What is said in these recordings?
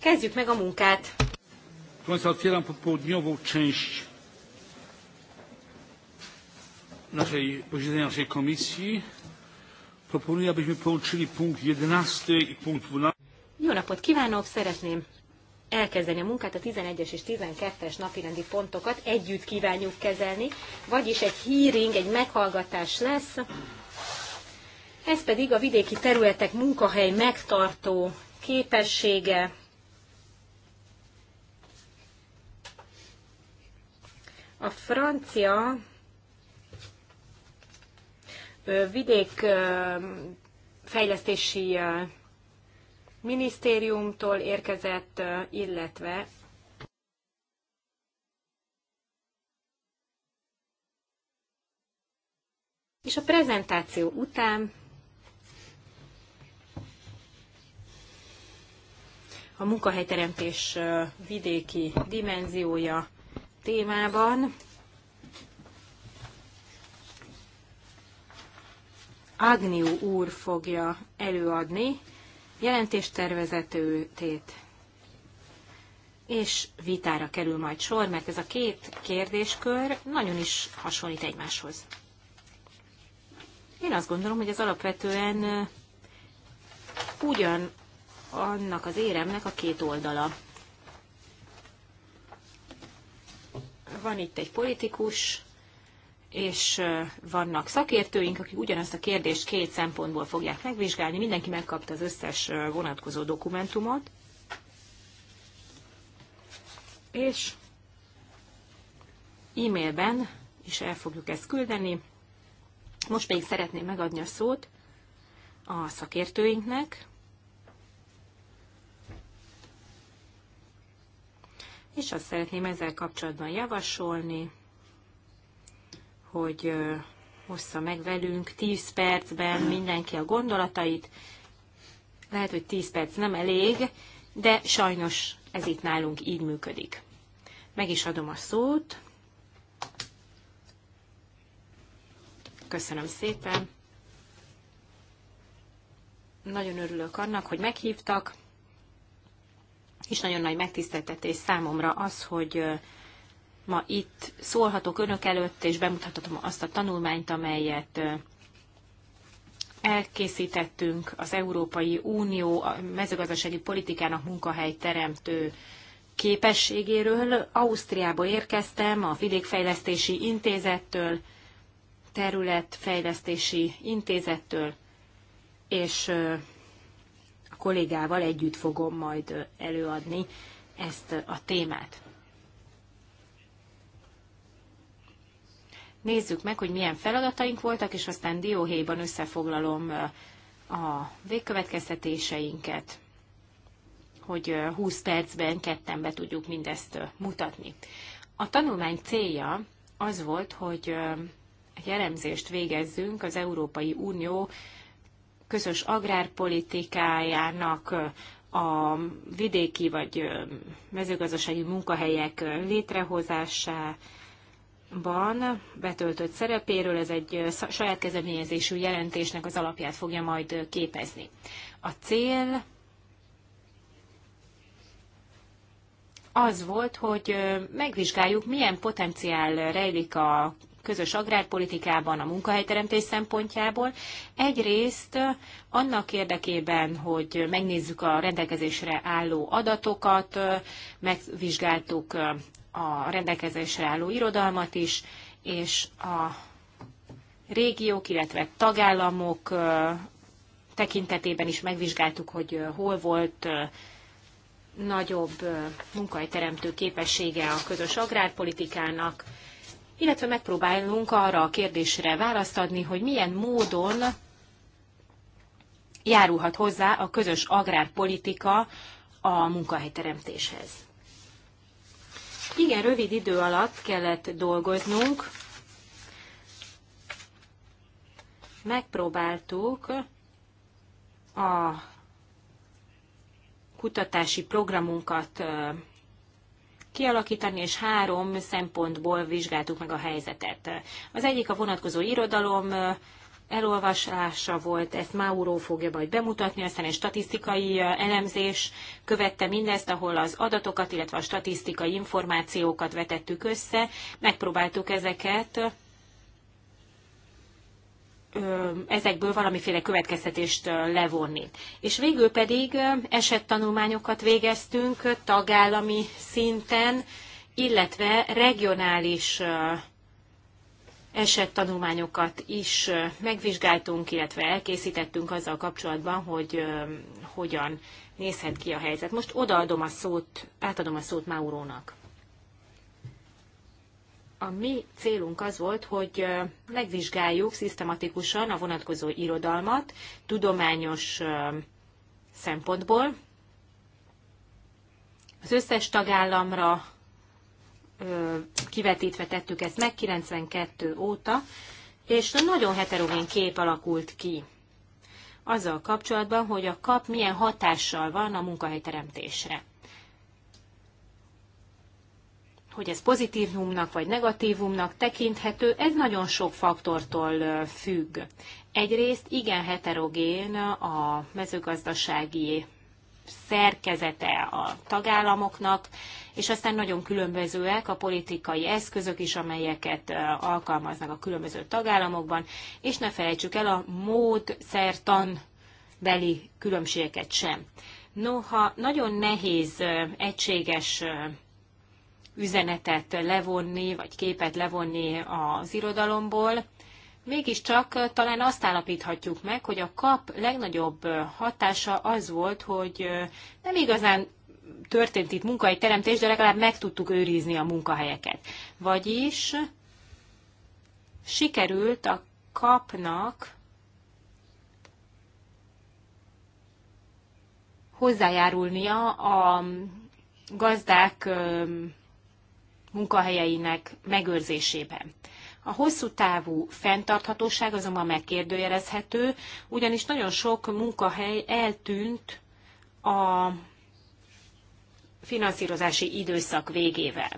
Kezdjük meg a munkát. Państwa, otwieram popołudniową część naszej posiedzenia naszej komisji. Proponuję, abyśmy połączyli punkt 11 i punkt 12. Jó napot kívánok, szeretném elkezdeni a munkát, a 11-es és 12-es napirendi pontokat együtt kívánjuk kezelni, vagyis egy hearing, egy meghallgatás lesz ez pedig a vidéki területek munkahely megtartó képessége, a francia vidék fejlesztési minisztériumtól érkezett, illetve És a prezentáció után a munkahelyteremtés vidéki dimenziója témában. Agniu úr fogja előadni jelentéstervezetőtét, és vitára kerül majd sor, mert ez a két kérdéskör nagyon is hasonlít egymáshoz. Én azt gondolom, hogy ez alapvetően ugyan annak az éremnek a két oldala. Van itt egy politikus, és vannak szakértőink, akik ugyanazt a kérdést két szempontból fogják megvizsgálni. Mindenki megkapta az összes vonatkozó dokumentumot. És e-mailben is el fogjuk ezt küldeni. Most pedig szeretném megadni a szót a szakértőinknek, és azt szeretném ezzel kapcsolatban javasolni, hogy hossza meg velünk 10 percben mindenki a gondolatait. Lehet, hogy 10 perc nem elég, de sajnos ez itt nálunk így működik. Meg is adom a szót. Köszönöm szépen. Nagyon örülök annak, hogy meghívtak és nagyon nagy megtiszteltetés számomra az, hogy ma itt szólhatok önök előtt, és bemutathatom azt a tanulmányt, amelyet elkészítettünk az Európai Unió mezőgazdasági politikának teremtő képességéről. Ausztriába érkeztem, a Vidékfejlesztési Intézettől, Területfejlesztési Intézettől, és kollégával együtt fogom majd előadni ezt a témát. Nézzük meg, hogy milyen feladataink voltak, és aztán dióhéjban összefoglalom a végkövetkeztetéseinket, hogy 20 percben ketten be tudjuk mindezt mutatni. A tanulmány célja az volt, hogy egy elemzést végezzünk az Európai Unió közös agrárpolitikájának a vidéki vagy mezőgazdasági munkahelyek létrehozásában betöltött szerepéről, ez egy saját kezdeményezésű jelentésnek az alapját fogja majd képezni. A cél az volt, hogy megvizsgáljuk, milyen potenciál rejlik a közös agrárpolitikában, a munkahelyteremtés szempontjából. Egyrészt annak érdekében, hogy megnézzük a rendelkezésre álló adatokat, megvizsgáltuk a rendelkezésre álló irodalmat is, és a régiók, illetve tagállamok tekintetében is megvizsgáltuk, hogy hol volt nagyobb munkahelyteremtő képessége a közös agrárpolitikának, illetve megpróbálunk arra a kérdésre választ adni, hogy milyen módon járulhat hozzá a közös agrárpolitika a munkahelyteremtéshez. Igen, rövid idő alatt kellett dolgoznunk. Megpróbáltuk a kutatási programunkat kialakítani, és három szempontból vizsgáltuk meg a helyzetet. Az egyik a vonatkozó irodalom elolvasása volt, ezt Mauro fogja majd bemutatni, aztán egy statisztikai elemzés követte mindezt, ahol az adatokat, illetve a statisztikai információkat vetettük össze, megpróbáltuk ezeket ezekből valamiféle következtetést levonni. És végül pedig esettanulmányokat végeztünk tagállami szinten, illetve regionális esettanulmányokat is megvizsgáltunk, illetve elkészítettünk azzal kapcsolatban, hogy hogyan nézhet ki a helyzet. Most odaadom a szót, átadom a szót Maurónak a mi célunk az volt, hogy megvizsgáljuk szisztematikusan a vonatkozó irodalmat tudományos szempontból. Az összes tagállamra kivetítve tettük ezt meg 92 óta, és nagyon heterogén kép alakult ki azzal kapcsolatban, hogy a kap milyen hatással van a munkahelyteremtésre hogy ez pozitívumnak vagy negatívumnak tekinthető, ez nagyon sok faktortól függ. Egyrészt igen heterogén a mezőgazdasági szerkezete a tagállamoknak, és aztán nagyon különbözőek a politikai eszközök is, amelyeket alkalmaznak a különböző tagállamokban, és ne felejtsük el a módszertan beli különbségeket sem. Noha nagyon nehéz egységes üzenetet levonni, vagy képet levonni az irodalomból, mégiscsak talán azt állapíthatjuk meg, hogy a kap legnagyobb hatása az volt, hogy nem igazán történt itt teremtés, de legalább meg tudtuk őrizni a munkahelyeket. Vagyis sikerült a kapnak hozzájárulnia a gazdák munkahelyeinek megőrzésében. A hosszú távú fenntarthatóság azonban megkérdőjelezhető, ugyanis nagyon sok munkahely eltűnt a finanszírozási időszak végével.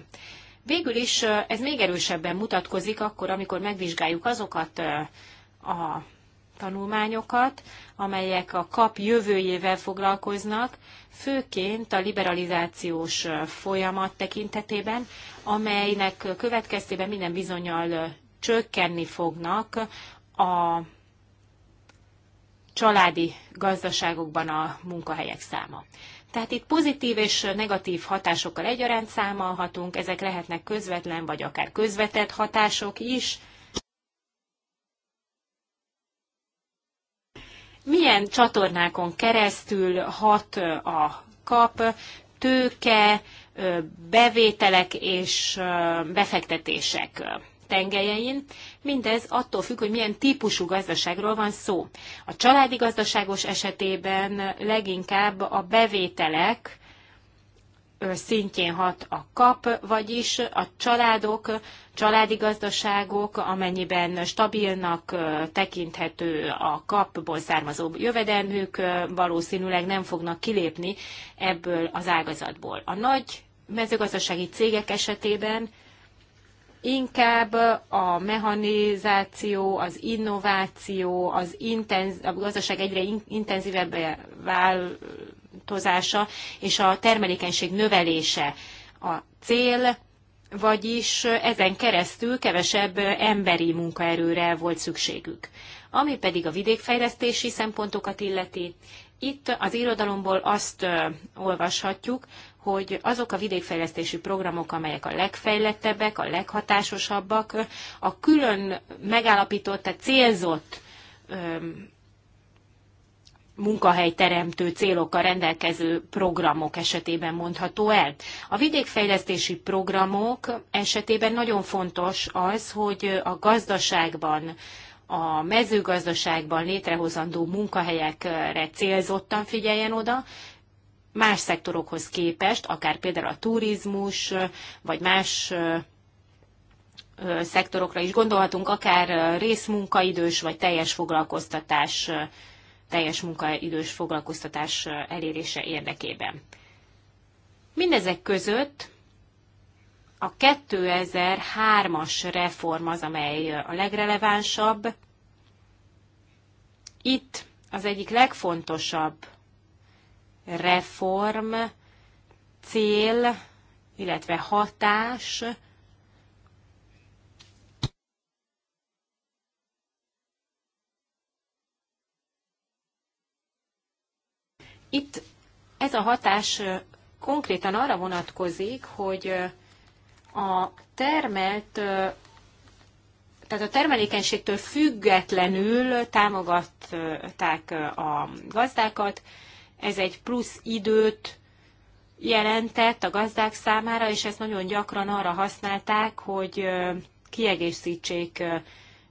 Végül is ez még erősebben mutatkozik akkor, amikor megvizsgáljuk azokat a tanulmányokat, amelyek a kap jövőjével foglalkoznak, főként a liberalizációs folyamat tekintetében, amelynek következtében minden bizonyal csökkenni fognak a családi gazdaságokban a munkahelyek száma. Tehát itt pozitív és negatív hatásokkal egyaránt számolhatunk, ezek lehetnek közvetlen vagy akár közvetett hatások is, milyen csatornákon keresztül hat a kap tőke, bevételek és befektetések tengelyein. Mindez attól függ, hogy milyen típusú gazdaságról van szó. A családi gazdaságos esetében leginkább a bevételek szintjén hat a kap, vagyis a családok, családi gazdaságok, amennyiben stabilnak tekinthető a kapból származó jövedelmük, valószínűleg nem fognak kilépni ebből az ágazatból. A nagy mezőgazdasági cégek esetében inkább a mechanizáció, az innováció, az intenz, a gazdaság egyre intenzívebb vál, korlátozása és a termelékenység növelése a cél, vagyis ezen keresztül kevesebb emberi munkaerőre volt szükségük. Ami pedig a vidékfejlesztési szempontokat illeti, itt az irodalomból azt olvashatjuk, hogy azok a vidékfejlesztési programok, amelyek a legfejlettebbek, a leghatásosabbak, a külön megállapított, tehát célzott munkahelyteremtő célokkal rendelkező programok esetében mondható el. A vidékfejlesztési programok esetében nagyon fontos az, hogy a gazdaságban, a mezőgazdaságban létrehozandó munkahelyekre célzottan figyeljen oda, más szektorokhoz képest, akár például a turizmus, vagy más szektorokra is gondolhatunk, akár részmunkaidős, vagy teljes foglalkoztatás teljes munkaidős foglalkoztatás elérése érdekében. Mindezek között a 2003-as reform az, amely a legrelevánsabb. Itt az egyik legfontosabb reform cél, illetve hatás Itt ez a hatás konkrétan arra vonatkozik, hogy a termelt, tehát a termelékenységtől függetlenül támogatták a gazdákat, ez egy plusz időt jelentett a gazdák számára, és ezt nagyon gyakran arra használták, hogy kiegészítsék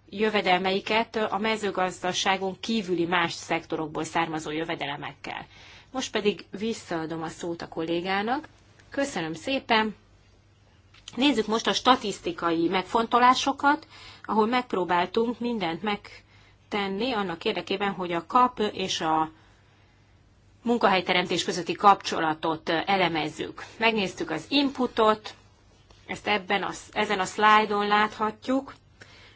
jövedelmeiket a mezőgazdaságon kívüli más szektorokból származó jövedelemekkel. Most pedig visszaadom a szót a kollégának. Köszönöm szépen! Nézzük most a statisztikai megfontolásokat, ahol megpróbáltunk mindent megtenni annak érdekében, hogy a kap és a munkahelyteremtés közötti kapcsolatot elemezzük. Megnéztük az inputot, ezt ebben a, ezen a szlájdon láthatjuk,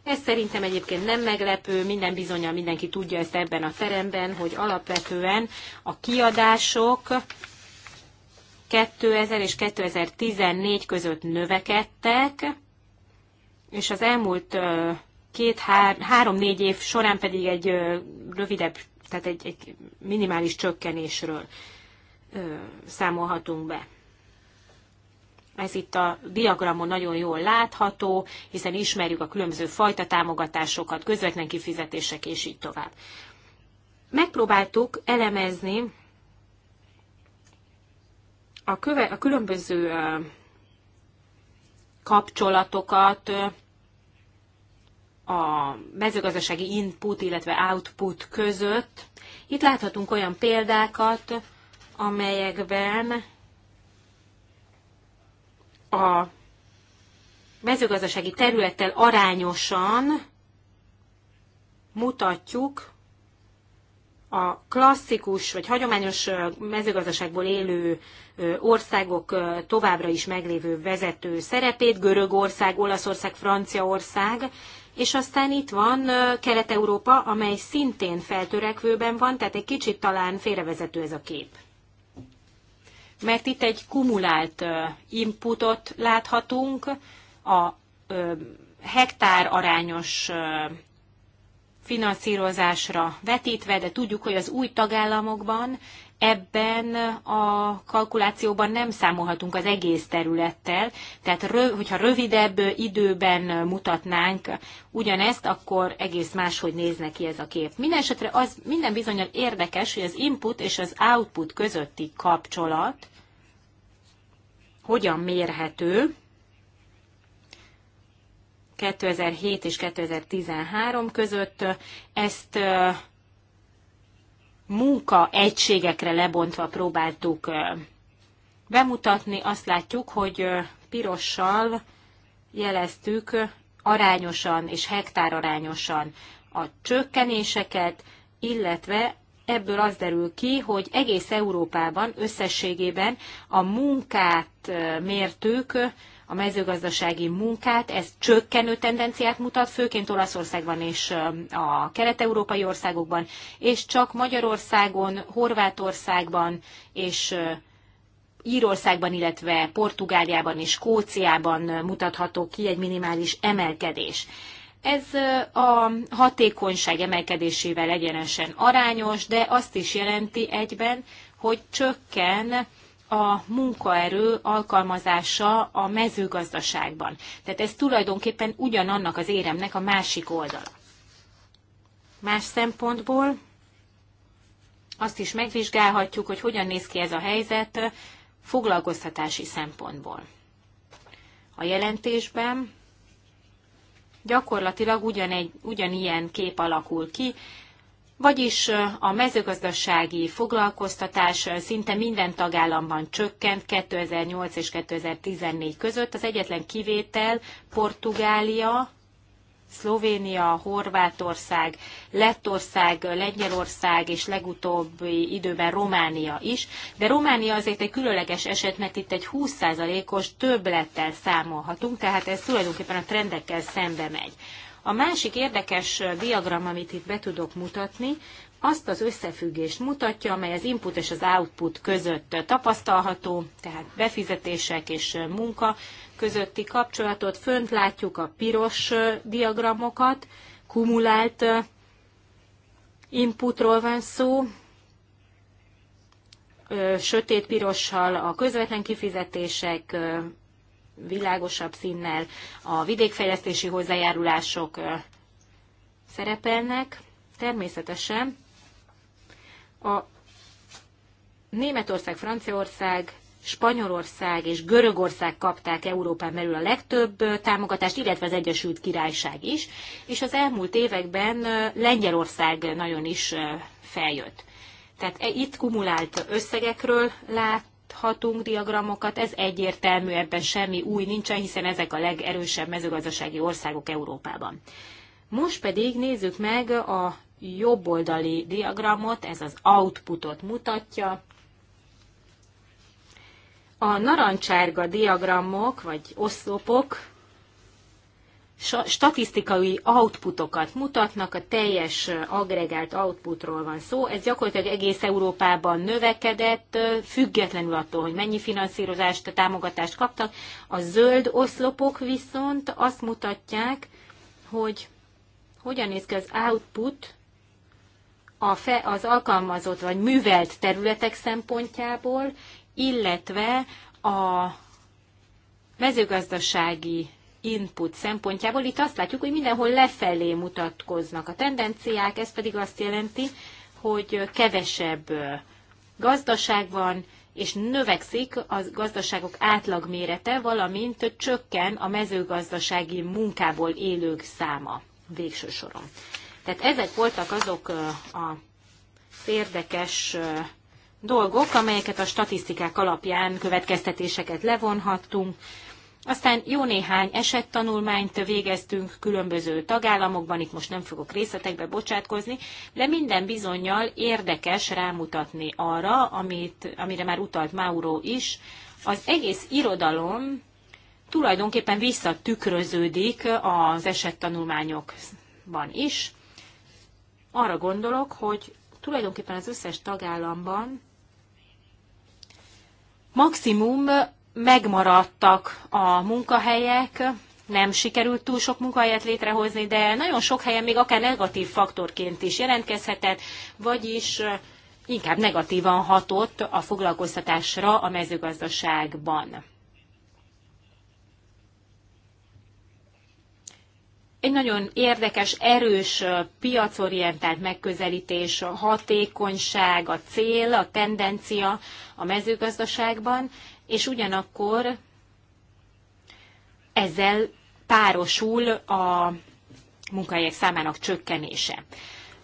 ez szerintem egyébként nem meglepő, minden bizonyal mindenki tudja ezt ebben a teremben, hogy alapvetően a kiadások 2000 és 2014 között növekedtek, és az elmúlt két, hár, három-négy év során pedig egy rövidebb, tehát egy, egy minimális csökkenésről számolhatunk be. Ez itt a diagramon nagyon jól látható, hiszen ismerjük a különböző fajta támogatásokat, közvetlen kifizetések és így tovább. Megpróbáltuk elemezni a, köve, a különböző kapcsolatokat a mezőgazdasági input, illetve output között. Itt láthatunk olyan példákat, amelyekben a mezőgazdasági területtel arányosan mutatjuk a klasszikus vagy hagyományos mezőgazdaságból élő országok továbbra is meglévő vezető szerepét, Görögország, Olaszország, Franciaország, és aztán itt van Kelet-Európa, amely szintén feltörekvőben van, tehát egy kicsit talán félrevezető ez a kép mert itt egy kumulált inputot láthatunk, a hektár arányos finanszírozásra vetítve, de tudjuk, hogy az új tagállamokban ebben a kalkulációban nem számolhatunk az egész területtel, tehát röv, hogyha rövidebb időben mutatnánk ugyanezt, akkor egész máshogy nézne ki ez a kép. Mindenesetre az minden bizonyal érdekes, hogy az input és az output közötti kapcsolat hogyan mérhető, 2007 és 2013 között. Ezt munka egységekre lebontva próbáltuk bemutatni. Azt látjuk, hogy pirossal jeleztük arányosan és hektárarányosan a csökkenéseket, illetve ebből az derül ki, hogy egész Európában összességében a munkát mértük a mezőgazdasági munkát, ez csökkenő tendenciát mutat, főként Olaszországban és a kelet-európai országokban, és csak Magyarországon, Horvátországban és Írországban, illetve Portugáliában és Skóciában mutatható ki egy minimális emelkedés. Ez a hatékonyság emelkedésével egyenesen arányos, de azt is jelenti egyben, hogy csökken a munkaerő alkalmazása a mezőgazdaságban. Tehát ez tulajdonképpen ugyanannak az éremnek a másik oldala. Más szempontból azt is megvizsgálhatjuk, hogy hogyan néz ki ez a helyzet foglalkoztatási szempontból. A jelentésben gyakorlatilag ugyan egy, ugyanilyen kép alakul ki, vagyis a mezőgazdasági foglalkoztatás szinte minden tagállamban csökkent 2008 és 2014 között. Az egyetlen kivétel Portugália, Szlovénia, Horvátország, Lettország, Lengyelország és legutóbbi időben Románia is, de Románia azért egy különleges eset, mert itt egy 20%-os többlettel számolhatunk, tehát ez tulajdonképpen a trendekkel szembe megy. A másik érdekes diagram, amit itt be tudok mutatni, azt az összefüggést mutatja, amely az input és az output között tapasztalható, tehát befizetések és munka közötti kapcsolatot. Fönt látjuk a piros diagramokat, kumulált inputról van szó, sötét pirossal a közvetlen kifizetések, világosabb színnel a vidékfejlesztési hozzájárulások szerepelnek. Természetesen a Németország, Franciaország, Spanyolország és Görögország kapták Európán belül a legtöbb támogatást, illetve az Egyesült Királyság is, és az elmúlt években Lengyelország nagyon is feljött. Tehát e, itt kumulált összegekről lát, láthatunk diagramokat, ez egyértelmű, ebben semmi új nincsen, hiszen ezek a legerősebb mezőgazdasági országok Európában. Most pedig nézzük meg a jobboldali diagramot, ez az outputot mutatja. A narancsárga diagramok, vagy oszlopok statisztikai outputokat mutatnak, a teljes agregált outputról van szó. Ez gyakorlatilag egész Európában növekedett, függetlenül attól, hogy mennyi finanszírozást, támogatást kaptak. A zöld oszlopok viszont azt mutatják, hogy hogyan néz ki az output a fe, az alkalmazott vagy művelt területek szempontjából, illetve a mezőgazdasági input szempontjából itt azt látjuk, hogy mindenhol lefelé mutatkoznak a tendenciák, ez pedig azt jelenti, hogy kevesebb gazdaság van, és növekszik a gazdaságok átlagmérete, valamint csökken a mezőgazdasági munkából élők száma végső soron. Tehát ezek voltak azok a érdekes dolgok, amelyeket a statisztikák alapján következtetéseket levonhattunk, aztán jó néhány esettanulmányt végeztünk különböző tagállamokban, itt most nem fogok részletekbe bocsátkozni, de minden bizonyal érdekes rámutatni arra, amit, amire már utalt Mauro is, az egész irodalom tulajdonképpen visszatükröződik az esettanulmányokban is. Arra gondolok, hogy tulajdonképpen az összes tagállamban maximum megmaradtak a munkahelyek, nem sikerült túl sok munkahelyet létrehozni, de nagyon sok helyen még akár negatív faktorként is jelentkezhetett, vagyis inkább negatívan hatott a foglalkoztatásra a mezőgazdaságban. Egy nagyon érdekes, erős piacorientált megközelítés, a hatékonyság, a cél, a tendencia a mezőgazdaságban, és ugyanakkor ezzel párosul a munkahelyek számának csökkenése.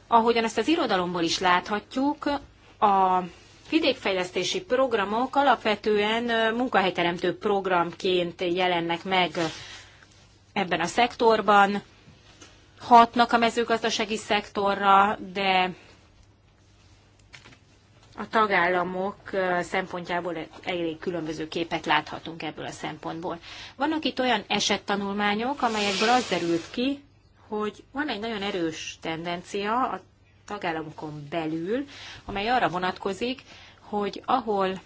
Ahogyan ezt az irodalomból is láthatjuk, a vidékfejlesztési programok alapvetően munkahelyteremtő programként jelennek meg ebben a szektorban, hatnak a mezőgazdasági szektorra, de a tagállamok szempontjából elég különböző képet láthatunk ebből a szempontból. Vannak itt olyan esettanulmányok, amelyekből az derült ki, hogy van egy nagyon erős tendencia a tagállamokon belül, amely arra vonatkozik, hogy ahol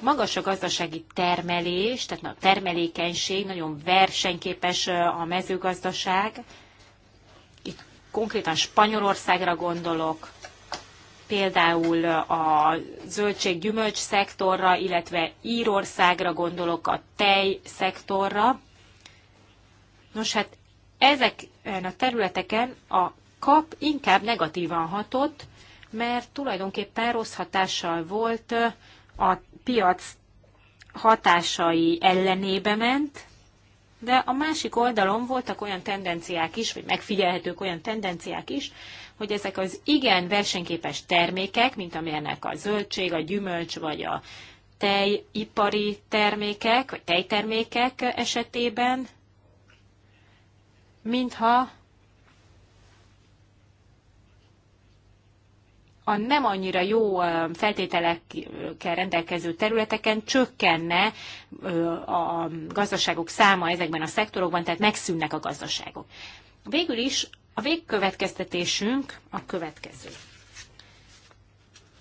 magas a gazdasági termelés, tehát a termelékenység, nagyon versenyképes a mezőgazdaság, itt konkrétan Spanyolországra gondolok, például a zöldség-gyümölcs szektorra, illetve Írországra gondolok, a tej szektorra. Nos, hát ezeken a területeken a kap inkább negatívan hatott, mert tulajdonképpen rossz hatással volt, a piac hatásai ellenébe ment, de a másik oldalon voltak olyan tendenciák is, vagy megfigyelhetők olyan tendenciák is, hogy ezek az igen versenyképes termékek, mint amilyenek a zöldség, a gyümölcs vagy a tejipari termékek, vagy tejtermékek esetében, mintha a nem annyira jó feltételekkel rendelkező területeken csökkenne a gazdaságok száma ezekben a szektorokban, tehát megszűnnek a gazdaságok. Végül is a végkövetkeztetésünk a következő.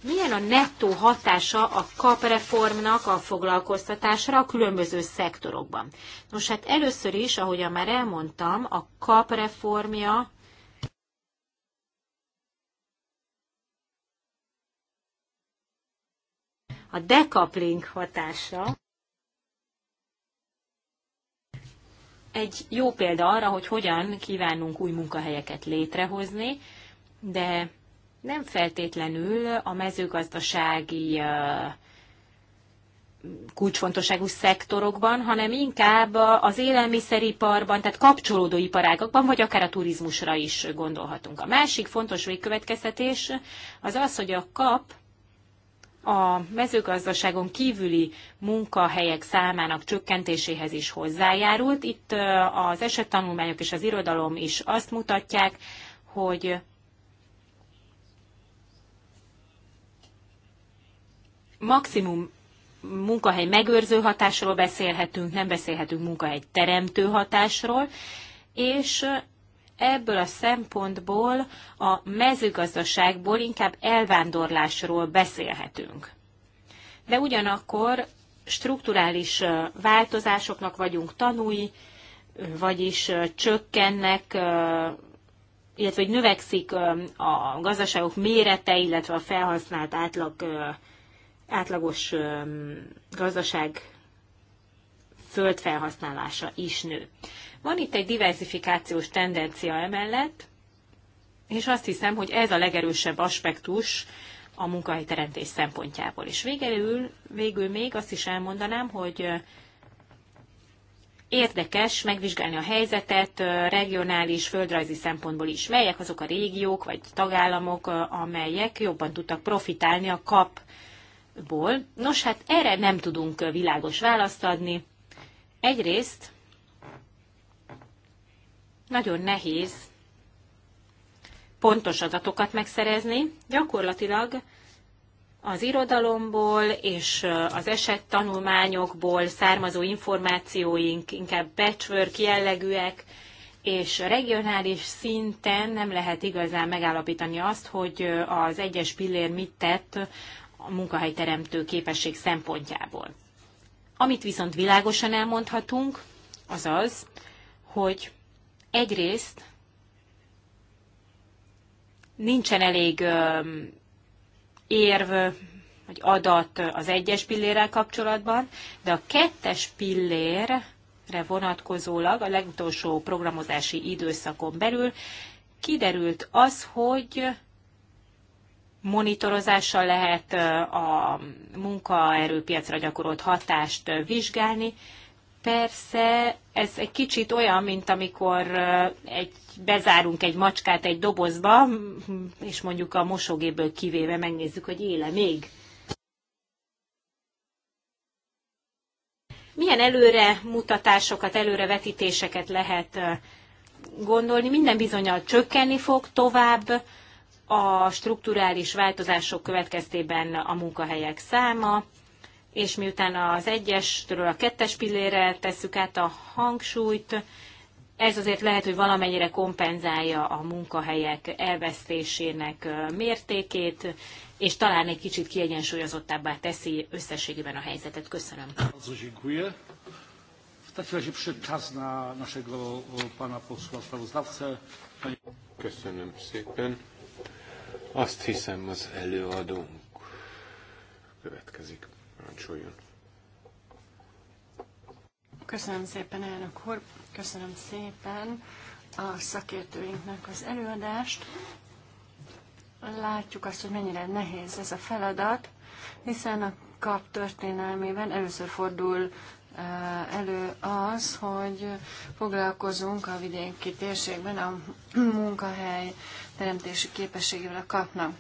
Milyen a nettó hatása a kapreformnak a foglalkoztatásra a különböző szektorokban? Nos, hát először is, ahogyan már elmondtam, a kapreformja a decoupling hatása egy jó példa arra, hogy hogyan kívánunk új munkahelyeket létrehozni, de nem feltétlenül a mezőgazdasági kulcsfontosságú szektorokban, hanem inkább az élelmiszeriparban, tehát kapcsolódó iparágakban, vagy akár a turizmusra is gondolhatunk. A másik fontos végkövetkeztetés az az, hogy a kap a mezőgazdaságon kívüli munkahelyek számának csökkentéséhez is hozzájárult. Itt az esettanulmányok és az irodalom is azt mutatják, hogy maximum munkahely megőrző hatásról beszélhetünk, nem beszélhetünk munkahely teremtő hatásról, és ebből a szempontból a mezőgazdaságból inkább elvándorlásról beszélhetünk. De ugyanakkor strukturális változásoknak vagyunk tanúi, vagyis csökkennek, illetve hogy növekszik a gazdaságok mérete, illetve a felhasznált átlag, átlagos gazdaság zöld felhasználása is nő. Van itt egy diversifikációs tendencia emellett, és azt hiszem, hogy ez a legerősebb aspektus a munkahelyteremtés szempontjából. És végül, végül még azt is elmondanám, hogy érdekes megvizsgálni a helyzetet regionális, földrajzi szempontból is. Melyek azok a régiók vagy tagállamok, amelyek jobban tudtak profitálni a kapból? Nos, hát erre nem tudunk világos választ adni. Egyrészt nagyon nehéz pontos adatokat megszerezni. Gyakorlatilag az irodalomból és az esett tanulmányokból származó információink inkább patchwork jellegűek, és regionális szinten nem lehet igazán megállapítani azt, hogy az egyes pillér mit tett a munkahelyteremtő képesség szempontjából. Amit viszont világosan elmondhatunk, az az, hogy egyrészt nincsen elég érv vagy adat az egyes pillérrel kapcsolatban, de a kettes pillérre vonatkozólag a legutolsó programozási időszakon belül kiderült az, hogy monitorozással lehet a munkaerőpiacra gyakorolt hatást vizsgálni. Persze ez egy kicsit olyan, mint amikor egy, bezárunk egy macskát egy dobozba, és mondjuk a mosógéből kivéve megnézzük, hogy éle még. Milyen előre mutatásokat, előrevetítéseket lehet gondolni? Minden bizonyal csökkenni fog tovább a strukturális változások következtében a munkahelyek száma, és miután az egyestől a kettes pillére tesszük át a hangsúlyt, ez azért lehet, hogy valamennyire kompenzálja a munkahelyek elvesztésének mértékét, és talán egy kicsit kiegyensúlyozottabbá teszi összességében a helyzetet. Köszönöm. Köszönöm szépen. Azt hiszem az előadónk következik. Rancsoljon. Köszönöm szépen, elnök úr. Köszönöm szépen a szakértőinknek az előadást. Látjuk azt, hogy mennyire nehéz ez a feladat, hiszen a kap történelmében először fordul Eh, elő az, hogy foglalkozunk a vidéki térségben a munkahely teremtési képességével kapnak.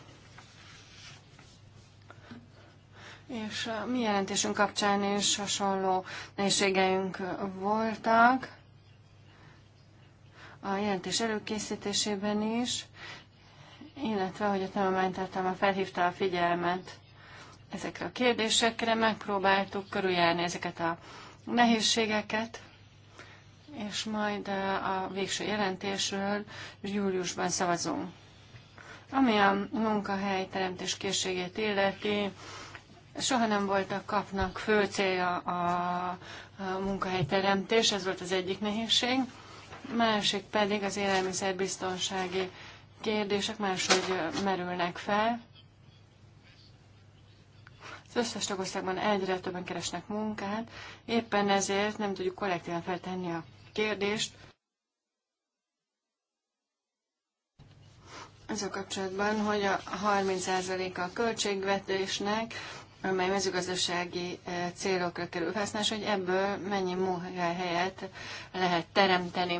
És a mi jelentésünk kapcsán is hasonló nehézségeink voltak a jelentés előkészítésében is, illetve, hogy a tanulmánytartalma felhívta a figyelmet ezekre a kérdésekre, megpróbáltuk körüljárni ezeket a nehézségeket, és majd a végső jelentésről júliusban szavazunk. Ami a munkahely teremtés készségét illeti, soha nem volt a kapnak fő célja a munkahely teremtés ez volt az egyik nehézség. Másik pedig az élelmiszerbiztonsági kérdések máshogy merülnek fel. Az összes tagországban egyre többen keresnek munkát, éppen ezért nem tudjuk kollektíven feltenni a kérdést. Ez a kapcsolatban, hogy a 30% a költségvetésnek, amely mezőgazdasági eh, célokra kerül felhasználás, hogy ebből mennyi munkahelyet lehet teremteni.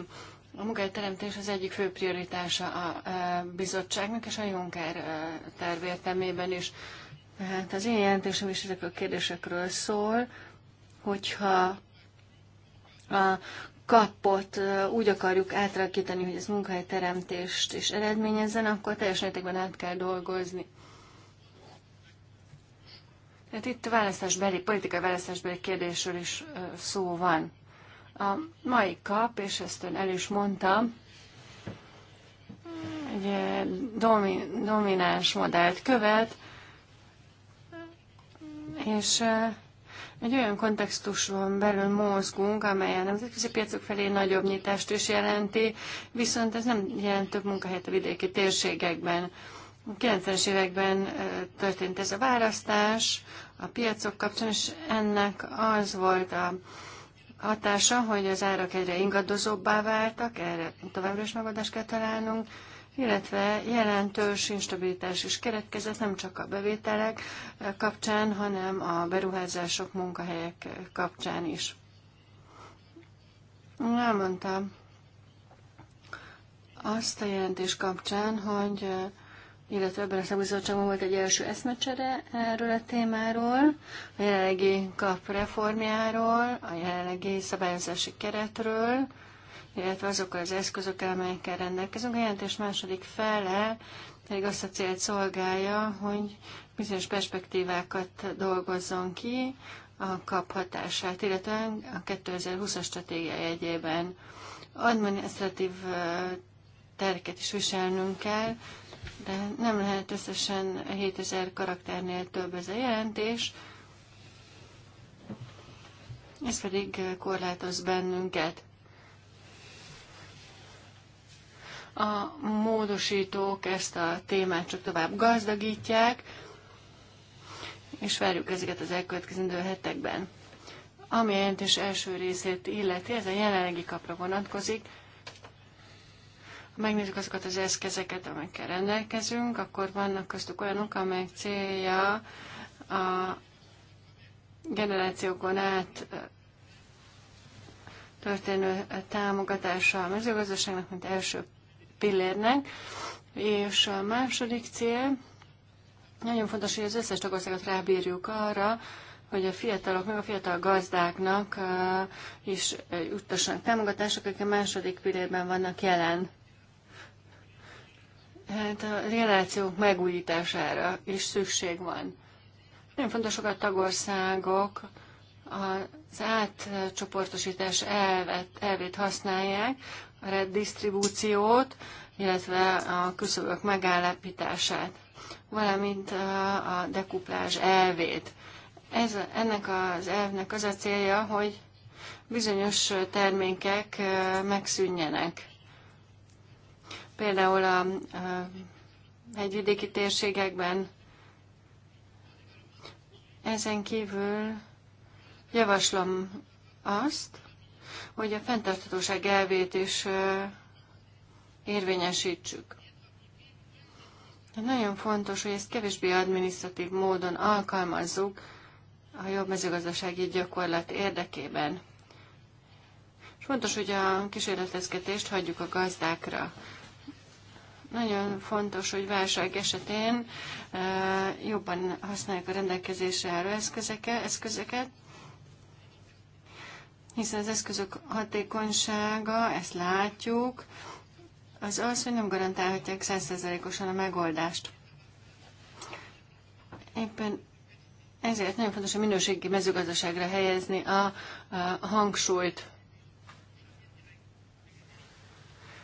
A munkahelyteremtés az egyik fő prioritása a eh, bizottságnak és a Juncker eh, terv is. Tehát az én jelentésem is ezek a kérdésekről szól, hogyha a kapott úgy akarjuk átrakítani, hogy ez munkahelyteremtést is eredményezzen, akkor teljes mértékben át kell dolgozni. Tehát itt választásbeli, politikai választásbeli kérdésről is szó van. A mai kap, és ezt ön el is mondtam, egy domi, domináns modellt követ, és egy olyan kontextuson belül mozgunk, amely a nemzetközi piacok felé nagyobb nyitást is jelenti, viszont ez nem jelent több munkahelyet a vidéki térségekben. A 90-es években történt ez a választás a piacok kapcsán, és ennek az volt a hatása, hogy az árak egyre ingadozóbbá váltak, erre továbbra is megoldást kell találnunk, illetve jelentős instabilitás is keretkezett, nem csak a bevételek eh, kapcsán, hanem a beruházások, munkahelyek eh, kapcsán is. Elmondtam azt a jelentés kapcsán, hogy eh, illetve ebben a szakbizottságban volt egy első eszmecsere erről a témáról, a jelenlegi kap reformjáról, a jelenlegi szabályozási keretről, illetve azokkal az eszközökkel, amelyekkel rendelkezünk. A jelentés második fele pedig azt a célt szolgálja, hogy bizonyos perspektívákat dolgozzon ki a kaphatását, illetve a 2020-as stratégia jegyében administratív terket is viselnünk kell, de nem lehet összesen 7000 karakternél több ez a jelentés, ez pedig korlátoz bennünket. A módosítók ezt a témát csak tovább gazdagítják, és várjuk ezeket az elkövetkezendő hetekben. Ami a jelentés első részét illeti, ez a jelenlegi kapra vonatkozik. Ha megnézzük azokat az eszközeket, amikkel rendelkezünk, akkor vannak köztük olyanok, amelyek célja a generációkon át történő támogatása a mezőgazdaságnak, mint első pillérnek. És a második cél, nagyon fontos, hogy az összes tagországot rábírjuk arra, hogy a fiatalok, meg a fiatal gazdáknak is juttassanak támogatások, akik a második pillérben vannak jelen. Hát a relációk megújítására is szükség van. Nagyon fontosak a tagországok, az átcsoportosítás elvet, elvét használják, redistribúciót, illetve a küszöbök megállapítását, valamint a dekuplás elvét. Ez, ennek az elvnek az a célja, hogy bizonyos termékek megszűnjenek. Például a, a hegyvidéki térségekben ezen kívül javaslom azt, hogy a fenntarthatóság elvét is érvényesítsük. De hát nagyon fontos, hogy ezt kevésbé administratív módon alkalmazzuk a jobb mezőgazdasági gyakorlat érdekében. És fontos, hogy a kísérletezgetést hagyjuk a gazdákra. Nagyon fontos, hogy válság esetén jobban használjuk a rendelkezésre álló eszközeket, hiszen az eszközök hatékonysága, ezt látjuk, az az, hogy nem garantálhatják százszerzelékosan a megoldást. Éppen ezért nagyon fontos a minőségi mezőgazdaságra helyezni a, a hangsúlyt.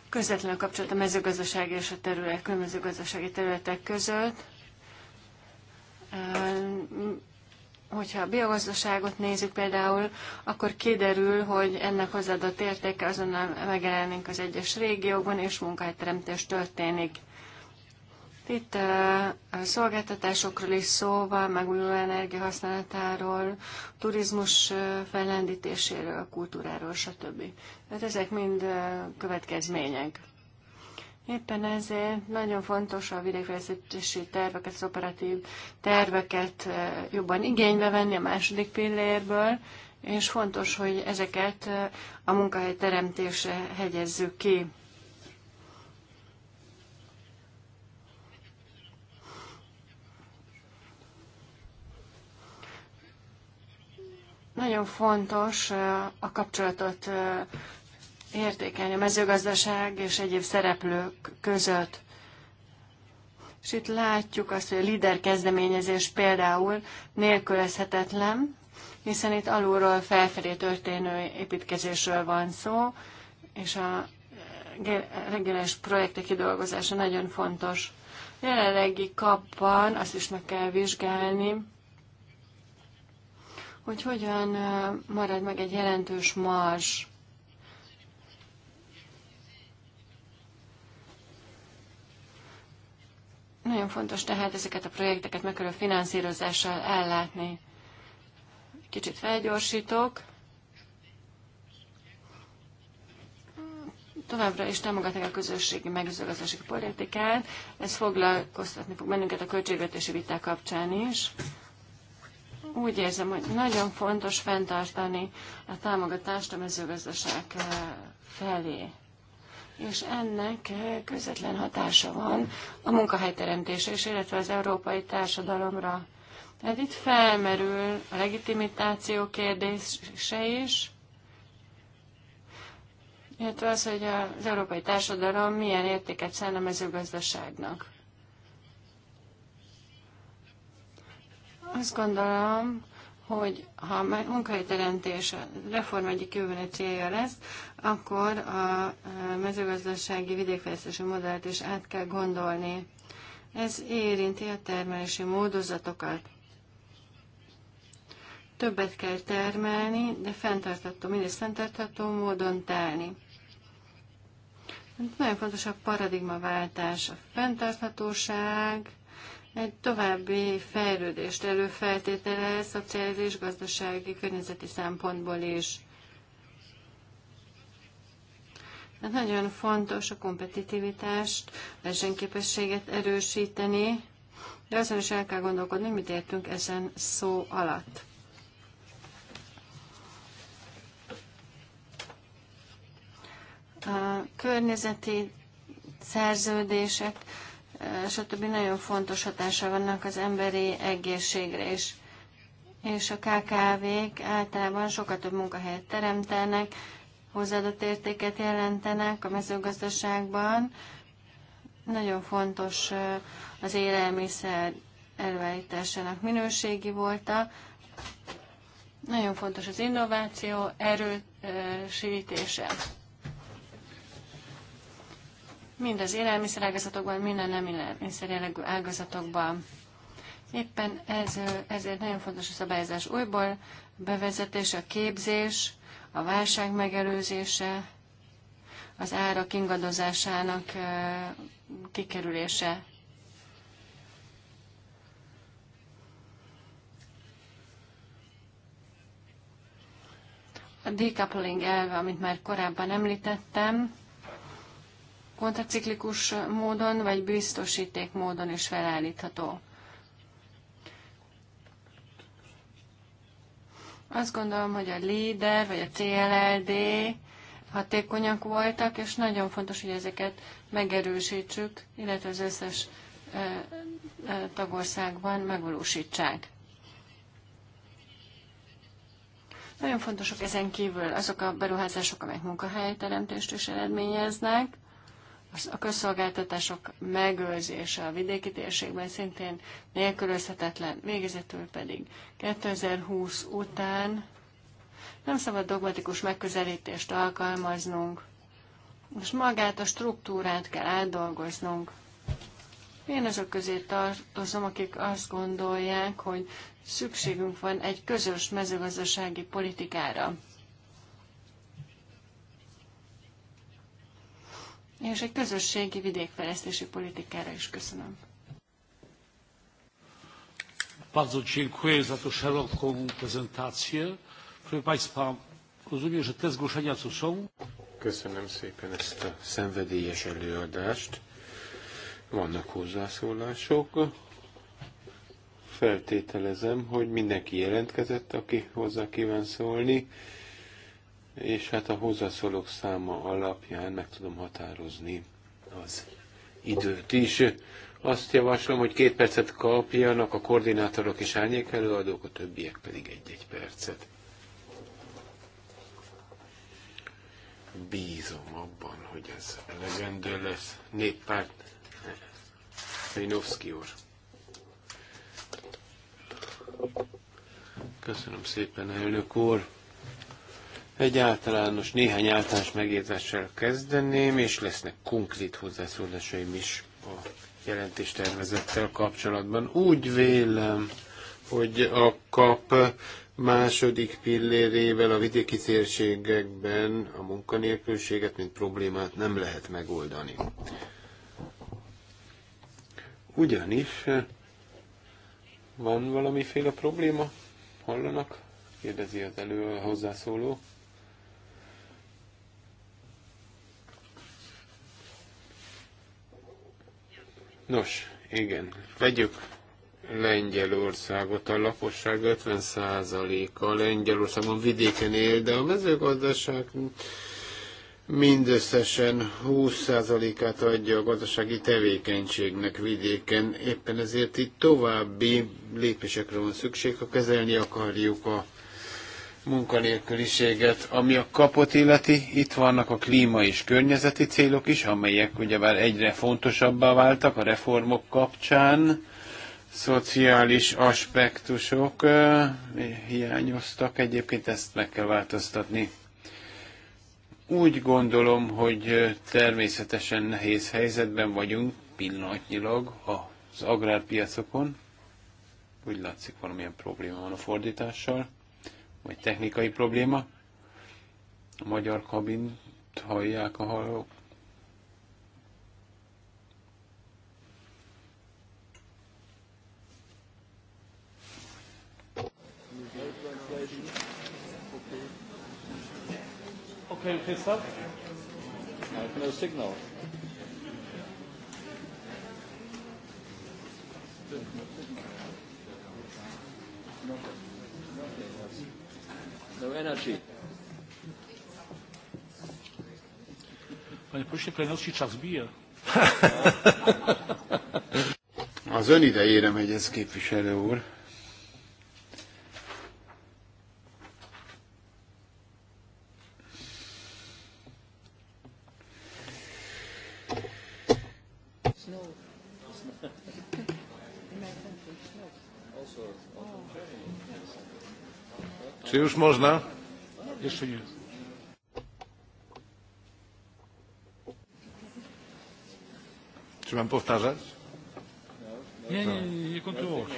Közvetlen kapcsolat a mezőgazdaság és a terület, különböző gazdasági területek között hogyha a biogazdaságot nézzük például, akkor kiderül, hogy ennek hozzáadott értéke azonnal megjelenik az egyes régiókban, és munkahelyteremtés történik. Itt a szolgáltatásokról is szó van, megújuló használatáról, turizmus fellendítéséről, kultúráról, stb. Tehát ezek mind következmények. Éppen ezért nagyon fontos a vidékfejlesztési terveket, az operatív terveket eh, jobban igénybe venni a második pillérből, és fontos, hogy ezeket eh, a munkahely teremtése hegyezzük ki. Nagyon fontos eh, a kapcsolatot értékelni a mezőgazdaság és egyéb szereplők között. És itt látjuk azt, hogy a líder kezdeményezés például nélkülözhetetlen, hiszen itt alulról felfelé történő építkezésről van szó, és a regionális projektek kidolgozása nagyon fontos. Jelenlegi kapban azt is meg kell vizsgálni, hogy hogyan marad meg egy jelentős mars. Nagyon fontos tehát ezeket a projekteket megkörül finanszírozással ellátni. Kicsit felgyorsítok. továbbra is támogatják a közösségi mezőgazdasági politikát. Ez foglalkoztatni fog bennünket a költségvetési viták kapcsán is. Úgy érzem, hogy nagyon fontos fenntartani a támogatást a mezőgazdaság eh, felé és ennek eh, közvetlen hatása van a munkahelyteremtésre és illetve az európai társadalomra. Tehát itt felmerül a legitimitáció kérdése is, illetve az, hogy az európai társadalom milyen értéket szán a mezőgazdaságnak. Azt gondolom, hogy ha a munkahelyteremtés reform egyik jövőbeni célja lesz, akkor a mezőgazdasági vidékfejlesztési modellt is át kell gondolni. Ez érinti a termelési módozatokat. Többet kell termelni, de fenntartható, mindig fenntartható módon telni. Nagyon fontos a paradigmaváltás, a fenntarthatóság, egy további fejlődést előfeltétele szociális gazdasági környezeti szempontból is. De hát nagyon fontos a kompetitivitást, versenyképességet erősíteni, de azon is el kell gondolkodni, mit értünk ezen szó alatt. A környezeti szerződések stb. nagyon fontos hatása vannak az emberi egészségre is. És a KKV-k általában sokat több munkahelyet teremtenek, hozzáadott értéket jelentenek a mezőgazdaságban. Nagyon fontos az élelmiszer előállításának minőségi volta. Nagyon fontos az innováció erősítése mind az élelmiszer ágazatokban, mind a nem élelmiszer jellegű ágazatokban. Éppen ez, ezért nagyon fontos a szabályozás újból, bevezetés, a képzés, a válság megelőzése, az árak ingadozásának kikerülése. A decoupling elve, amit már korábban említettem, kontraciklikus módon, vagy biztosíték módon is felállítható. Azt gondolom, hogy a LEADER vagy a CLLD hatékonyak voltak, és nagyon fontos, hogy ezeket megerősítsük, illetve az összes tagországban megvalósítsák. Nagyon fontosak ezen kívül azok a beruházások, amelyek munkahelyteremtést is eredményeznek a közszolgáltatások megőrzése a vidéki térségben szintén nélkülözhetetlen, végezetül pedig 2020 után nem szabad dogmatikus megközelítést alkalmaznunk, és magát a struktúrát kell átdolgoznunk. Én azok közé tartozom, akik azt gondolják, hogy szükségünk van egy közös mezőgazdasági politikára. és egy közösségi vidékfejlesztési politikára is köszönöm. Bardzo dziękuję za tą szeroką prezentację. Proszę Państwa, rozumiem, że te zgłoszenia co są? Köszönöm szépen ezt a szenvedélyes előadást. Vannak hozzászólások. Feltételezem, hogy mindenki jelentkezett, aki hozzá kíván szólni és hát a hozzászólók száma alapján meg tudom határozni az időt is. Azt javaslom, hogy két percet kapjanak a koordinátorok és árnyék előadók, a többiek pedig egy-egy percet. Bízom abban, hogy ez elegendő lesz. Néppárt Fejnovszki úr. Köszönöm szépen, elnök úr. Egy általános, néhány általános megjegyzéssel kezdeném, és lesznek konkrét hozzászólásaim is a jelentéstervezettel kapcsolatban. Úgy vélem, hogy a kap második pillérével a vidéki térségekben a munkanélkülséget, mint problémát nem lehet megoldani. Ugyanis van valamiféle probléma? Hallanak? Kérdezi az elő a hozzászóló. Nos, igen, vegyük Lengyelországot, a lakosság 50%-a Lengyelországban vidéken él, de a mezőgazdaság mindösszesen 20%-át adja a gazdasági tevékenységnek vidéken. Éppen ezért itt további lépésekre van szükség, ha kezelni akarjuk a munkanélküliséget, ami a kapot illeti, itt vannak a klíma és környezeti célok is, amelyek ugyebár egyre fontosabbá váltak a reformok kapcsán, szociális aspektusok uh, hiányoztak, egyébként ezt meg kell változtatni. Úgy gondolom, hogy természetesen nehéz helyzetben vagyunk pillanatnyilag az agrárpiacokon. Úgy látszik, valamilyen probléma van a fordítással vagy technikai probléma. A magyar kabint hallják a hallók. Okay, Christoph? I have no signal. pośle Klejnowski, czas bije. Az ön idejére megy ez, képviselő úr. Czy już można? Jeszcze nie. Czy mam powtarzać? Nie, nie, nie, nie kontynuować.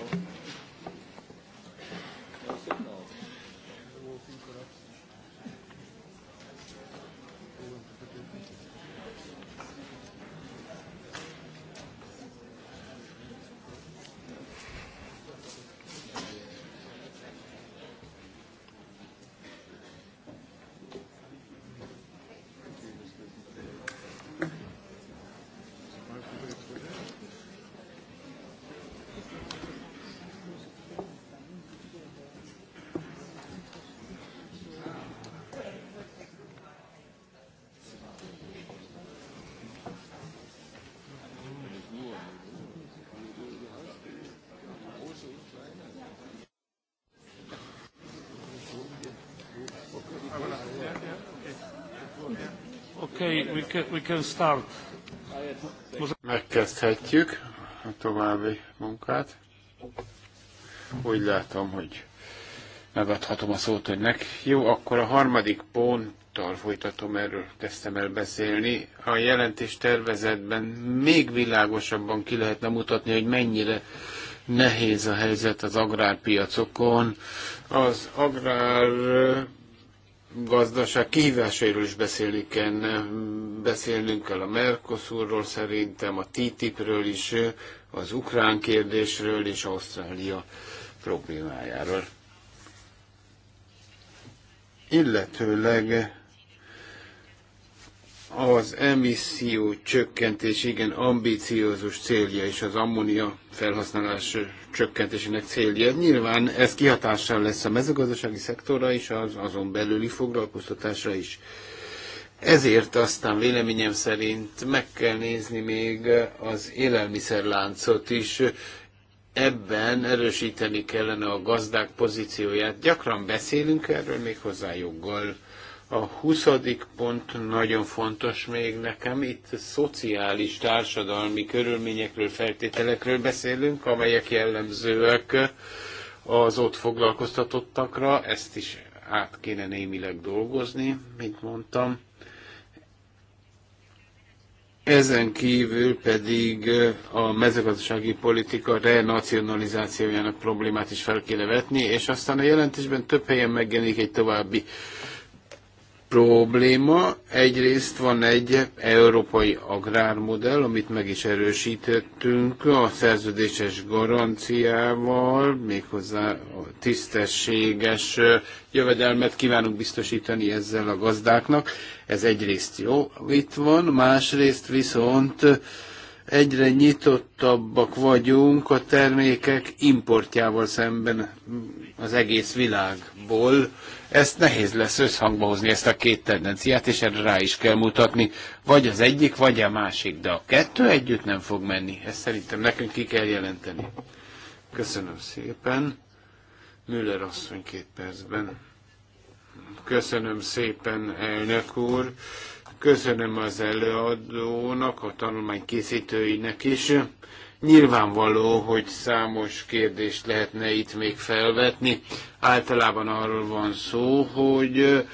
we can start. Megkezdhetjük a további munkát. Úgy látom, hogy megadhatom a szót önnek. Jó, akkor a harmadik ponttal folytatom, erről kezdtem el beszélni. A jelentés tervezetben még világosabban ki lehetne mutatni, hogy mennyire nehéz a helyzet az agrárpiacokon. Az agrár gazdaság kihívásairól is beszélni kell, beszélnünk kell a Mercosurról szerintem, a TTIP-ről is, az ukrán kérdésről és Ausztrália problémájáról. Illetőleg az emisszió csökkentés igen ambíciózus célja és az ammónia felhasználás csökkentésének célja. Nyilván ez kihatással lesz a mezőgazdasági szektorra is, az azon belüli foglalkoztatásra is. Ezért aztán véleményem szerint meg kell nézni még az élelmiszerláncot is. Ebben erősíteni kellene a gazdák pozícióját. Gyakran beszélünk erről, még hozzá joggal. A 20. pont nagyon fontos még nekem, itt szociális, társadalmi körülményekről, feltételekről beszélünk, amelyek jellemzőek az ott foglalkoztatottakra, ezt is át kéne némileg dolgozni, mint mondtam. Ezen kívül pedig a mezőgazdasági politika renacionalizációjának problémát is fel kéne vetni, és aztán a jelentésben több helyen megjelenik egy további probléma. Egyrészt van egy európai agrármodell, amit meg is erősítettünk a szerződéses garanciával, méghozzá a tisztességes jövedelmet kívánunk biztosítani ezzel a gazdáknak. Ez egyrészt jó, itt van, másrészt viszont egyre nyitottabbak vagyunk a termékek importjával szemben az egész világból ezt nehéz lesz összhangba hozni, ezt a két tendenciát, és erre rá is kell mutatni. Vagy az egyik, vagy a másik, de a kettő együtt nem fog menni. Ezt szerintem nekünk ki kell jelenteni. Köszönöm szépen. Müller asszony két percben. Köszönöm szépen, elnök úr. Köszönöm az előadónak, a tanulmány készítőinek is. Nyilvánvaló, hogy számos kérdést lehetne itt még felvetni. Általában arról van szó, hogy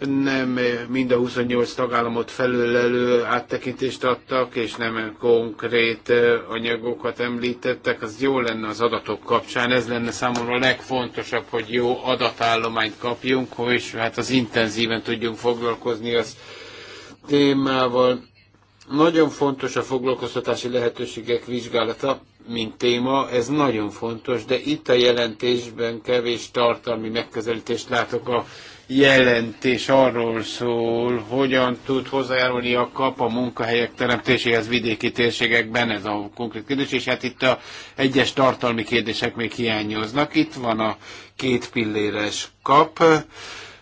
nem mind a 28 tagállamot felülelő áttekintést adtak, és nem konkrét anyagokat említettek. Az jó lenne az adatok kapcsán, ez lenne számomra a legfontosabb, hogy jó adatállományt kapjunk, és hát az intenzíven tudjunk foglalkozni az témával nagyon fontos a foglalkoztatási lehetőségek vizsgálata, mint téma, ez nagyon fontos, de itt a jelentésben kevés tartalmi megközelítést látok. A jelentés arról szól, hogyan tud hozzájárulni a kap a munkahelyek teremtéséhez vidéki térségekben, ez a konkrét kérdés, és hát itt a egyes tartalmi kérdések még hiányoznak. Itt van a két pilléres kap,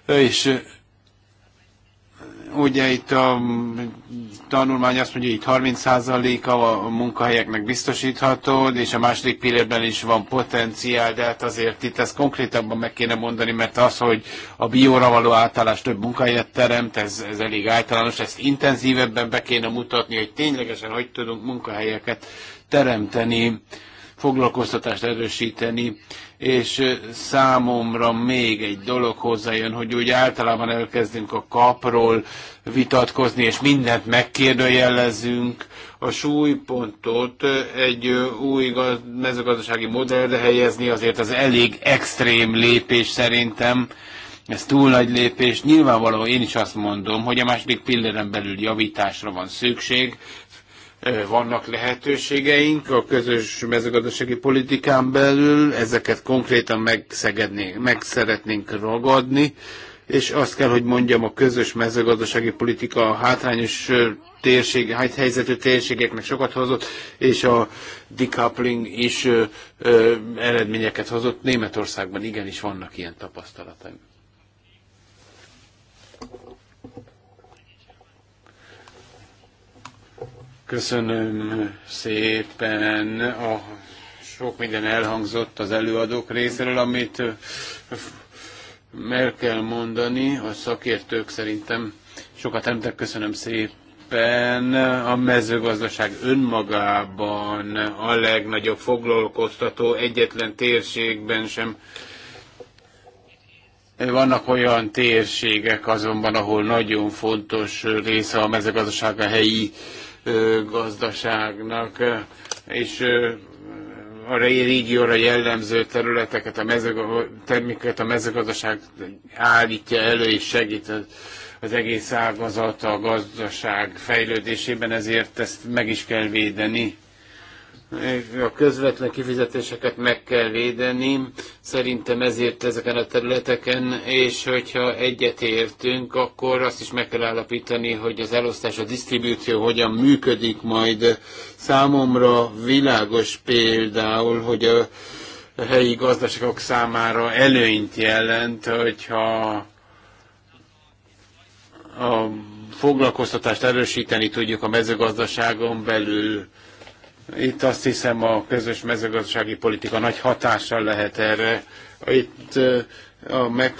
és ugye itt a tanulmány azt mondja, hogy itt 30%-a a munkahelyeknek biztosítható, és a második pillérben is van potenciál, de hát azért itt ezt konkrétabban meg kéne mondani, mert az, hogy a bióra való átállás több munkahelyet teremt, ez, ez elég általános, ezt intenzívebben be kéne mutatni, hogy ténylegesen hogy tudunk munkahelyeket teremteni foglalkoztatást erősíteni, és számomra még egy dolog hozzájön, hogy úgy általában elkezdünk a kapról vitatkozni, és mindent megkérdőjelezünk, a súlypontot egy új mezőgazdasági modellre helyezni azért az elég extrém lépés szerintem, ez túl nagy lépés. Nyilvánvalóan én is azt mondom, hogy a második pilléren belül javításra van szükség, vannak lehetőségeink a közös mezőgazdasági politikán belül, ezeket konkrétan meg szeretnénk ragadni, és azt kell, hogy mondjam, a közös mezőgazdasági politika a hátrányos térség, hát helyzetű térségeknek sokat hozott, és a decoupling is ö, ö, eredményeket hozott. Németországban igenis vannak ilyen tapasztalataim. Köszönöm szépen. A sok minden elhangzott az előadók részéről, amit meg kell mondani, a szakértők szerintem sokat emtek, köszönöm szépen. A mezőgazdaság önmagában a legnagyobb foglalkoztató egyetlen térségben sem. Vannak olyan térségek azonban, ahol nagyon fontos része a mezőgazdaság a helyi gazdaságnak, és a régióra jellemző területeket, a termékeket a mezőgazdaság állítja elő és segít az egész ágazat a gazdaság fejlődésében, ezért ezt meg is kell védeni a közvetlen kifizetéseket meg kell védeni, szerintem ezért ezeken a területeken, és hogyha egyetértünk, akkor azt is meg kell állapítani, hogy az elosztás, a disztribúció hogyan működik majd. Számomra világos például, hogy a helyi gazdaságok számára előnyt jelent, hogyha a foglalkoztatást erősíteni tudjuk a mezőgazdaságon belül, itt azt hiszem a közös mezőgazdasági politika nagy hatással lehet erre. Itt a meg,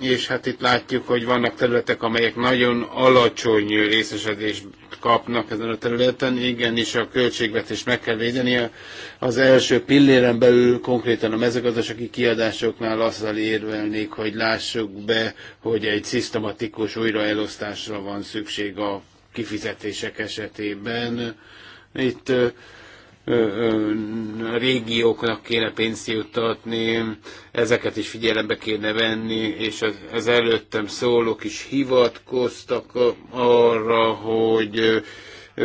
és hát itt látjuk, hogy vannak területek, amelyek nagyon alacsony részesedést kapnak ezen a területen. Igenis a költségvetés meg kell védeni. Az első pilléren belül konkrétan a mezőgazdasági kiadásoknál azzal érvelnék, hogy lássuk be, hogy egy szisztematikus újraelosztásra van szükség a kifizetések esetében itt ö, ö, régióknak kéne pénzt juttatni, ezeket is figyelembe kéne venni, és az, az előttem szólók is hivatkoztak arra, hogy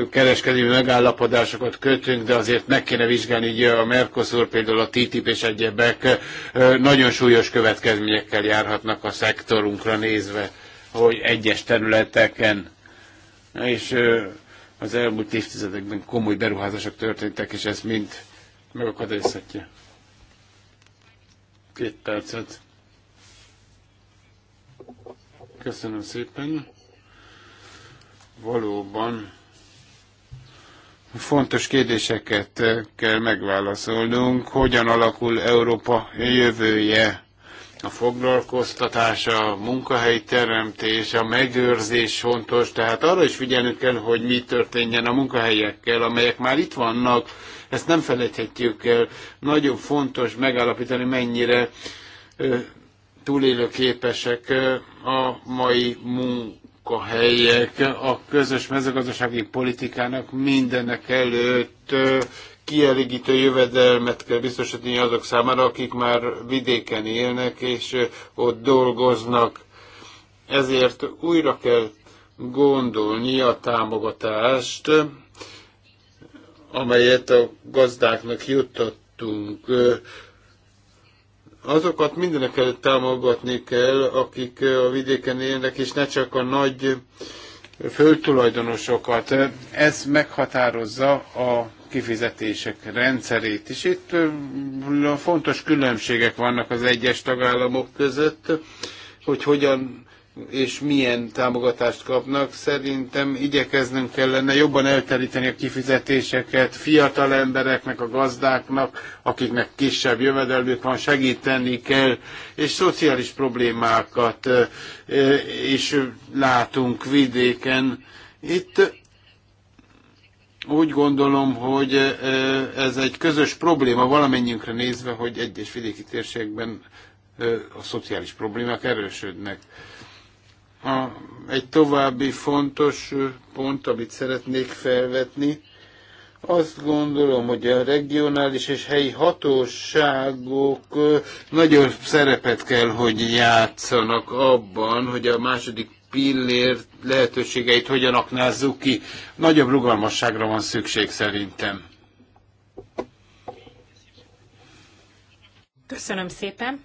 kereskedelmi megállapodásokat kötünk, de azért meg kéne vizsgálni, hogy a Mercosur, például a TTIP és egyebek nagyon súlyos következményekkel járhatnak a szektorunkra nézve, hogy egyes területeken és az elmúlt évtizedekben komoly beruházások történtek, és ez mind megakadályozhatja. Két percet. Köszönöm szépen. Valóban fontos kérdéseket kell megválaszolnunk. Hogyan alakul Európa jövője? a foglalkoztatás, a munkahelyi teremtés, a megőrzés fontos, tehát arra is figyelnünk kell, hogy mi történjen a munkahelyekkel, amelyek már itt vannak, ezt nem felejthetjük el. Nagyon fontos megállapítani, mennyire túlélőképesek a mai munkahelyek. A közös mezőgazdasági politikának mindenek előtt kielégítő jövedelmet kell biztosítani azok számára, akik már vidéken élnek és ott dolgoznak. Ezért újra kell gondolni a támogatást, amelyet a gazdáknak juttattunk. Azokat mindenek előtt támogatni kell, akik a vidéken élnek, és ne csak a nagy földtulajdonosokat. Ez meghatározza a kifizetések rendszerét is. Itt fontos különbségek vannak az egyes tagállamok között, hogy hogyan és milyen támogatást kapnak. Szerintem igyekeznünk kellene jobban elteríteni a kifizetéseket fiatal embereknek, a gazdáknak, akiknek kisebb jövedelmük van, segíteni kell, és szociális problémákat is látunk vidéken. Itt úgy gondolom, hogy ez egy közös probléma valamennyiünkre nézve, hogy egyes vidéki térségben a szociális problémák erősödnek. A, egy további fontos pont, amit szeretnék felvetni, azt gondolom, hogy a regionális és helyi hatóságok nagyobb szerepet kell, hogy játszanak abban, hogy a második pillér lehetőségeit hogyan aknázzuk ki. Nagyobb rugalmasságra van szükség szerintem. Köszönöm szépen.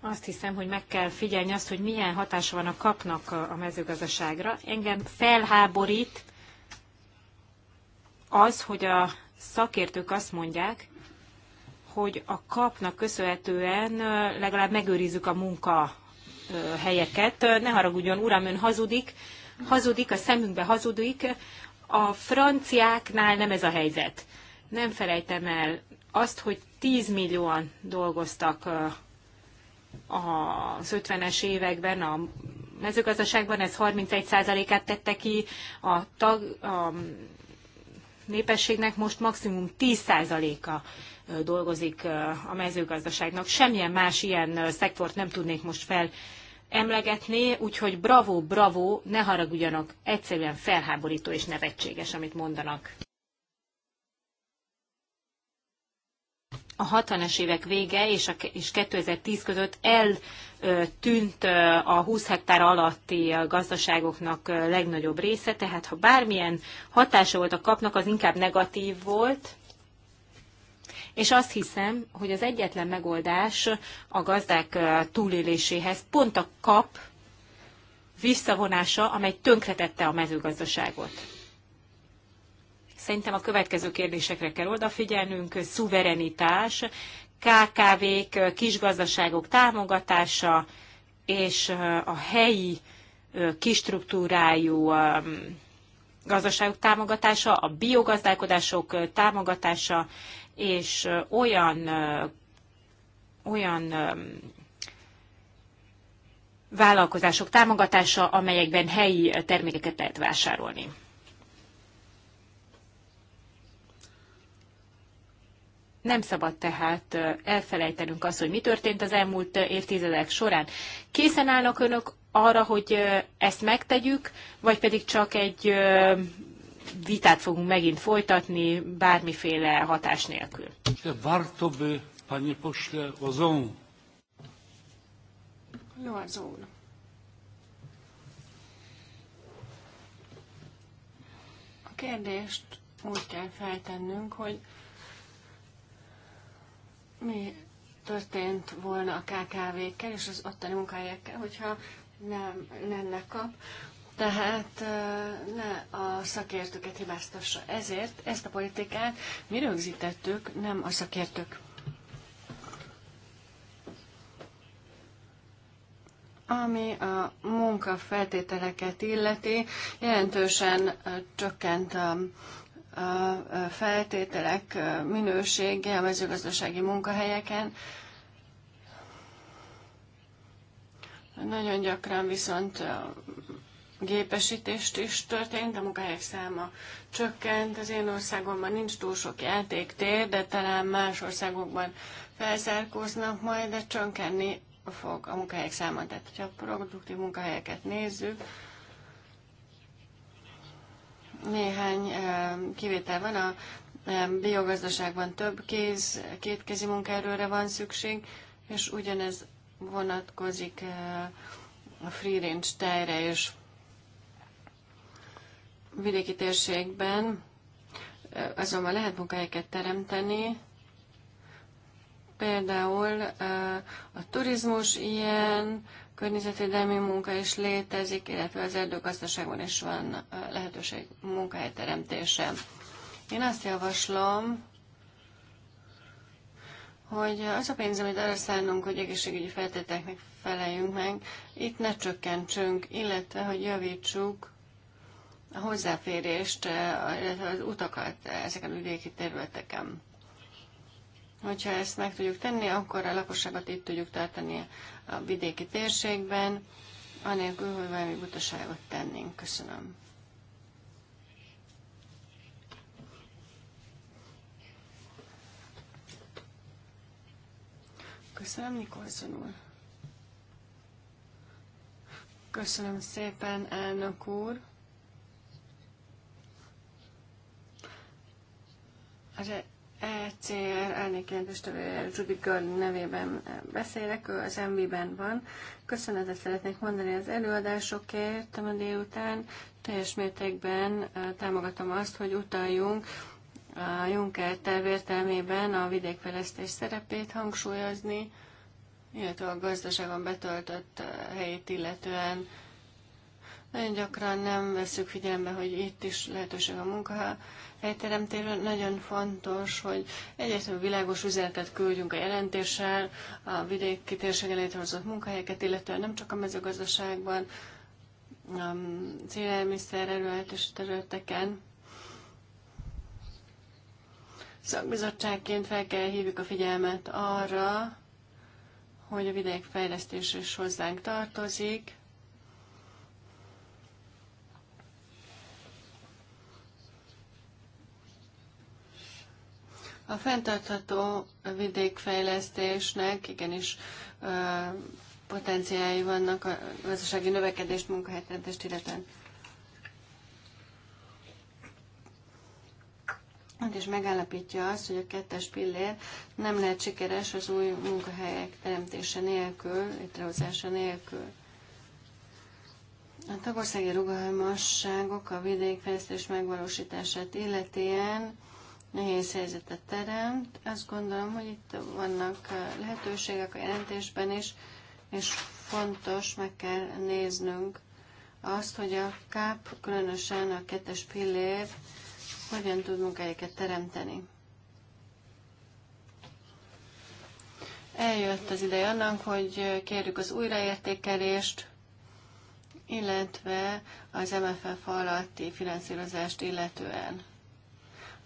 Azt hiszem, hogy meg kell figyelni azt, hogy milyen hatása van a kapnak a mezőgazdaságra. Engem felháborít az, hogy a szakértők azt mondják, hogy a kapnak köszönhetően legalább megőrizzük a munka helyeket. Ne haragudjon, uram, ön hazudik, hazudik, a szemünkbe hazudik. A franciáknál nem ez a helyzet. Nem felejtem el azt, hogy 10 millióan dolgoztak az 50-es években a mezőgazdaságban, ez 31%-át tette ki a, tag, a népességnek most maximum 10%-a dolgozik a mezőgazdaságnak. Semmilyen más ilyen szektort nem tudnék most fel emlegetni, úgyhogy bravo, bravo, ne haragudjanak, egyszerűen felháborító és nevetséges, amit mondanak. A 60-es évek vége és, a, és 2010 között el tűnt a 20 hektár alatti gazdaságoknak legnagyobb része, tehát ha bármilyen hatása volt a kapnak, az inkább negatív volt, és azt hiszem, hogy az egyetlen megoldás a gazdák túléléséhez pont a kap visszavonása, amely tönkretette a mezőgazdaságot. Szerintem a következő kérdésekre kell odafigyelnünk, szuverenitás, KKV-k, kisgazdaságok támogatása és a helyi kistruktúrájú gazdaságok támogatása, a biogazdálkodások támogatása, és olyan, olyan vállalkozások támogatása, amelyekben helyi termékeket lehet vásárolni. Nem szabad tehát elfelejtenünk azt, hogy mi történt az elmúlt évtizedek során. Készen állnak önök arra, hogy ezt megtegyük, vagy pedig csak egy vitát fogunk megint folytatni, bármiféle hatás nélkül. A kérdést úgy kell feltennünk, hogy mi történt volna a KKV-kkel és az ottani munkahelyekkel, hogyha nem lenne kap. Tehát ne a szakértőket hibáztassa. Ezért ezt a politikát mi rögzítettük, nem a szakértők. Ami a munkafeltételeket illeti, jelentősen csökkent a feltételek minősége a mezőgazdasági munkahelyeken. Nagyon gyakran viszont gépesítést is történt, a munkahelyek száma csökkent. Az én országomban nincs túl sok játéktér, de talán más országokban felzárkóznak majd, de csökkenni fog a munkahelyek száma. Tehát, hogyha a produktív munkahelyeket nézzük, néhány kivétel van, a biogazdaságban több kéz, kétkezi munkaerőre van szükség, és ugyanez vonatkozik a free range tejre és vidéki térségben azonban lehet munkahelyeket teremteni, például a turizmus ilyen, környezetvédelmi munka is létezik, illetve az erdőgazdaságban is van lehetőség munkahelyteremtése. Én azt javaslom, hogy az a pénz, amit arra szánnunk, hogy egészségügyi feltételeknek feleljünk meg, itt ne csökkentsünk, illetve hogy javítsuk a hozzáférést, illetve az utakat ezeken a vidéki területeken. Hogyha ezt meg tudjuk tenni, akkor a lakosságot itt tudjuk tartani a vidéki térségben, anélkül, hogy valami butaságot tennénk. Köszönöm. Köszönöm, Nikolson úr. Köszönöm szépen, elnök úr. Azért e- ECR elnékjelentéstevője Judy Girl nevében beszélek, ő az mv ben van. Köszönetet szeretnék mondani az előadásokért ma délután. Teljes mértékben támogatom azt, hogy utaljunk a Juncker terv értelmében a vidékfejlesztés szerepét hangsúlyozni, illetve a gazdaságon betöltött helyét illetően nagyon gyakran nem veszük figyelembe, hogy itt is lehetőség a munkahelyteremtésre. Nagyon fontos, hogy egyértelmű világos üzenetet küldjünk a jelentéssel, a vidéki térségen létrehozott munkahelyeket, illetve nem csak a mezőgazdaságban, a célelmiszer előállítás területeken. Szakbizottságként fel kell hívjuk a figyelmet arra, hogy a vidék fejlesztés is hozzánk tartozik, A fenntartható vidékfejlesztésnek igenis potenciái vannak a gazdasági növekedést, munkahelyteremtést illetően. és megállapítja azt, hogy a kettes pillér nem lehet sikeres az új munkahelyek teremtése nélkül, létrehozása nélkül. A tagországi rugalmasságok a vidékfejlesztés megvalósítását illetően nehéz helyzetet teremt. Azt gondolom, hogy itt vannak lehetőségek a jelentésben is, és fontos, meg kell néznünk azt, hogy a káp, különösen a kettes pillér, hogyan tud munkahelyeket teremteni. Eljött az ideje annak, hogy kérjük az újraértékelést, illetve az MFF alatti finanszírozást illetően.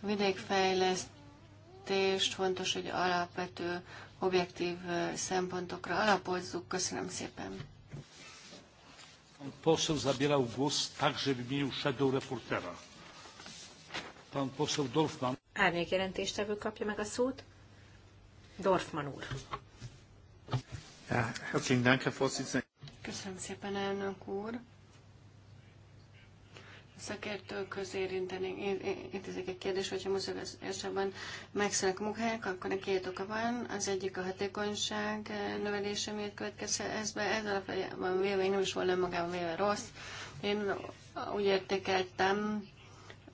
A vidékfejlesztést fontos, hogy alapvető objektív szempontokra alapozzuk. Köszönöm szépen. Pan poseł zabierał głos także w imieniu shadow reportera. Pan poseł Dorfman. Árnyék jelentéstevő kapja meg a szót. Dorfman úr. Ja, herzlichen Dank, Herr Vorsitzender. Köszönöm szépen, elnök úr szakértőköz érinteni, intézik egy kérdés, hogyha mozgásában megszűnnek munkahelyek, akkor neki két oka van. Az egyik a hatékonyság eh, növelése miért következhet ez be. Ez alapjában véve nem is volna magában véve rossz. Én úgy értékeltem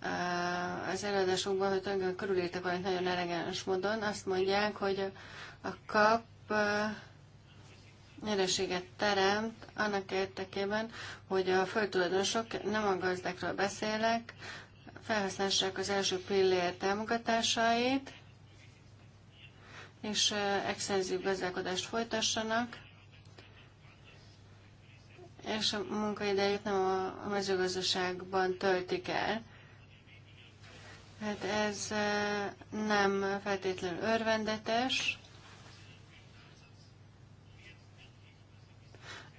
eh, az előadásunkban, hogy tulajdonképpen körülírtak valamit nagyon elegáns módon. Azt mondják, hogy a kap eh, nyereséget teremt annak értekében, hogy a földtulajdonosok, nem a gazdákról beszélek, felhasználják az első pillér támogatásait, és extenzív gazdálkodást folytassanak, és a munkaidejét nem a mezőgazdaságban töltik el. Hát ez nem feltétlenül örvendetes,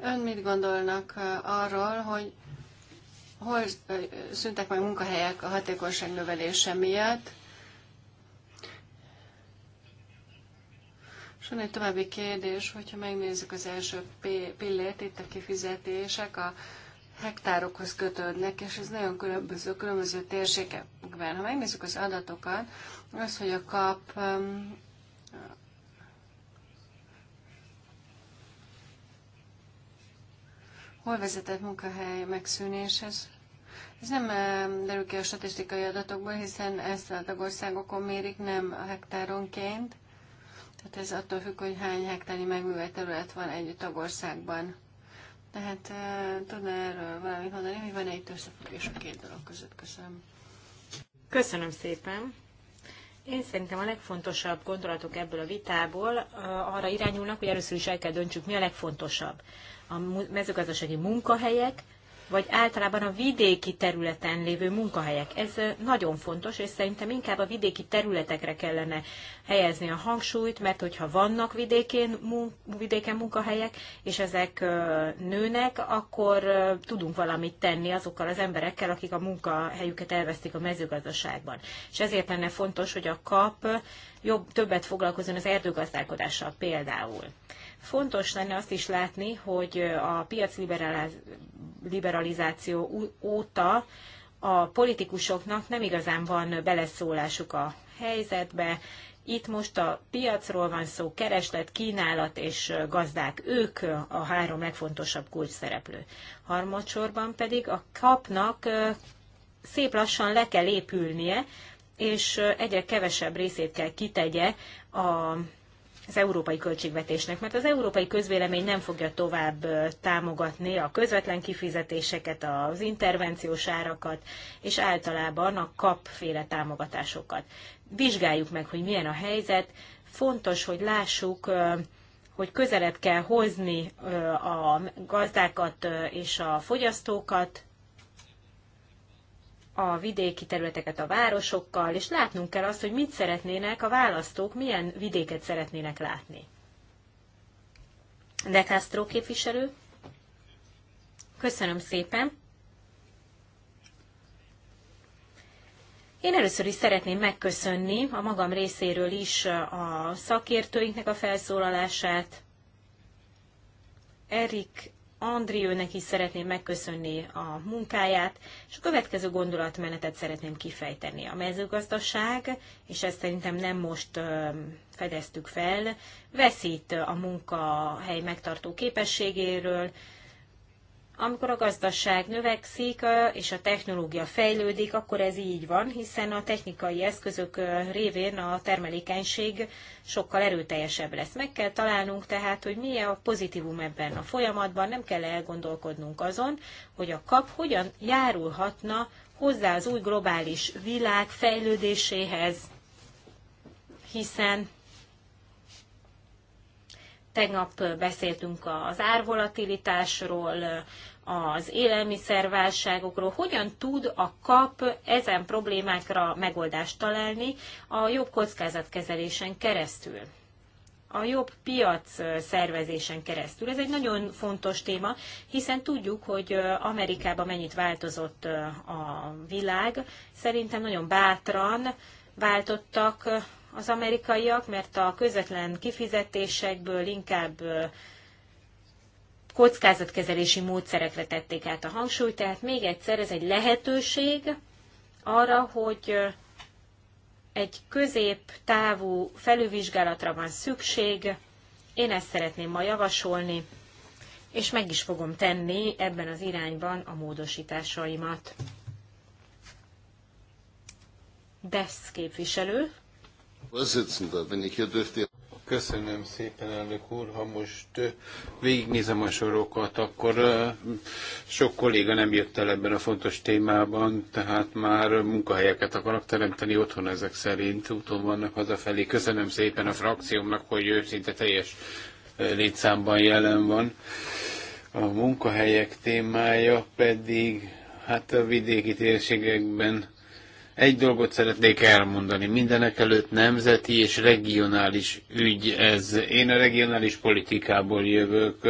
Ön mit gondolnak arról, hogy hol szüntek meg munkahelyek a hatékonyság növelése miatt? És van egy további kérdés, hogyha megnézzük az első pillért, itt a kifizetések a hektárokhoz kötődnek, és ez nagyon különböző, különböző térségekben. Ha megnézzük az adatokat, az, hogy a kap Hol vezetett munkahely megszűnéshez? Ez nem eh, derül ki a statisztikai adatokból, hiszen ezt a tagországokon mérik, nem a hektáronként. Tehát ez attól függ, hogy hány hektári megművelt terület van egy tagországban. Tehát eh, tudna erről valamit mondani, hogy van egy összefüggés a két dolog között? Köszönöm. Köszönöm szépen. Én szerintem a legfontosabb gondolatok ebből a vitából eh, arra irányulnak, hogy először is el kell döntsük, mi a legfontosabb a mezőgazdasági munkahelyek, vagy általában a vidéki területen lévő munkahelyek. Ez nagyon fontos, és szerintem inkább a vidéki területekre kellene helyezni a hangsúlyt, mert hogyha vannak vidékén, vidéken munkahelyek, és ezek nőnek, akkor tudunk valamit tenni azokkal az emberekkel, akik a munkahelyüket elvesztik a mezőgazdaságban. És ezért lenne fontos, hogy a kap jobb, többet foglalkozzon az erdőgazdálkodással például. Fontos lenne azt is látni, hogy a piac liberalizáció óta a politikusoknak nem igazán van beleszólásuk a helyzetbe. Itt most a piacról van szó, kereslet, kínálat és gazdák. Ők a három legfontosabb kulcs szereplő. Harmadsorban pedig a kapnak szép lassan le kell épülnie, és egyre kevesebb részét kell kitegye a az európai költségvetésnek, mert az európai közvélemény nem fogja tovább támogatni a közvetlen kifizetéseket, az intervenciós árakat, és általában a kapféle támogatásokat. Vizsgáljuk meg, hogy milyen a helyzet. Fontos, hogy lássuk, hogy közelebb kell hozni a gazdákat és a fogyasztókat a vidéki területeket a városokkal, és látnunk kell azt, hogy mit szeretnének a választók, milyen vidéket szeretnének látni. De Castro képviselő, köszönöm szépen. Én először is szeretném megköszönni a magam részéről is a szakértőinknek a felszólalását. Erik Andriőnek is szeretném megköszönni a munkáját, és a következő gondolatmenetet szeretném kifejteni. A mezőgazdaság, és ezt szerintem nem most fedeztük fel, veszít a munkahely megtartó képességéről, amikor a gazdaság növekszik és a technológia fejlődik, akkor ez így van, hiszen a technikai eszközök révén a termelékenység sokkal erőteljesebb lesz. Meg kell találnunk tehát, hogy mi a pozitívum ebben a folyamatban, nem kell elgondolkodnunk azon, hogy a kap hogyan járulhatna hozzá az új globális világ fejlődéséhez, hiszen Tegnap beszéltünk az árvolatilitásról, az élelmiszerválságokról, hogyan tud a kap ezen problémákra megoldást találni a jobb kockázatkezelésen keresztül a jobb piac szervezésen keresztül. Ez egy nagyon fontos téma, hiszen tudjuk, hogy Amerikában mennyit változott a világ. Szerintem nagyon bátran váltottak az amerikaiak, mert a közvetlen kifizetésekből inkább kockázatkezelési módszerekre tették át a hangsúlyt, tehát még egyszer ez egy lehetőség arra, hogy egy középtávú felülvizsgálatra van szükség, én ezt szeretném ma javasolni, és meg is fogom tenni ebben az irányban a módosításaimat. DESZ képviselő. Köszönöm szépen, elnök úr. Ha most végignézem a sorokat, akkor sok kolléga nem jött el ebben a fontos témában, tehát már munkahelyeket akarnak teremteni otthon ezek szerint, úton vannak hazafelé. Köszönöm szépen a frakciómnak, hogy ő szinte teljes létszámban jelen van. A munkahelyek témája pedig hát a vidéki térségekben egy dolgot szeretnék elmondani. Mindenek előtt nemzeti és regionális ügy ez. Én a regionális politikából jövök.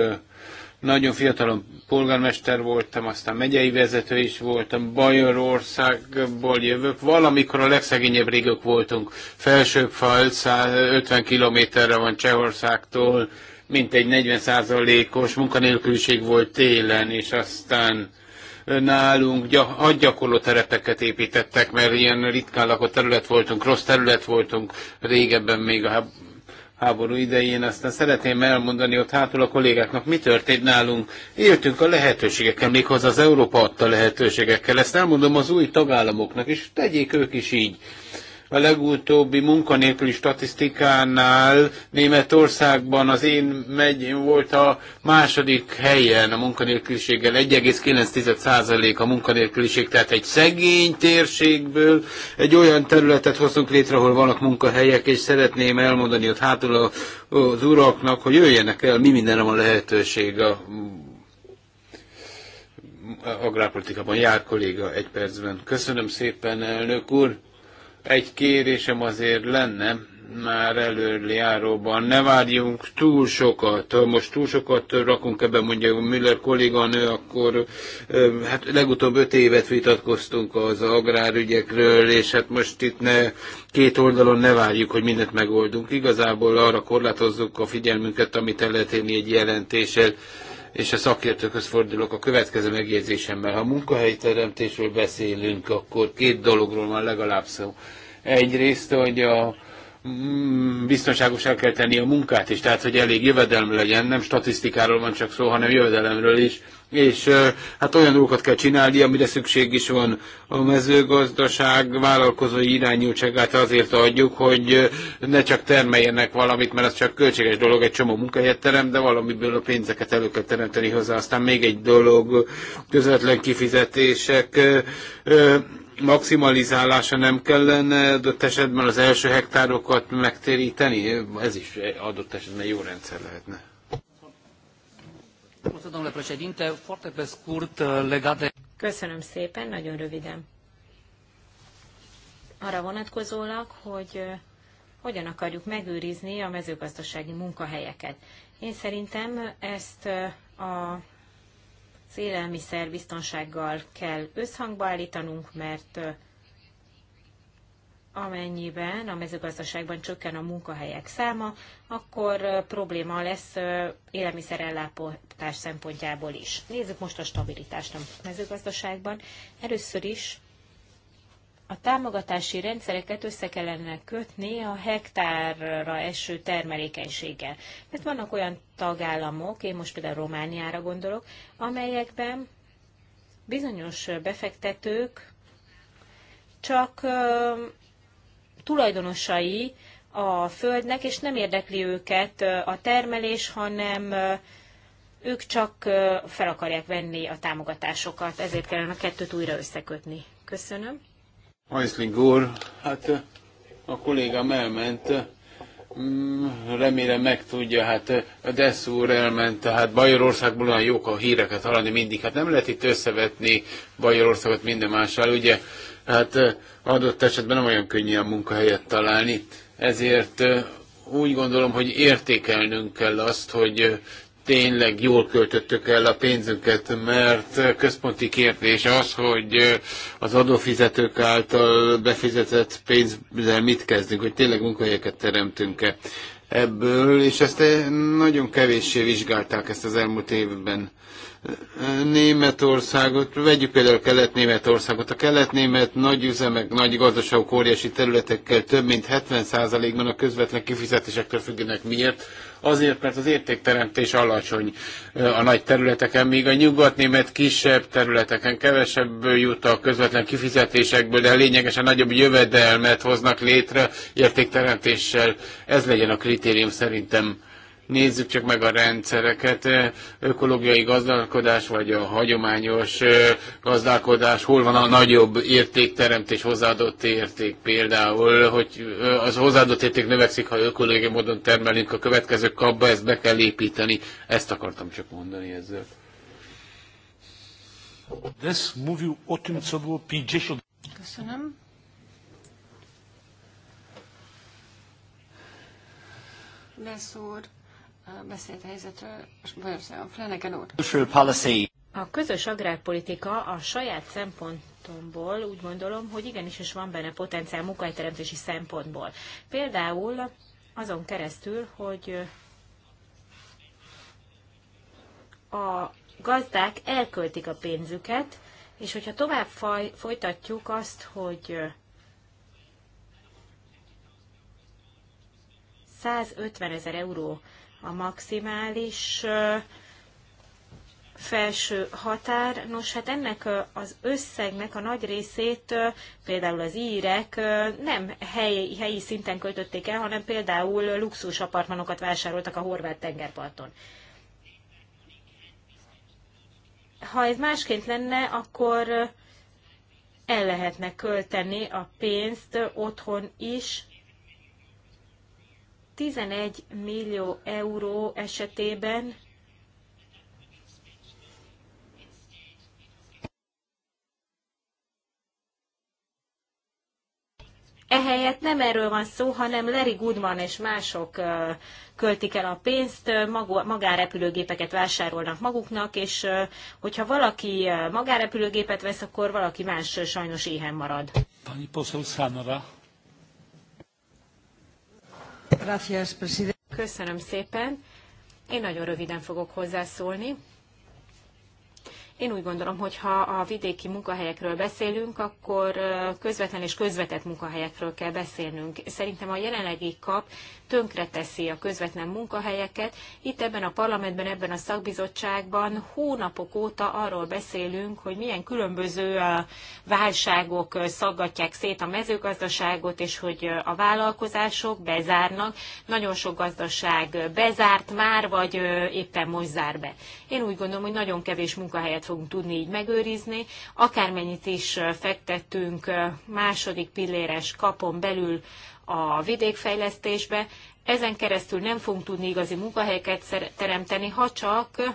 Nagyon fiatalon polgármester voltam, aztán megyei vezető is voltam, Bajorországból jövök. Valamikor a legszegényebb régiók voltunk. felsőbb fal, 50 kilométerre van Csehországtól, Mint egy 40 százalékos munkanélküliség volt télen, és aztán nálunk hadgyakorló terepeket építettek, mert ilyen ritkán lakott terület voltunk, rossz terület voltunk régebben még a háború idején. Aztán szeretném elmondani ott hátul a kollégáknak, mi történt nálunk. Éltünk a lehetőségekkel, méghozzá az Európa adta lehetőségekkel. Ezt elmondom az új tagállamoknak, és tegyék ők is így. A legutóbbi munkanélküli statisztikánál Németországban az én megyén volt a második helyen a munkanélküliséggel. 1,9% a munkanélküliség, tehát egy szegény térségből egy olyan területet hozunk létre, ahol vannak munkahelyek, és szeretném elmondani ott hátul a, az uraknak, hogy jöjjenek el, mi mindenre van lehetőség a agrárpolitikában jár kolléga egy percben. Köszönöm szépen, elnök úr. Egy kérésem azért lenne, már előjáróban. Ne várjunk túl sokat. Most túl sokat rakunk ebben, mondja Müller kolléganő, akkor hát legutóbb öt évet vitatkoztunk az agrárügyekről, és hát most itt ne, két oldalon ne várjuk, hogy mindent megoldunk. Igazából arra korlátozzuk a figyelmünket, amit el lehet egy jelentéssel és a szakértőkhöz fordulok a következő megjegyzésemmel. Ha munkahelyteremtésről beszélünk, akkor két dologról van legalább szó. Egyrészt, hogy a el mm, kell tenni a munkát is, tehát hogy elég jövedelm legyen, nem statisztikáról van csak szó, hanem jövedelemről is, és hát olyan dolgokat kell csinálni, amire szükség is van. A mezőgazdaság vállalkozói irányultságát azért adjuk, hogy ne csak termeljenek valamit, mert az csak költséges dolog, egy csomó munkahelyet terem, de valamiből a pénzeket elő kell teremteni hozzá. Aztán még egy dolog, közvetlen kifizetések maximalizálása nem kellene adott esetben az első hektárokat megtéríteni? Ez is adott esetben jó rendszer lehetne. Eh, Köszönöm szépen, nagyon röviden. Arra vonatkozólag, hogy eh, hogyan akarjuk megőrizni a mezőgazdasági munkahelyeket. Én szerintem ezt eh, a az élelmiszer biztonsággal kell összhangba állítanunk, mert amennyiben a mezőgazdaságban csökken a munkahelyek száma, akkor probléma lesz élelmiszerellátás szempontjából is. Nézzük most a stabilitást a mezőgazdaságban. Először is a támogatási rendszereket össze kellene kötni a hektárra eső termelékenységgel. Mert vannak olyan tagállamok, én most például Romániára gondolok, amelyekben bizonyos befektetők csak tulajdonosai a földnek, és nem érdekli őket a termelés, hanem ők csak fel akarják venni a támogatásokat, ezért kellene a kettőt újra összekötni. Köszönöm. Hajszling úr, hát a kollégám elment, mm, remélem megtudja, hát a Dessz úr elment, tehát Bajorországból olyan jók a híreket hallani mindig, hát nem lehet itt összevetni Bajorországot minden mással, ugye, hát adott esetben nem olyan könnyű a munkahelyet találni, ezért úgy gondolom, hogy értékelnünk kell azt, hogy tényleg jól költöttök el a pénzünket, mert központi kérdés az, hogy az adófizetők által befizetett pénzzel mit kezdünk, hogy tényleg munkahelyeket teremtünk-e ebből, és ezt nagyon kevéssé vizsgálták ezt az elmúlt évben. Németországot, vegyük például Kelet-Németországot. A kelet-német nagy üzemek, nagy gazdaságok, óriási területekkel több mint 70%-ban a közvetlen kifizetésektől függenek. Miért? Azért, mert az értékteremtés alacsony a nagy területeken, míg a nyugat-német kisebb területeken kevesebb jut a közvetlen kifizetésekből, de lényegesen nagyobb jövedelmet hoznak létre értékteremtéssel. Ez legyen a kritérium szerintem Nézzük csak meg a rendszereket, ökológiai gazdálkodás vagy a hagyományos gazdálkodás, hol van a nagyobb értékteremtés, hozzáadott érték például, hogy az hozzáadott érték növekszik, ha ökológiai módon termelünk, a következő kapba ezt be kell építeni. Ezt akartam csak mondani ezzel. Köszönöm. Lesz úr beszélt a helyzetről, úr. A közös agrárpolitika a saját szempontomból úgy gondolom, hogy igenis is van benne potenciál munkahelyteremtési szempontból. Például azon keresztül, hogy a gazdák elköltik a pénzüket, és hogyha tovább folytatjuk azt, hogy 150 ezer euró a maximális felső határ. Nos, hát ennek az összegnek a nagy részét például az írek nem helyi, helyi szinten költötték el, hanem például luxus apartmanokat vásároltak a horvát tengerparton. Ha ez másként lenne, akkor el lehetne költeni a pénzt otthon is, 11 millió euró esetében Ehelyett nem erről van szó, hanem Larry Goodman és mások költik el a pénzt, magárepülőgépeket vásárolnak maguknak, és hogyha valaki magárepülőgépet vesz, akkor valaki más sajnos éhen marad. Pani poseł Köszönöm szépen. Én nagyon röviden fogok hozzászólni. Én úgy gondolom, hogy ha a vidéki munkahelyekről beszélünk, akkor közvetlen és közvetett munkahelyekről kell beszélnünk. Szerintem a jelenlegi kap tönkreteszi a közvetlen munkahelyeket. Itt ebben a parlamentben, ebben a szakbizottságban hónapok óta arról beszélünk, hogy milyen különböző válságok szaggatják szét a mezőgazdaságot, és hogy a vállalkozások bezárnak. Nagyon sok gazdaság bezárt már, vagy éppen most zár be. Én úgy gondolom, hogy nagyon kevés munkahelyet fogunk tudni így megőrizni. Akármennyit is fektettünk második pilléres kapon belül a vidékfejlesztésbe, ezen keresztül nem fogunk tudni igazi munkahelyeket teremteni, ha csak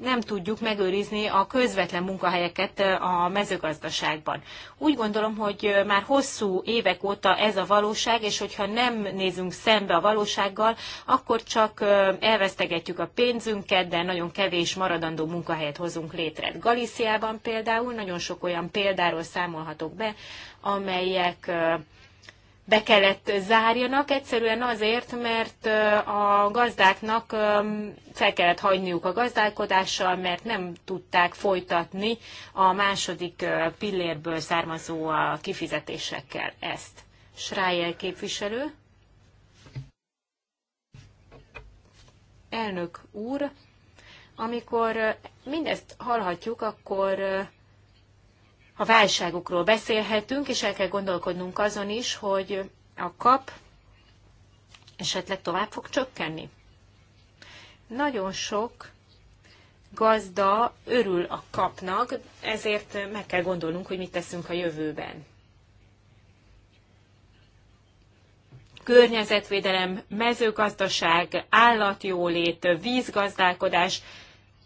nem tudjuk megőrizni a közvetlen munkahelyeket a mezőgazdaságban. Úgy gondolom, hogy már hosszú évek óta ez a valóság, és hogyha nem nézünk szembe a valósággal, akkor csak elvesztegetjük a pénzünket, de nagyon kevés maradandó munkahelyet hozunk létre. Galíciában például nagyon sok olyan példáról számolhatok be, amelyek be kellett zárjanak, egyszerűen azért, mert a gazdáknak fel kellett hagyniuk a gazdálkodással, mert nem tudták folytatni a második pillérből származó kifizetésekkel ezt. Schreier képviselő. Elnök úr, amikor mindezt hallhatjuk, akkor a válságokról beszélhetünk, és el kell gondolkodnunk azon is, hogy a kap esetleg tovább fog csökkenni. Nagyon sok gazda örül a kapnak, ezért meg kell gondolnunk, hogy mit teszünk a jövőben. Környezetvédelem, mezőgazdaság, állatjólét, vízgazdálkodás,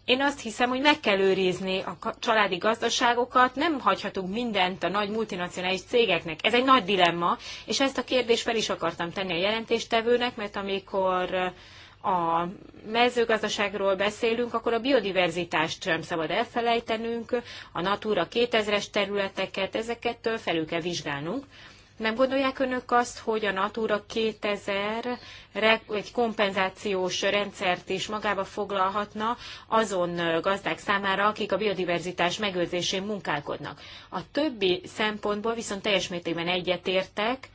én azt hiszem, hogy meg kell őrizni a családi gazdaságokat, nem hagyhatunk mindent a nagy multinacionális cégeknek. Ez egy nagy dilemma, és ezt a kérdést fel is akartam tenni a jelentéstevőnek, mert amikor a mezőgazdaságról beszélünk, akkor a biodiverzitást sem szabad elfelejtenünk, a Natura 2000-es területeket, ezeket felül kell vizsgálnunk. Nem gondolják önök azt, hogy a Natura 2000 egy kompenzációs rendszert is magába foglalhatna azon gazdák számára, akik a biodiverzitás megőrzésén munkálkodnak. A többi szempontból viszont teljes mértékben egyetértek,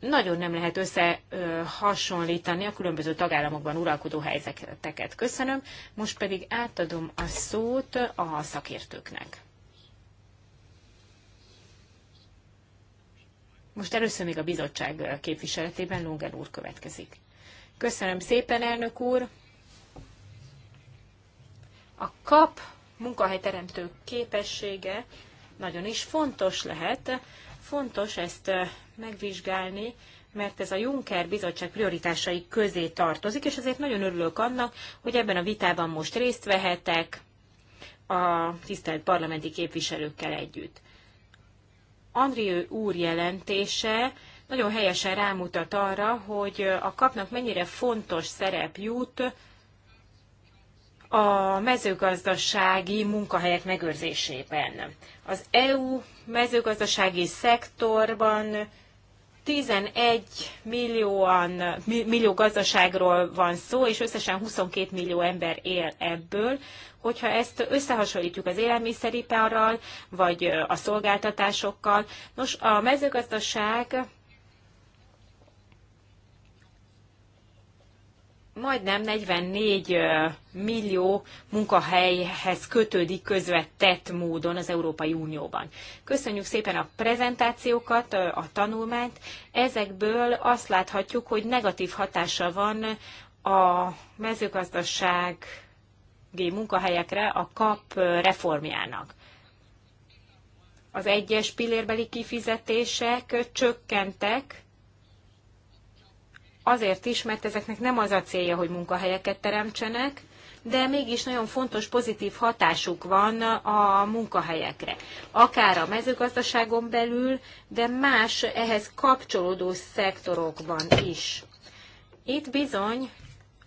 nagyon nem lehet összehasonlítani a különböző tagállamokban uralkodó helyzeteket. Köszönöm. Most pedig átadom a szót a szakértőknek. Most először még a bizottság képviseletében Lungel úr következik. Köszönöm szépen, elnök úr! A kap munkahelyteremtő képessége nagyon is fontos lehet. Fontos ezt megvizsgálni, mert ez a Juncker bizottság prioritásai közé tartozik, és ezért nagyon örülök annak, hogy ebben a vitában most részt vehetek a tisztelt parlamenti képviselőkkel együtt. Andrió úr jelentése nagyon helyesen rámutat arra, hogy a kapnak mennyire fontos szerep jut a mezőgazdasági munkahelyek megőrzésében. Az EU mezőgazdasági szektorban 11 millióan, millió gazdaságról van szó, és összesen 22 millió ember él ebből, hogyha ezt összehasonlítjuk az élelmiszeriparral, vagy a szolgáltatásokkal. Nos, a mezőgazdaság majdnem 44 millió munkahelyhez kötődik közvetett módon az Európai Unióban. Köszönjük szépen a prezentációkat, a tanulmányt. Ezekből azt láthatjuk, hogy negatív hatása van a mezőgazdaság munkahelyekre a KAP reformjának. Az egyes pillérbeli kifizetések csökkentek, azért is, mert ezeknek nem az a célja, hogy munkahelyeket teremtsenek, de mégis nagyon fontos pozitív hatásuk van a munkahelyekre. Akár a mezőgazdaságon belül, de más ehhez kapcsolódó szektorokban is. Itt bizony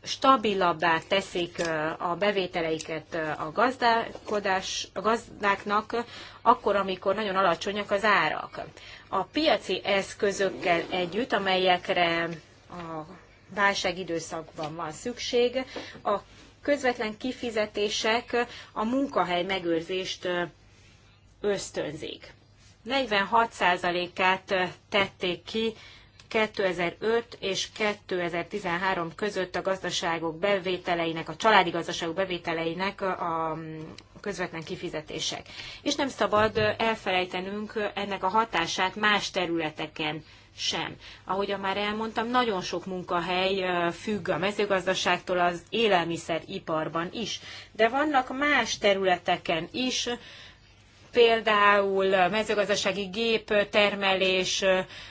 stabilabbá teszik a bevételeiket a, gazdálkodás, a gazdáknak, akkor, amikor nagyon alacsonyak az árak. A piaci eszközökkel együtt, amelyekre a időszakban van szükség, a közvetlen kifizetések a munkahely megőrzést ösztönzik. 46%-át tették ki 2005 és 2013 között a gazdaságok bevételeinek, a családi gazdaságok bevételeinek a közvetlen kifizetések. És nem szabad elfelejtenünk ennek a hatását más területeken sem. Ahogyan már elmondtam, nagyon sok munkahely függ a mezőgazdaságtól az élelmiszeriparban is. De vannak más területeken is, például mezőgazdasági géptermelés,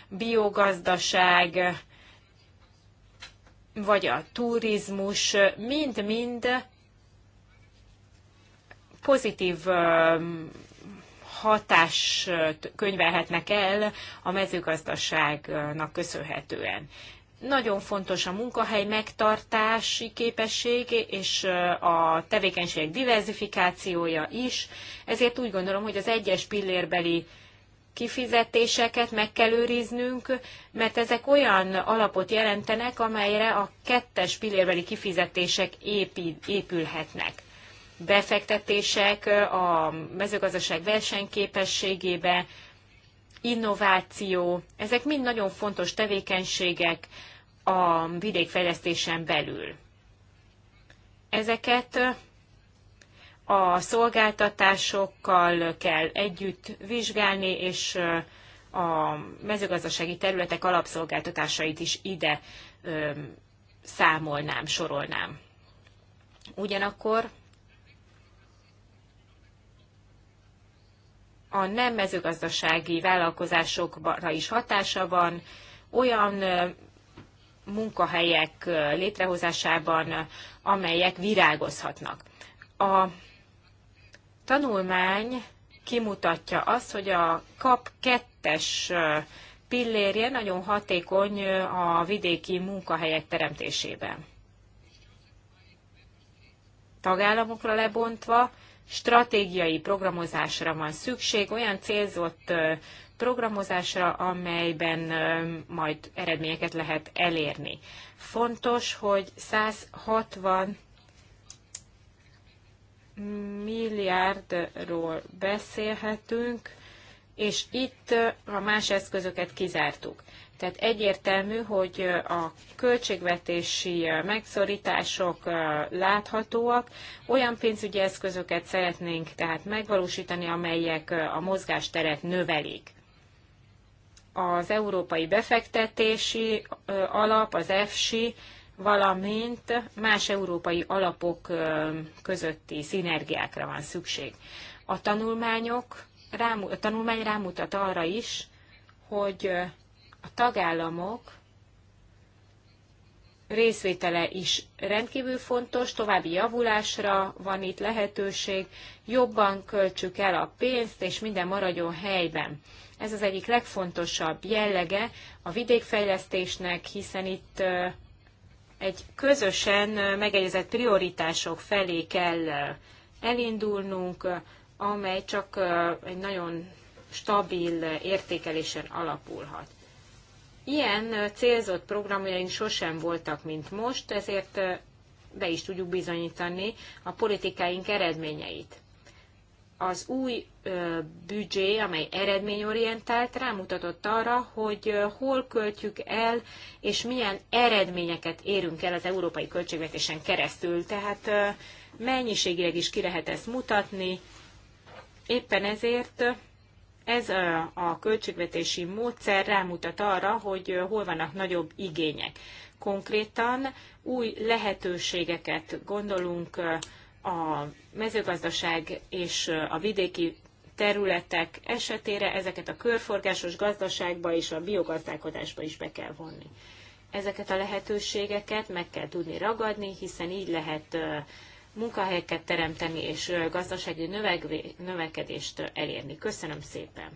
biogazdaság, vagy a turizmus, mind-mind pozitív hatás könyvelhetnek el a mezőgazdaságnak köszönhetően. Nagyon fontos a munkahely megtartási képesség és a tevékenységek diversifikációja is, ezért úgy gondolom, hogy az egyes pillérbeli kifizetéseket meg kell őriznünk, mert ezek olyan alapot jelentenek, amelyre a kettes pillérbeli kifizetések épülhetnek. Befektetések a mezőgazdaság versenyképességébe, innováció, ezek mind nagyon fontos tevékenységek a vidékfejlesztésen belül. Ezeket a szolgáltatásokkal kell együtt vizsgálni, és a mezőgazdasági területek alapszolgáltatásait is ide számolnám, sorolnám. Ugyanakkor a nem mezőgazdasági vállalkozásokra is hatása van, olyan munkahelyek létrehozásában, amelyek virágozhatnak. A tanulmány kimutatja azt, hogy a kap kettes pillérje nagyon hatékony a vidéki munkahelyek teremtésében. Tagállamokra lebontva stratégiai programozásra van szükség, olyan célzott programozásra, amelyben majd eredményeket lehet elérni. Fontos, hogy 160 milliárdról beszélhetünk, és itt a más eszközöket kizártuk. Tehát egyértelmű, hogy a költségvetési megszorítások láthatóak. Olyan pénzügyi eszközöket szeretnénk tehát megvalósítani, amelyek a mozgásteret növelik. Az Európai Befektetési Alap, az EFSI, valamint más európai alapok közötti szinergiákra van szükség. A, tanulmányok, a tanulmány rámutat arra is, hogy a tagállamok részvétele is rendkívül fontos, további javulásra van itt lehetőség, jobban költsük el a pénzt, és minden maradjon helyben. Ez az egyik legfontosabb jellege a vidékfejlesztésnek, hiszen itt egy közösen megegyezett prioritások felé kell elindulnunk, amely csak egy nagyon stabil értékelésen alapulhat. Ilyen célzott programjaink sosem voltak, mint most, ezért be is tudjuk bizonyítani a politikáink eredményeit. Az új büdzsé, amely eredményorientált, rámutatott arra, hogy hol költjük el, és milyen eredményeket érünk el az európai költségvetésen keresztül. Tehát mennyiségileg is ki lehet ezt mutatni. Éppen ezért ez a költségvetési módszer rámutat arra, hogy hol vannak nagyobb igények. Konkrétan új lehetőségeket gondolunk a mezőgazdaság és a vidéki területek esetére ezeket a körforgásos gazdaságba és a biogazdálkodásba is be kell vonni. Ezeket a lehetőségeket meg kell tudni ragadni, hiszen így lehet munkahelyeket teremteni és gazdasági növekedést elérni. Köszönöm szépen!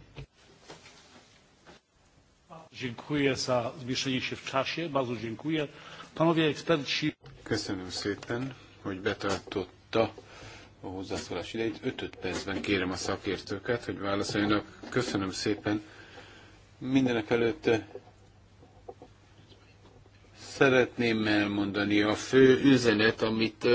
Köszönöm szépen, hogy betartotta a hozzászólás idejét. 5 percben kérem a szakértőket, hogy válaszoljanak. Köszönöm szépen. Mindenek előtt szeretném elmondani a fő üzenet, amit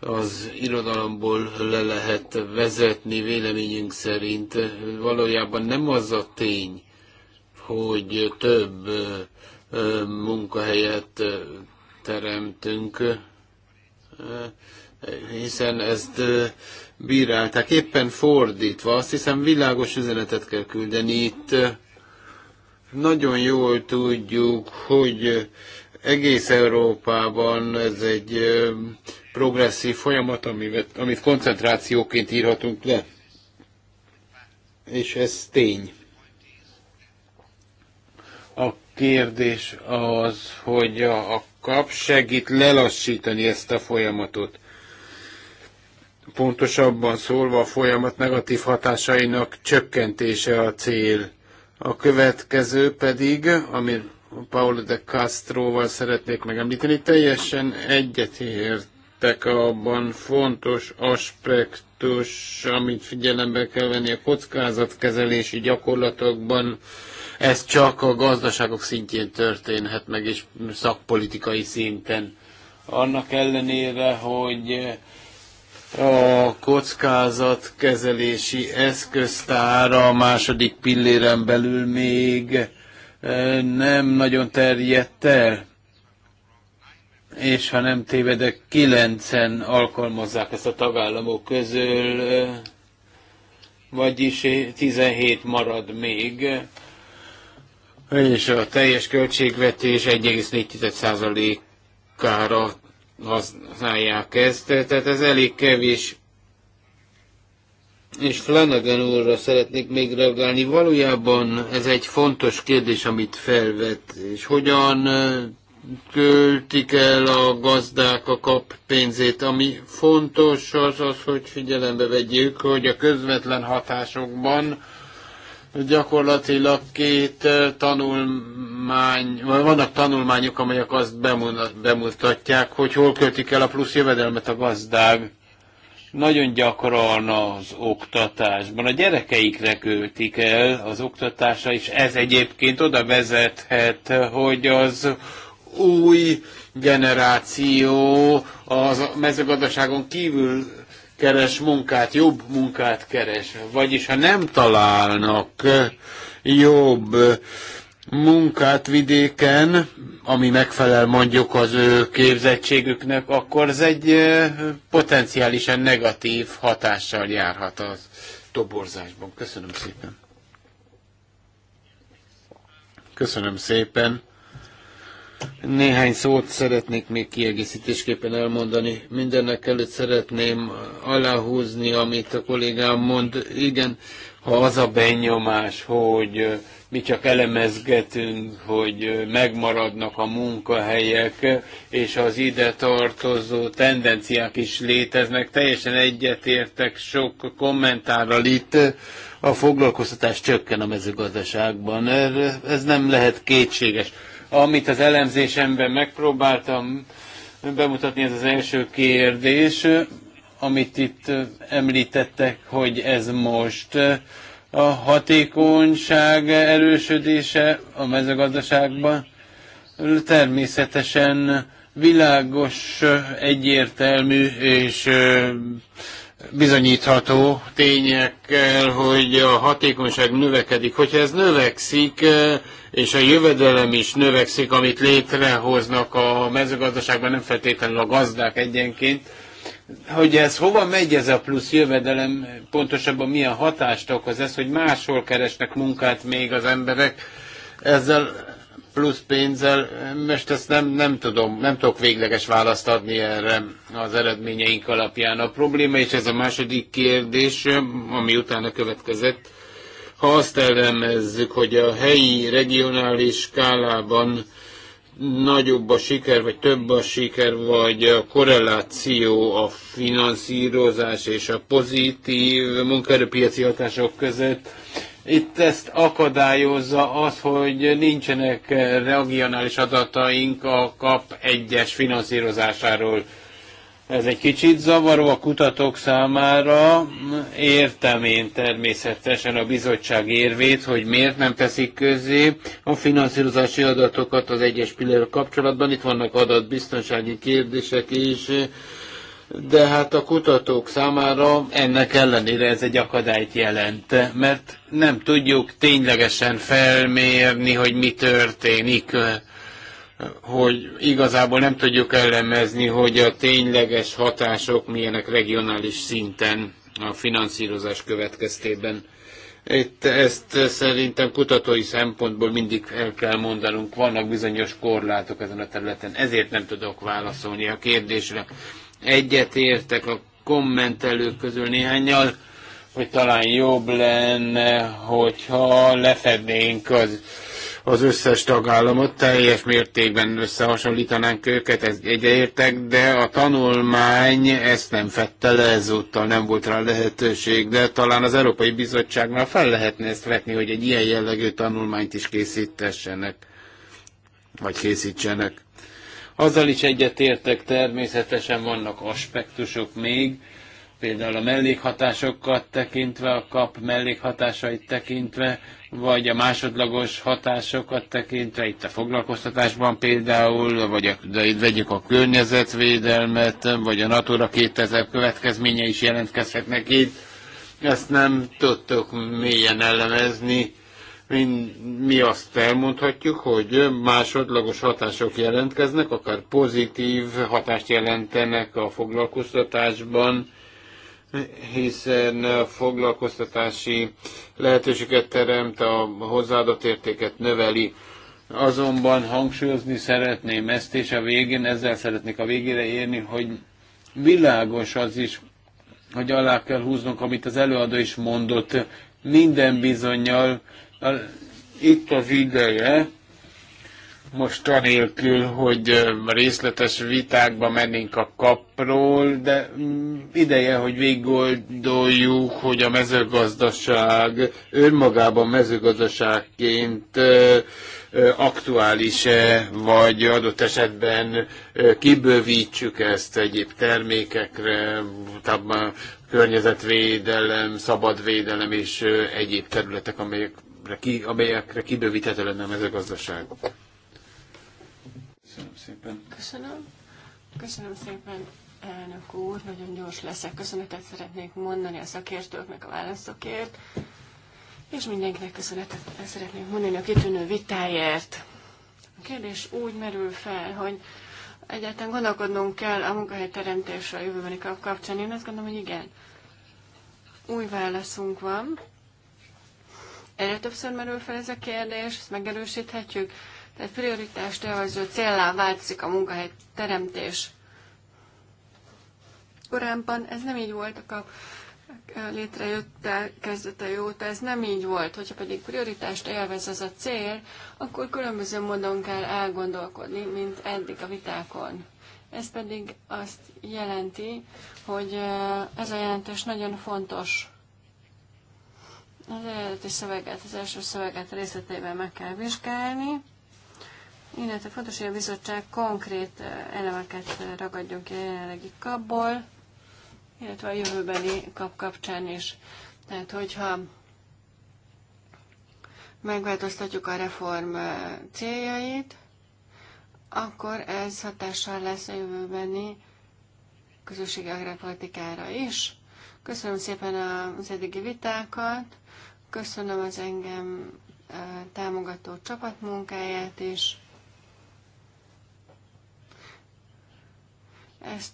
az irodalomból le lehet vezetni véleményünk szerint. Valójában nem az a tény, hogy több munkahelyet teremtünk, hiszen ezt bírálták. Éppen fordítva, azt hiszem világos üzenetet kell küldeni itt. Nagyon jól tudjuk, hogy egész Európában ez egy progresszív folyamat, amit, amit koncentrációként írhatunk le. És ez tény. A kérdés az, hogy a kap segít lelassítani ezt a folyamatot. Pontosabban szólva a folyamat negatív hatásainak csökkentése a cél. A következő pedig, amit Paul de Castroval szeretnék megemlíteni. Teljesen egyetértek abban fontos aspektus, amit figyelembe kell venni a kockázatkezelési gyakorlatokban. Ez csak a gazdaságok szintjén történhet meg, és szakpolitikai szinten. Annak ellenére, hogy a kockázatkezelési eszköztára a második pilléren belül még nem nagyon terjedt el, és ha nem tévedek, kilencen alkalmazzák ezt a tagállamok közül, vagyis 17 marad még, és a teljes költségvetés 1,4%-ára használják ezt, tehát ez elég kevés és Flanagan úrra szeretnék még reagálni. Valójában ez egy fontos kérdés, amit felvet, és hogyan költik el a gazdák a kap pénzét. Ami fontos az az, hogy figyelembe vegyük, hogy a közvetlen hatásokban gyakorlatilag két tanulmány, vagy vannak tanulmányok, amelyek azt bemutatják, hogy hol költik el a plusz jövedelmet a gazdák nagyon gyakran az oktatásban. A gyerekeikre költik el az oktatása és ez egyébként oda vezethet, hogy az új generáció az mezőgazdaságon kívül keres munkát, jobb munkát keres. Vagyis ha nem találnak jobb munkát vidéken, ami megfelel mondjuk az ő képzettségüknek, akkor ez egy potenciálisan negatív hatással járhat az toborzásban. Köszönöm szépen. Köszönöm szépen. Néhány szót szeretnék még kiegészítésképpen elmondani. Mindennek előtt szeretném aláhúzni, amit a kollégám mond. Igen, ha az a benyomás, hogy mi csak elemezgetünk, hogy megmaradnak a munkahelyek, és az ide tartozó tendenciák is léteznek. Teljesen egyetértek sok kommentárral itt, a foglalkoztatás csökken a mezőgazdaságban. Ez nem lehet kétséges. Amit az elemzésemben megpróbáltam bemutatni, ez az első kérdés, amit itt említettek, hogy ez most a hatékonyság erősödése a mezőgazdaságban természetesen világos, egyértelmű és bizonyítható tényekkel, hogy a hatékonyság növekedik. Hogyha ez növekszik, és a jövedelem is növekszik, amit létrehoznak a mezőgazdaságban, nem feltétlenül a gazdák egyenként, hogy ez hova megy ez a plusz jövedelem, pontosabban milyen hatást okoz ez, hogy máshol keresnek munkát még az emberek ezzel plusz pénzzel, most ezt nem, nem tudom, nem tudok végleges választ adni erre az eredményeink alapján. A probléma, és ez a második kérdés, ami utána következett, ha azt elemezzük, hogy a helyi, regionális skálában nagyobb a siker, vagy több a siker, vagy a korreláció a finanszírozás és a pozitív munkaerőpiaci hatások között. Itt ezt akadályozza az, hogy nincsenek regionális adataink a kap egyes finanszírozásáról ez egy kicsit zavaró a kutatók számára. Értem én természetesen a bizottság érvét, hogy miért nem teszik közzé a finanszírozási adatokat az egyes pillér kapcsolatban. Itt vannak adatbiztonsági kérdések is, de hát a kutatók számára ennek ellenére ez egy akadályt jelent, mert nem tudjuk ténylegesen felmérni, hogy mi történik hogy igazából nem tudjuk ellemezni, hogy a tényleges hatások milyenek regionális szinten a finanszírozás következtében. Itt ezt szerintem kutatói szempontból mindig el kell mondanunk, vannak bizonyos korlátok ezen a területen, ezért nem tudok válaszolni a kérdésre. Egyet értek a kommentelők közül néhányal, hogy talán jobb lenne, hogyha lefednénk az az összes tagállamot, teljes mértékben összehasonlítanánk őket, ez egyértek, de a tanulmány ezt nem fette le ezúttal, nem volt rá lehetőség, de talán az Európai Bizottságnál fel lehetne ezt vetni, hogy egy ilyen jellegű tanulmányt is készítessenek, vagy készítsenek. Azzal is egyetértek, természetesen vannak aspektusok még, például a mellékhatásokat tekintve, a kap mellékhatásait tekintve, vagy a másodlagos hatásokat tekintve, itt a foglalkoztatásban például, vagy a, de itt vegyük a környezetvédelmet, vagy a Natura 2000 következménye is jelentkezhetnek itt. Ezt nem tudtuk mélyen elemezni. Mi, mi azt elmondhatjuk, hogy másodlagos hatások jelentkeznek, akár pozitív hatást jelentenek a foglalkoztatásban, hiszen foglalkoztatási lehetőséget teremt, a hozzáadott értéket növeli. Azonban hangsúlyozni szeretném ezt, és a végén, ezzel szeretnék a végére érni, hogy világos az is, hogy alá kell húznunk, amit az előadó is mondott, minden bizonyal itt az ideje, most anélkül, hogy részletes vitákba mennénk a kapról, de mm, ideje, hogy végigoldoljuk, hogy a mezőgazdaság önmagában mezőgazdaságként aktuális-e, vagy adott esetben kibővítsük ezt egyéb termékekre, környezetvédelem, szabadvédelem és egyéb területek, amelyek ki, amelyekre kibővíthető lenne a mezőgazdaság szépen. Köszönöm. Köszönöm szépen, elnök úr. Nagyon gyors leszek. Köszönetet szeretnék mondani a szakértőknek a válaszokért. És mindenkinek köszönetet szeretnék mondani a kitűnő vitáért. A kérdés úgy merül fel, hogy egyáltalán gondolkodnunk kell a munkahely teremtésre a jövőbeni kapcsán. Én azt gondolom, hogy igen. Új válaszunk van. Erre többször merül fel ez a kérdés, ezt megerősíthetjük. Tehát prioritást élvező céllá változik a munkahely teremtés. Korábban ez nem így volt a kap létrejöttel kezdete óta, ez nem így volt. Hogyha pedig prioritást élvez az a cél, akkor különböző módon kell elgondolkodni, mint eddig a vitákon. Ez pedig azt jelenti, hogy ez a jelentés nagyon fontos. Az eredeti szöveget, az első szöveget részletében meg kell vizsgálni illetve fontos, hogy a bizottság konkrét elemeket ragadjon ki a jelenlegi kapból, illetve a jövőbeli kap kapcsán is. Tehát, hogyha megváltoztatjuk a reform céljait, akkor ez hatással lesz a jövőbeni közösségi agrárpolitikára is. Köszönöm szépen az eddigi vitákat, köszönöm az engem támogató csapatmunkáját is. Ezt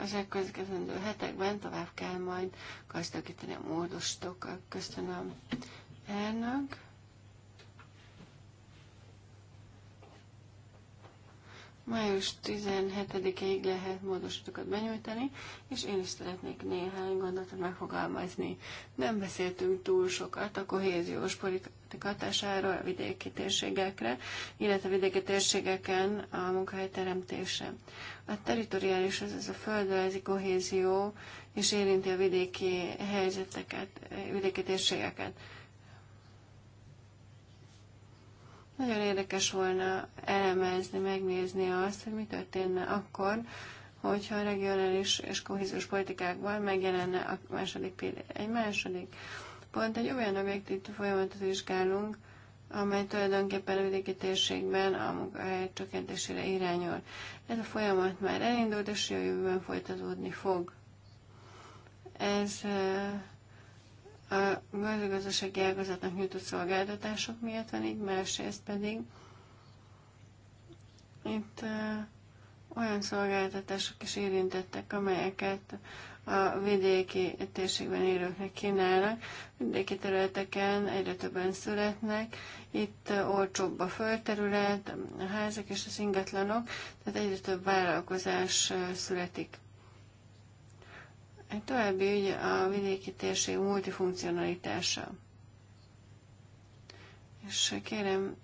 az elkövetkezendő hetekben tovább kell majd gazdagítani a módostokat. Köszönöm elnök. Május 17-ig lehet módosítókat benyújtani, és én is szeretnék néhány gondot megfogalmazni. Nem beszéltünk túl sokat a kohéziós politika projektek hatásáról a vidéki térségekre, illetve a vidéki térségeken a teremtése. A teritoriális, azaz a földrajzi kohézió is érinti a vidéki helyzeteket, eh, vidéki térségeket. Nagyon érdekes volna elemezni, megnézni azt, hogy mi történne akkor, hogyha a regionális és kohéziós politikákban megjelenne a második pillér. Egy második pont egy olyan objektív folyamatot vizsgálunk, amely tulajdonképpen a vidéki térségben a munkahely csökkentésére irányul. Ez a folyamat már elindult, és a jövőben folytatódni fog. Ez a gazdagazdasági ágazatnak nyújtott szolgáltatások miatt van így, másrészt pedig itt olyan szolgáltatások is érintettek, amelyeket a vidéki térségben élőknek kínálnak. Vidéki területeken egyre többen születnek, itt olcsóbb a földterület, a házak és az ingatlanok, tehát egyre több vállalkozás születik. Egy további ügy a vidéki térség multifunkcionalitása. És kérem,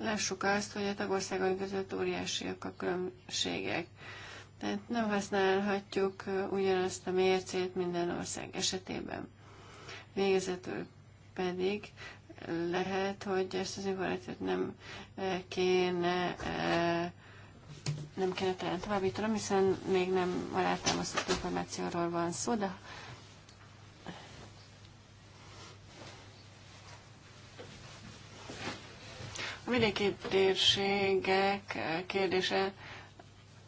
lássuk azt, hogy a tagországon között óriásiak a különbségek. Tehát nem használhatjuk ugyanazt a mércét minden ország esetében. Végezetül pedig lehet, hogy ezt az információt nem kéne nem kéne talán továbbítanom, hiszen még nem alátámasztott információról van szó, de a vidéki térségek kérdése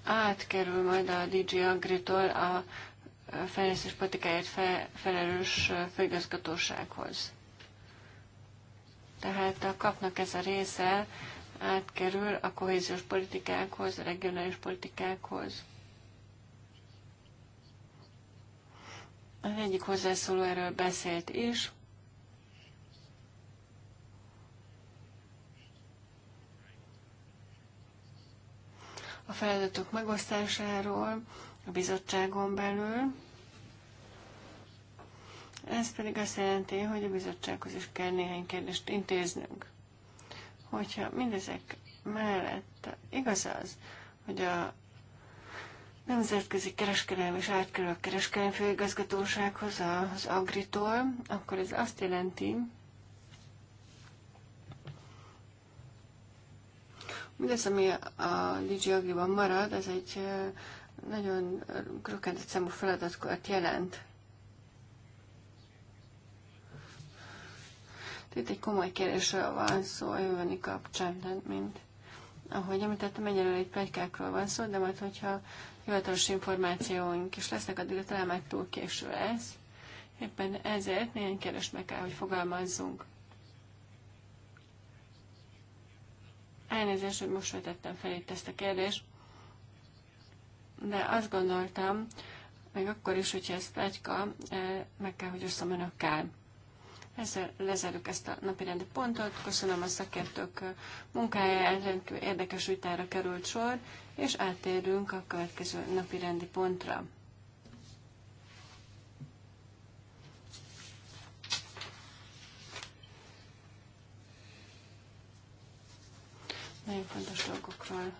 átkerül majd a DJ Agritól a fejlesztés politikáért fe, felelős főigazgatósághoz. Tehát a kapnak ez a része átkerül a kohéziós politikákhoz, a regionális politikákhoz. Az egyik hozzászóló erről beszélt is. a feladatok megosztásáról a bizottságon belül. Ez pedig azt jelenti, hogy a bizottsághoz is kell néhány kérdést intéznünk. Hogyha mindezek mellett igaz az, hogy a Nemzetközi Kereskedelmi és átkerül a Kereskedelmi Főigazgatósághoz, az Agritól, akkor ez azt jelenti, Mindez, ami a DG Agriban marad, ez egy nagyon krokantett számú feladatkort jelent. Itt egy komoly kérdésről van szó a jövőni kapcsán, mint ahogy említettem, egyelőre egy plegykákról van szó, de majd, hogyha hivatalos információink is lesznek, addig talán már túl késő lesz. Éppen ezért néhány kérdést meg kell, hogy fogalmazzunk. Elnézést, hogy most vetettem fel itt ezt a kérdést, de azt gondoltam, még akkor is, hogyha ez plegyka, eh, meg kell, hogy osszam önökkel. Ezzel lezárjuk ezt a napirendi pontot. Köszönöm a szakértők eh, munkáját, rendkívül érdekes vitára került sor, és áttérünk a következő napirendi pontra. Nagyon fontos dolgokról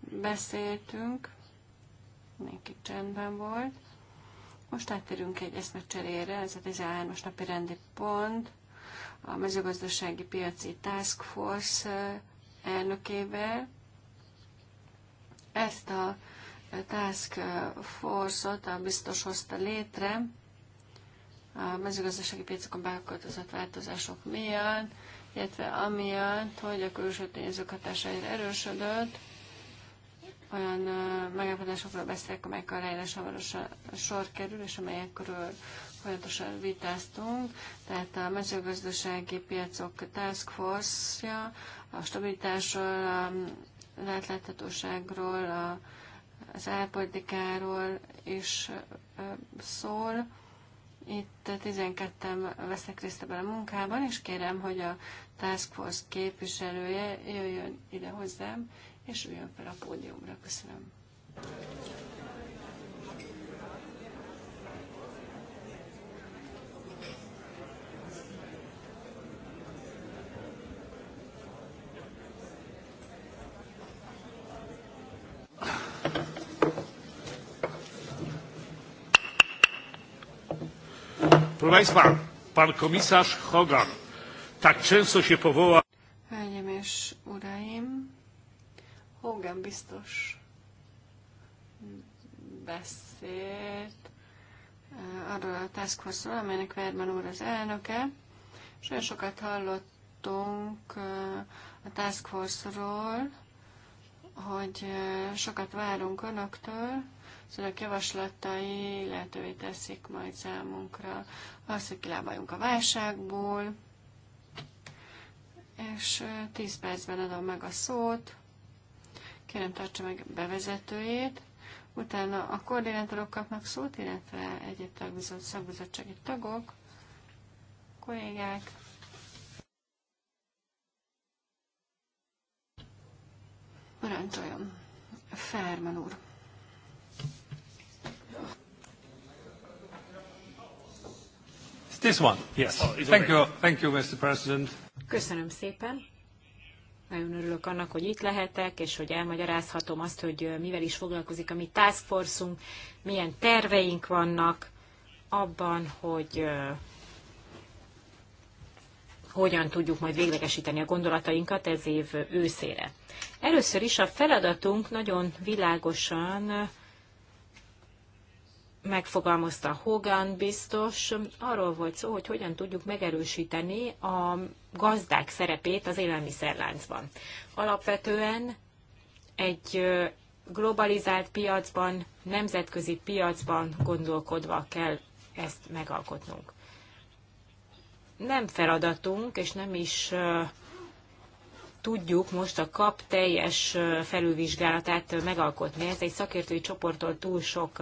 beszéltünk, mindenki csendben volt. Most átérünk egy eszmecserére, ez a 13-as napi rendi pont, a mezőgazdasági piaci task force eh, elnökével. Ezt a eh, task eh, force-ot a biztos hozta létre a mezőgazdasági piacokon beavatkozott változások miatt, illetve amiatt, hogy a külső tényezők hatásaira erősödött, olyan megállapodásokról beszélek, amelyek a rejre hamarosan sor kerül, és amelyekről folyamatosan vitáztunk. Tehát a mezőgazdasági piacok task force-ja, a stabilitásról, a látláthatóságról, az árpolitikáról is szól. Itt 12-en vesznek részt ebben a munkában, és kérem, hogy a Task Force képviselője jöjjön ide hozzám, és üljön fel a pódiumra. Köszönöm. Proszę Państwa, pan komisarz Hogan tak często się powoła. Hölgyeim és uraim, Hogan biztos beszélt eh, arról a task force-ról, amelynek Verman úr az elnöke, és olyan sokat hallottunk eh, a task force-ról, hogy eh, sokat várunk önöktől, szóval a javaslatai lehetővé teszik majd számunkra azt, hogy kilábaljunk a válságból, és 10 percben adom meg a szót. Kérem, tartsa meg bevezetőjét. Utána a koordinátorok kapnak szót, illetve egyéb tagbizott szakbizottsági tagok, kollégák. Parancsoljon. Ferman úr. This one, yes. Oh, thank, you, thank you, Mr. President. Köszönöm szépen. Nagyon örülök annak, hogy itt lehetek, és hogy elmagyarázhatom azt, hogy mivel is foglalkozik a mi task force-unk, milyen terveink vannak abban, hogy hogyan tudjuk majd véglegesíteni a gondolatainkat ez év őszére. Először is a feladatunk nagyon világosan megfogalmazta Hogan biztos, arról volt szó, hogy hogyan tudjuk megerősíteni a gazdák szerepét az élelmiszerláncban. Alapvetően egy globalizált piacban, nemzetközi piacban gondolkodva kell ezt megalkotnunk. Nem feladatunk, és nem is tudjuk most a kap teljes felülvizsgálatát megalkotni. Ez egy szakértői csoporttól túl sok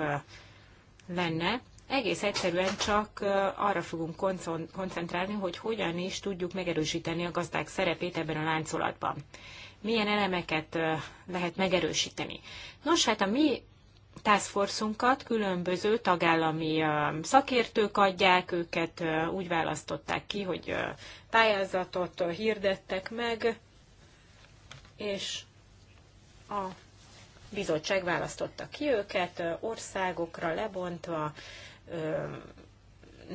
lenne, egész egyszerűen csak arra fogunk koncentrálni, hogy hogyan is tudjuk megerősíteni a gazdák szerepét ebben a láncolatban. Milyen elemeket lehet megerősíteni. Nos, hát a mi Taskforce-unkat különböző tagállami szakértők adják, őket úgy választották ki, hogy pályázatot hirdettek meg, és a bizottság választotta ki őket, országokra lebontva,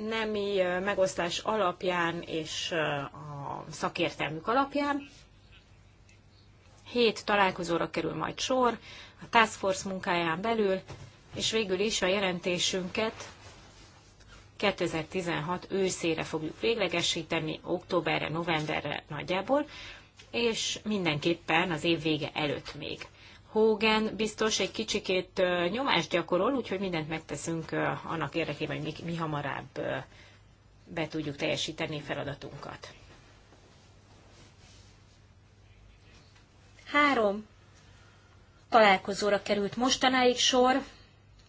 nemi megosztás alapján és a szakértelmük alapján. Hét találkozóra kerül majd sor a Task Force munkáján belül, és végül is a jelentésünket 2016 őszére fogjuk véglegesíteni, októberre, novemberre nagyjából, és mindenképpen az év vége előtt még. Hogan biztos egy kicsikét nyomást gyakorol, úgyhogy mindent megteszünk annak érdekében, hogy mi, mi hamarabb be tudjuk teljesíteni feladatunkat. Három találkozóra került mostanáig sor.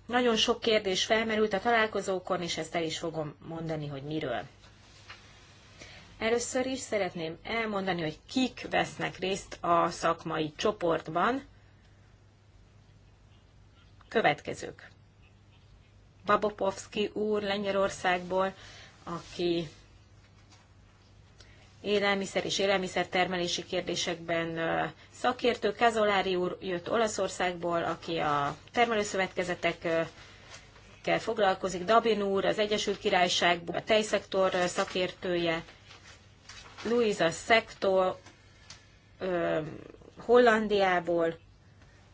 Nagyon sok kérdés felmerült a találkozókon, és ezt el is fogom mondani, hogy miről. Először is szeretném elmondani, hogy kik vesznek részt a szakmai csoportban, következők. Babopovski úr Lengyelországból, aki élelmiszer és élelmiszertermelési kérdésekben szakértő. Kazolári úr jött Olaszországból, aki a termelőszövetkezetekkel foglalkozik. Dabin úr az Egyesült Királyságból, a tejszektor szakértője. Luisa Szektor Hollandiából,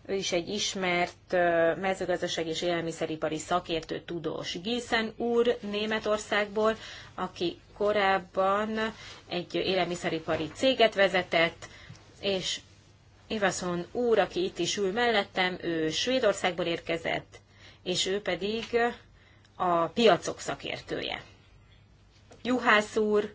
ő is egy ismert mezőgazdaság és élelmiszeripari szakértő tudós. Gészen úr Németországból, aki korábban egy élelmiszeripari céget vezetett, és Ivason úr, aki itt is ül mellettem, ő Svédországból érkezett, és ő pedig a piacok szakértője. Juhász úr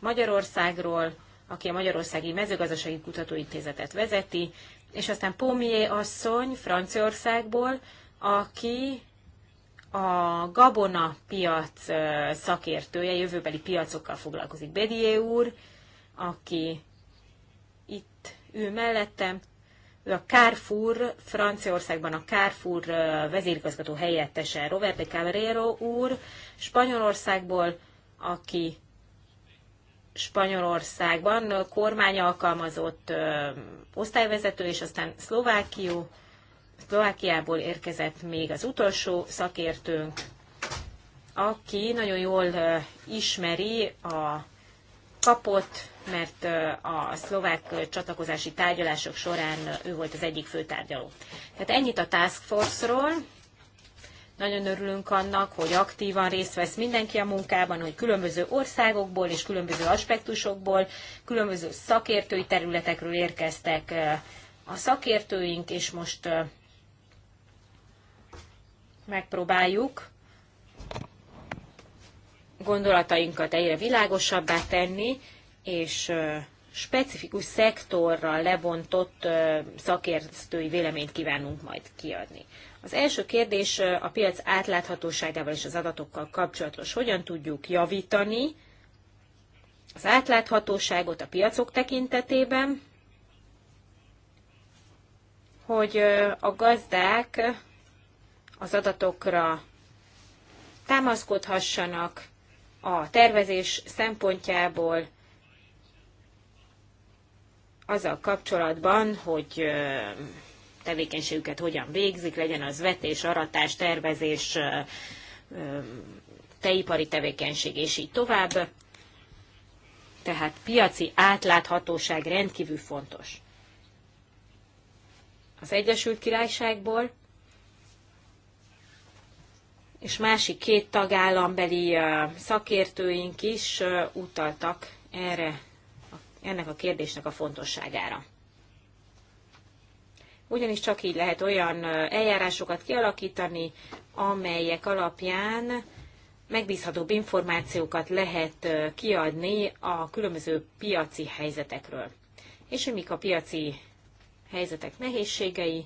Magyarországról, aki a Magyarországi Mezőgazdasági Kutatóintézetet vezeti, és aztán Pomié asszony Franciaországból, aki a gabona piac szakértője, jövőbeli piacokkal foglalkozik Bedié úr, aki itt ül mellettem, ő a Carrefour, Franciaországban a Carrefour vezérigazgató helyettese Robert de Cabrero úr, Spanyolországból, aki Spanyolországban kormány alkalmazott osztályvezető, és aztán Szlovákió, Szlovákiából érkezett még az utolsó szakértőnk, aki nagyon jól ismeri a kapott, mert a szlovák csatlakozási tárgyalások során ő volt az egyik fő tárgyaló. Tehát ennyit a Task Force-ról. Nagyon örülünk annak, hogy aktívan részt vesz mindenki a munkában, hogy különböző országokból és különböző aspektusokból, különböző szakértői területekről érkeztek a szakértőink, és most megpróbáljuk gondolatainkat egyre világosabbá tenni, és specifikus szektorra lebontott szakértői véleményt kívánunk majd kiadni. Az első kérdés a piac átláthatóságával és az adatokkal kapcsolatos. Hogyan tudjuk javítani az átláthatóságot a piacok tekintetében, hogy a gazdák az adatokra támaszkodhassanak a tervezés szempontjából azzal kapcsolatban, hogy tevékenységüket hogyan végzik, legyen az vetés, aratás, tervezés, teipari tevékenység, és így tovább. Tehát piaci átláthatóság rendkívül fontos. Az Egyesült Királyságból és másik két tagállambeli szakértőink is utaltak erre, ennek a kérdésnek a fontosságára ugyanis csak így lehet olyan eljárásokat kialakítani, amelyek alapján megbízhatóbb információkat lehet kiadni a különböző piaci helyzetekről. És hogy mik a piaci helyzetek nehézségei,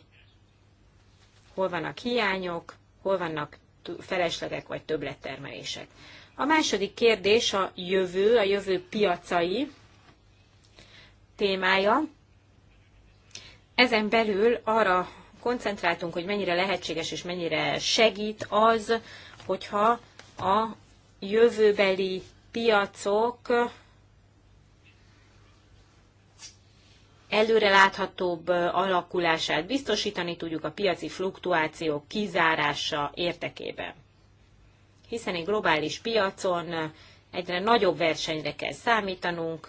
hol vannak hiányok, hol vannak feleslegek vagy többlettermelések. A második kérdés a jövő, a jövő piacai témája. Ezen belül arra koncentráltunk, hogy mennyire lehetséges és mennyire segít az, hogyha a jövőbeli piacok előreláthatóbb alakulását biztosítani tudjuk a piaci fluktuációk kizárása értekében. Hiszen egy globális piacon egyre nagyobb versenyre kell számítanunk,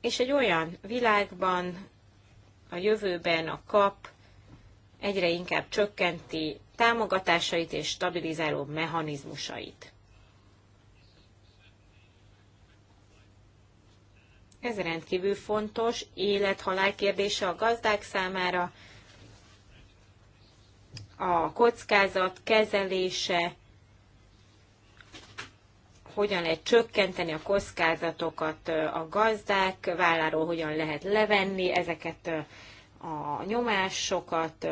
és egy olyan világban a jövőben a kap egyre inkább csökkenti támogatásait és stabilizáló mechanizmusait. Ez rendkívül fontos élethalál kérdése a gazdák számára, a kockázat kezelése hogyan lehet csökkenteni a kockázatokat a gazdák válláról, hogyan lehet levenni ezeket a nyomásokat.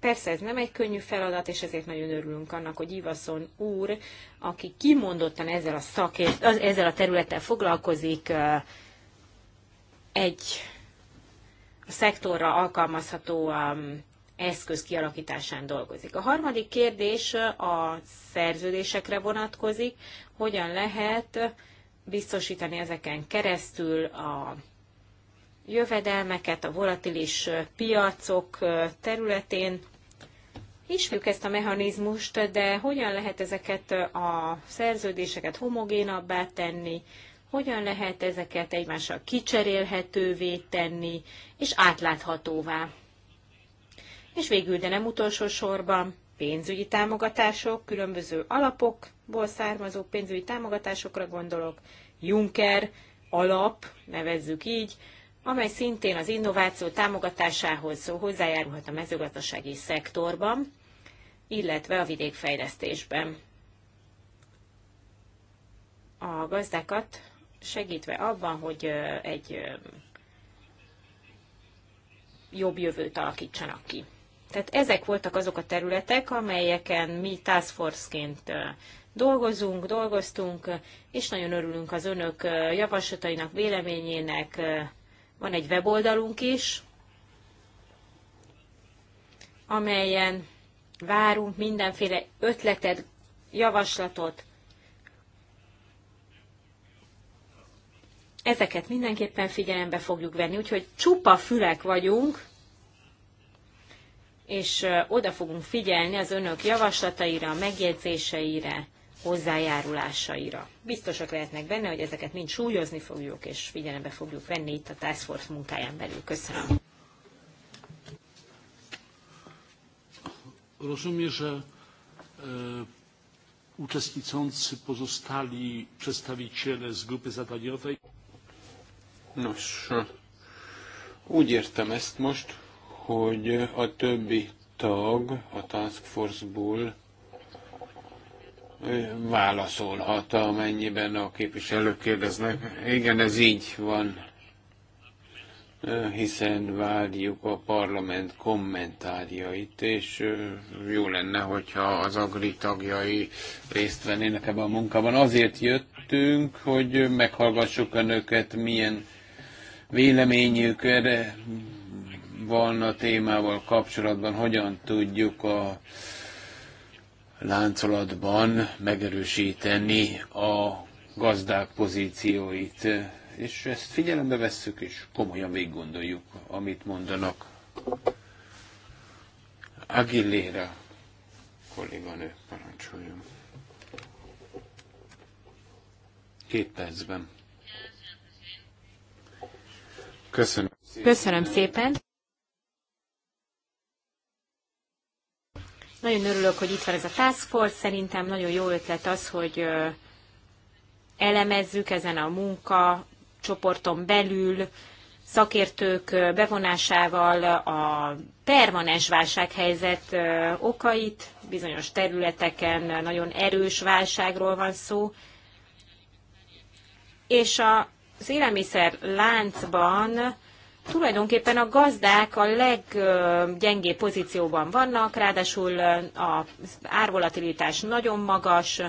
Persze ez nem egy könnyű feladat, és ezért nagyon örülünk annak, hogy Ivaszon úr, aki kimondottan ezzel a, szakért, ezzel a területtel foglalkozik, egy a szektorra alkalmazható eszköz kialakításán dolgozik. A harmadik kérdés a szerződésekre vonatkozik, hogyan lehet biztosítani ezeken keresztül a jövedelmeket a volatilis piacok területén. Ismerjük ezt a mechanizmust, de hogyan lehet ezeket a szerződéseket homogénabbá tenni, hogyan lehet ezeket egymással kicserélhetővé tenni és átláthatóvá és végül, de nem utolsó sorban, pénzügyi támogatások, különböző alapokból származó pénzügyi támogatásokra gondolok, Juncker alap, nevezzük így, amely szintén az innováció támogatásához hozzájárulhat a mezőgazdasági szektorban, illetve a vidékfejlesztésben. A gazdákat segítve abban, hogy egy jobb jövőt alakítsanak ki. Tehát ezek voltak azok a területek, amelyeken mi task force-ként dolgozunk, dolgoztunk, és nagyon örülünk az önök javaslatainak, véleményének. Van egy weboldalunk is, amelyen várunk mindenféle ötletet, javaslatot. Ezeket mindenképpen figyelembe fogjuk venni, úgyhogy csupa fülek vagyunk, és oda fogunk figyelni az önök javaslataira, megjegyzéseire, hozzájárulásaira. Biztosak lehetnek benne, hogy ezeket mind súlyozni fogjuk, és figyelembe fogjuk venni itt a Task Force munkáján belül. Köszönöm. Rozumiem, że e, uczestniczący pozostali przedstawiciele z grupy zadaniowej. Nos, úgy értem ezt most, hogy a többi tag a Task Force-ból válaszolhat, amennyiben a képviselők kérdeznek. Igen, ez így van, hiszen várjuk a parlament kommentárjait, és jó lenne, hogyha az agri tagjai részt vennének ebben a munkában. Azért jöttünk, hogy meghallgassuk önöket, milyen véleményük erre van a témával kapcsolatban, hogyan tudjuk a láncolatban megerősíteni a gazdák pozícióit. És ezt figyelembe vesszük, és komolyan még gondoljuk, amit mondanak. Aguilera kolléganő, parancsoljon. Két percben. Köszönöm. Köszönöm szépen. Nagyon örülök, hogy itt van ez a task force. Szerintem nagyon jó ötlet az, hogy elemezzük ezen a munka csoporton belül, szakértők bevonásával a permanens válsághelyzet okait, bizonyos területeken nagyon erős válságról van szó, és az élelmiszer láncban tulajdonképpen a gazdák a leggyengébb pozícióban vannak, ráadásul az árvolatilitás nagyon magas,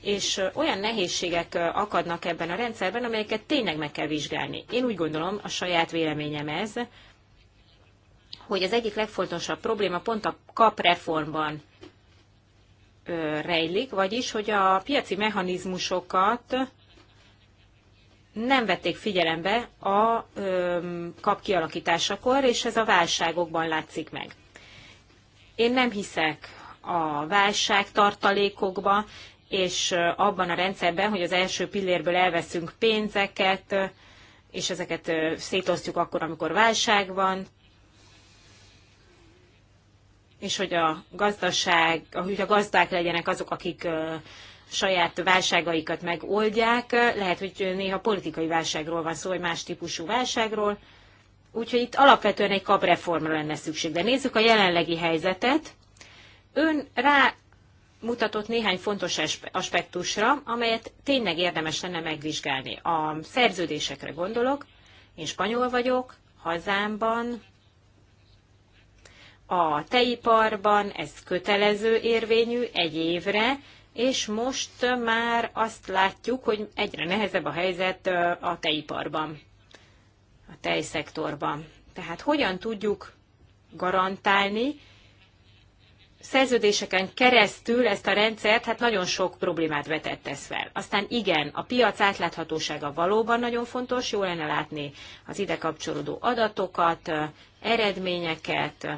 és olyan nehézségek akadnak ebben a rendszerben, amelyeket tényleg meg kell vizsgálni. Én úgy gondolom, a saját véleményem ez, hogy az egyik legfontosabb probléma pont a kapreformban rejlik, vagyis, hogy a piaci mechanizmusokat nem vették figyelembe a kap kialakításakor, és ez a válságokban látszik meg. Én nem hiszek a válság tartalékokba, és abban a rendszerben, hogy az első pillérből elveszünk pénzeket, és ezeket szétosztjuk akkor, amikor válság van, és hogy a gazdaság, hogy a gazdák legyenek azok, akik saját válságaikat megoldják. Lehet, hogy néha politikai válságról van szó, vagy más típusú válságról. Úgyhogy itt alapvetően egy kapreformra lenne szükség. De nézzük a jelenlegi helyzetet. Ön rá mutatott néhány fontos aspektusra, amelyet tényleg érdemes lenne megvizsgálni. A szerződésekre gondolok, én spanyol vagyok, hazámban, a tejiparban ez kötelező érvényű egy évre, és most már azt látjuk, hogy egyre nehezebb a helyzet a tejiparban, a tejszektorban. Tehát hogyan tudjuk garantálni szerződéseken keresztül ezt a rendszert, hát nagyon sok problémát vetett ez fel. Aztán igen, a piac átláthatósága valóban nagyon fontos, jó lenne látni az ide kapcsolódó adatokat, eredményeket,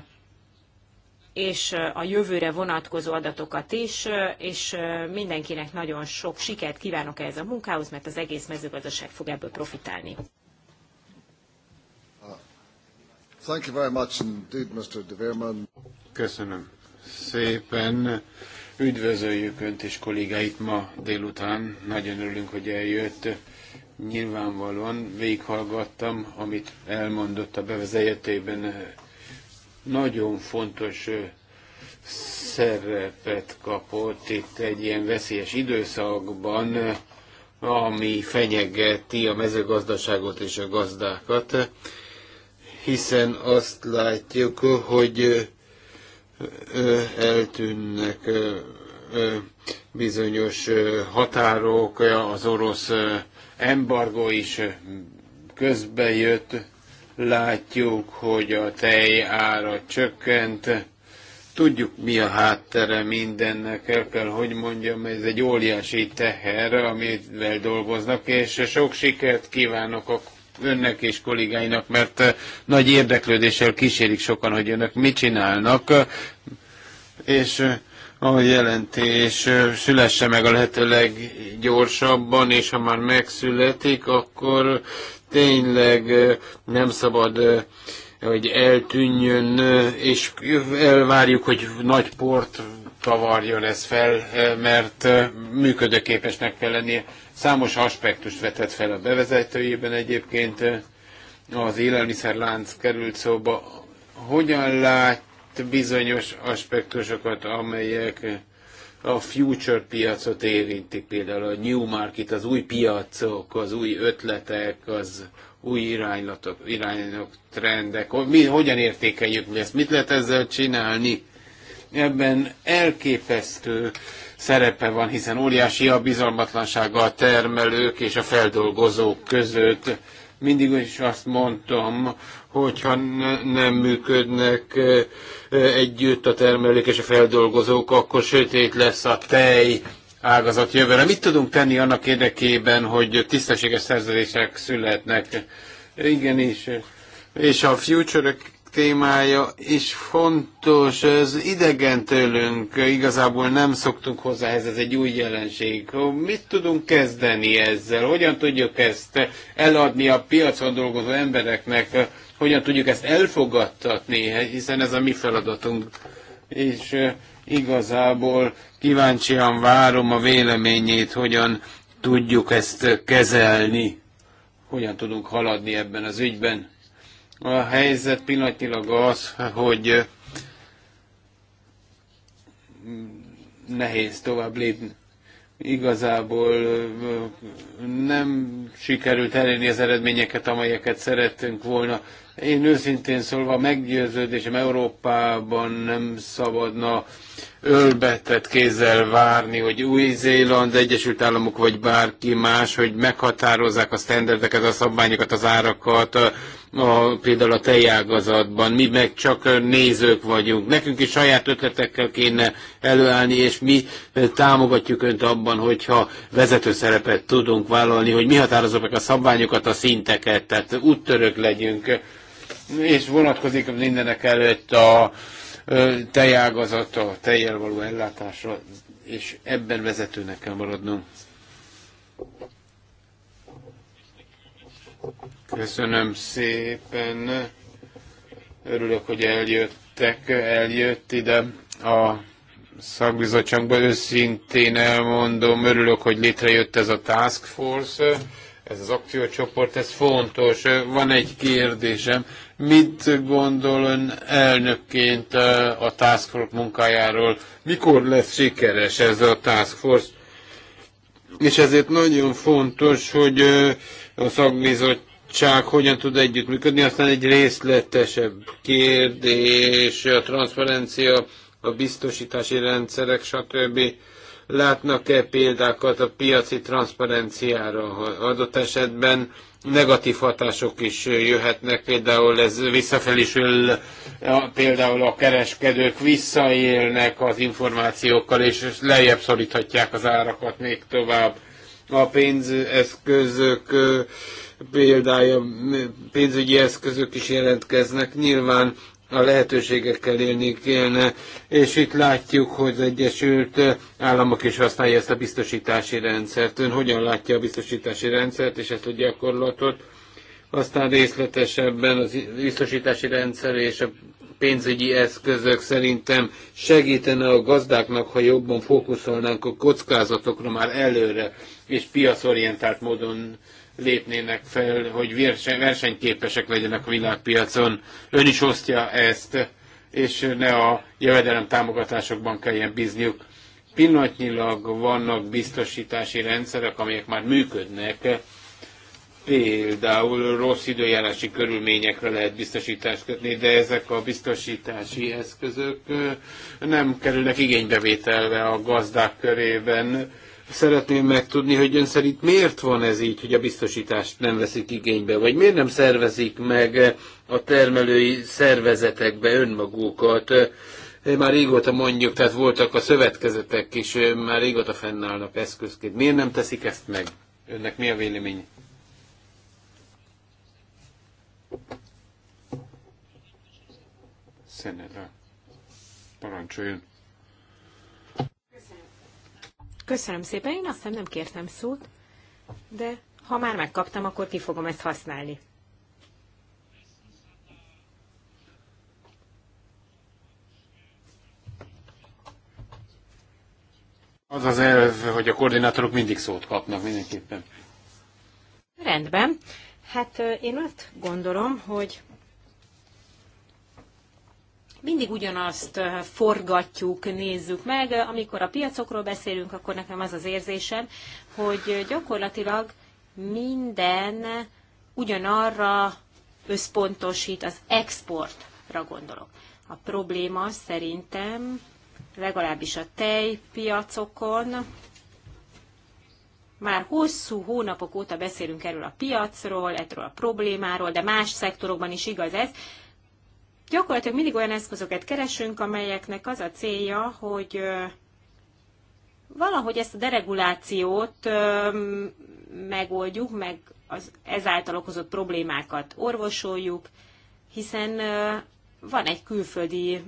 és a jövőre vonatkozó adatokat is, és mindenkinek nagyon sok sikert kívánok ehhez a munkához, mert az egész mezőgazdaság fog ebből profitálni. Uh, thank you very much indeed, Mr. De Köszönöm szépen. Üdvözöljük Önt és kollégáit ma délután. Nagyon örülünk, hogy eljött. Nyilvánvalóan végighallgattam, amit elmondott a bevezetőjében nagyon fontos szerepet kapott itt egy ilyen veszélyes időszakban, ami fenyegeti a mezőgazdaságot és a gazdákat, hiszen azt látjuk, hogy eltűnnek bizonyos határok, az orosz embargo is közbejött, látjuk, hogy a tej ára csökkent, tudjuk mi a háttere mindennek, el kell, hogy mondjam, ez egy óriási teher, amivel dolgoznak, és sok sikert kívánok a önnek és kollégáinak, mert eh, nagy érdeklődéssel kísérik sokan, hogy önök mit csinálnak, és eh, a jelentés eh, szülesse meg a lehető leggyorsabban, és ha már megszületik, akkor tényleg nem szabad hogy eltűnjön, és elvárjuk, hogy nagy port tavarjon ez fel, mert működőképesnek kell lennie. Számos aspektust vetett fel a bevezetőjében egyébként, az élelmiszerlánc került szóba. Hogyan lát bizonyos aspektusokat, amelyek a future piacot érintik, például a new market, az új piacok, az új ötletek, az új iránylatok, irányok, trendek. Mi, hogyan értékeljük mi ezt? Mit lehet ezzel csinálni? Ebben elképesztő szerepe van, hiszen óriási a bizalmatlansága a termelők és a feldolgozók között. Mindig is azt mondtam, hogyha nem működnek együtt a termelők és a feldolgozók, akkor sötét lesz a tej ágazat jövőre. Mit tudunk tenni annak érdekében, hogy tisztességes szerződések születnek? is, És a future témája is fontos, ez idegen tőlünk, igazából nem szoktunk hozzá, ez egy új jelenség. Mit tudunk kezdeni ezzel? Hogyan tudjuk ezt eladni a piacon dolgozó embereknek? hogyan tudjuk ezt elfogadtatni, hiszen ez a mi feladatunk. És igazából kíváncsian várom a véleményét, hogyan tudjuk ezt kezelni, hogyan tudunk haladni ebben az ügyben. A helyzet pillanatilag az, hogy nehéz tovább lépni. Igazából nem sikerült elérni az eredményeket, amelyeket szerettünk volna. Én őszintén szólva meggyőződésem Európában nem szabadna ölbetett kézzel várni, hogy Új-Zéland, Egyesült Államok vagy bárki más, hogy meghatározzák a sztenderdeket, a szabványokat, az árakat, a, a, például a tejágazatban. Mi meg csak nézők vagyunk. Nekünk is saját ötletekkel kéne előállni, és mi támogatjuk Önt abban, hogyha vezető szerepet tudunk vállalni, hogy mi határozzuk meg a szabványokat, a szinteket, tehát úttörök legyünk és vonatkozik mindenek előtt a tejágazat, a tejjel való ellátásra, és ebben vezetőnek kell maradnunk. Köszönöm szépen. Örülök, hogy eljöttek, eljött ide a szakbizottságba. Őszintén elmondom, örülök, hogy létrejött ez a task force, ez az akciócsoport, ez fontos. Van egy kérdésem. Mit gondol ön elnökként a Task Force munkájáról? Mikor lesz sikeres ez a Task Force? És ezért nagyon fontos, hogy a szakbizottság hogyan tud együttműködni, aztán egy részletesebb kérdés, a transzparencia, a biztosítási rendszerek, stb. Látnak-e példákat a piaci transzparenciára adott esetben? negatív hatások is jöhetnek, például ez ül, például a kereskedők visszaélnek az információkkal, és lejjebb szoríthatják az árakat még tovább. A pénzeszközök példája, pénzügyi eszközök is jelentkeznek. Nyilván a lehetőségekkel élni kellene, és itt látjuk, hogy az Egyesült Államok is használja ezt a biztosítási rendszert. Ön hogyan látja a biztosítási rendszert és ezt a gyakorlatot? Aztán részletesebben az biztosítási rendszer és a pénzügyi eszközök szerintem segítene a gazdáknak, ha jobban fókuszolnánk a kockázatokra már előre, és piacorientált módon lépnének fel, hogy versenyképesek legyenek a világpiacon. Ön is osztja ezt, és ne a jövedelem támogatásokban kelljen bízniuk. Pillanatnyilag vannak biztosítási rendszerek, amelyek már működnek, például rossz időjárási körülményekre lehet biztosítást kötni, de ezek a biztosítási eszközök nem kerülnek igénybevételre a gazdák körében. Szeretném megtudni, hogy ön szerint miért van ez így, hogy a biztosítást nem veszik igénybe, vagy miért nem szervezik meg a termelői szervezetekbe önmagukat. Már régóta mondjuk, tehát voltak a szövetkezetek, és már régóta fennállnak eszközként. Miért nem teszik ezt meg? Önnek mi a vélemény? Szenedre. Parancsoljon. Köszönöm szépen, én azt nem kértem szót, de ha már megkaptam, akkor ki fogom ezt használni. Az az elv, hogy a koordinátorok mindig szót kapnak mindenképpen. Rendben. Hát én azt gondolom, hogy mindig ugyanazt forgatjuk, nézzük meg. Amikor a piacokról beszélünk, akkor nekem az az érzésem, hogy gyakorlatilag minden ugyanarra összpontosít, az exportra gondolok. A probléma szerintem legalábbis a tejpiacokon, már hosszú hónapok óta beszélünk erről a piacról, erről a problémáról, de más szektorokban is igaz ez, Gyakorlatilag mindig olyan eszközöket keresünk, amelyeknek az a célja, hogy valahogy ezt a deregulációt megoldjuk, meg az ezáltal okozott problémákat orvosoljuk, hiszen van egy külföldi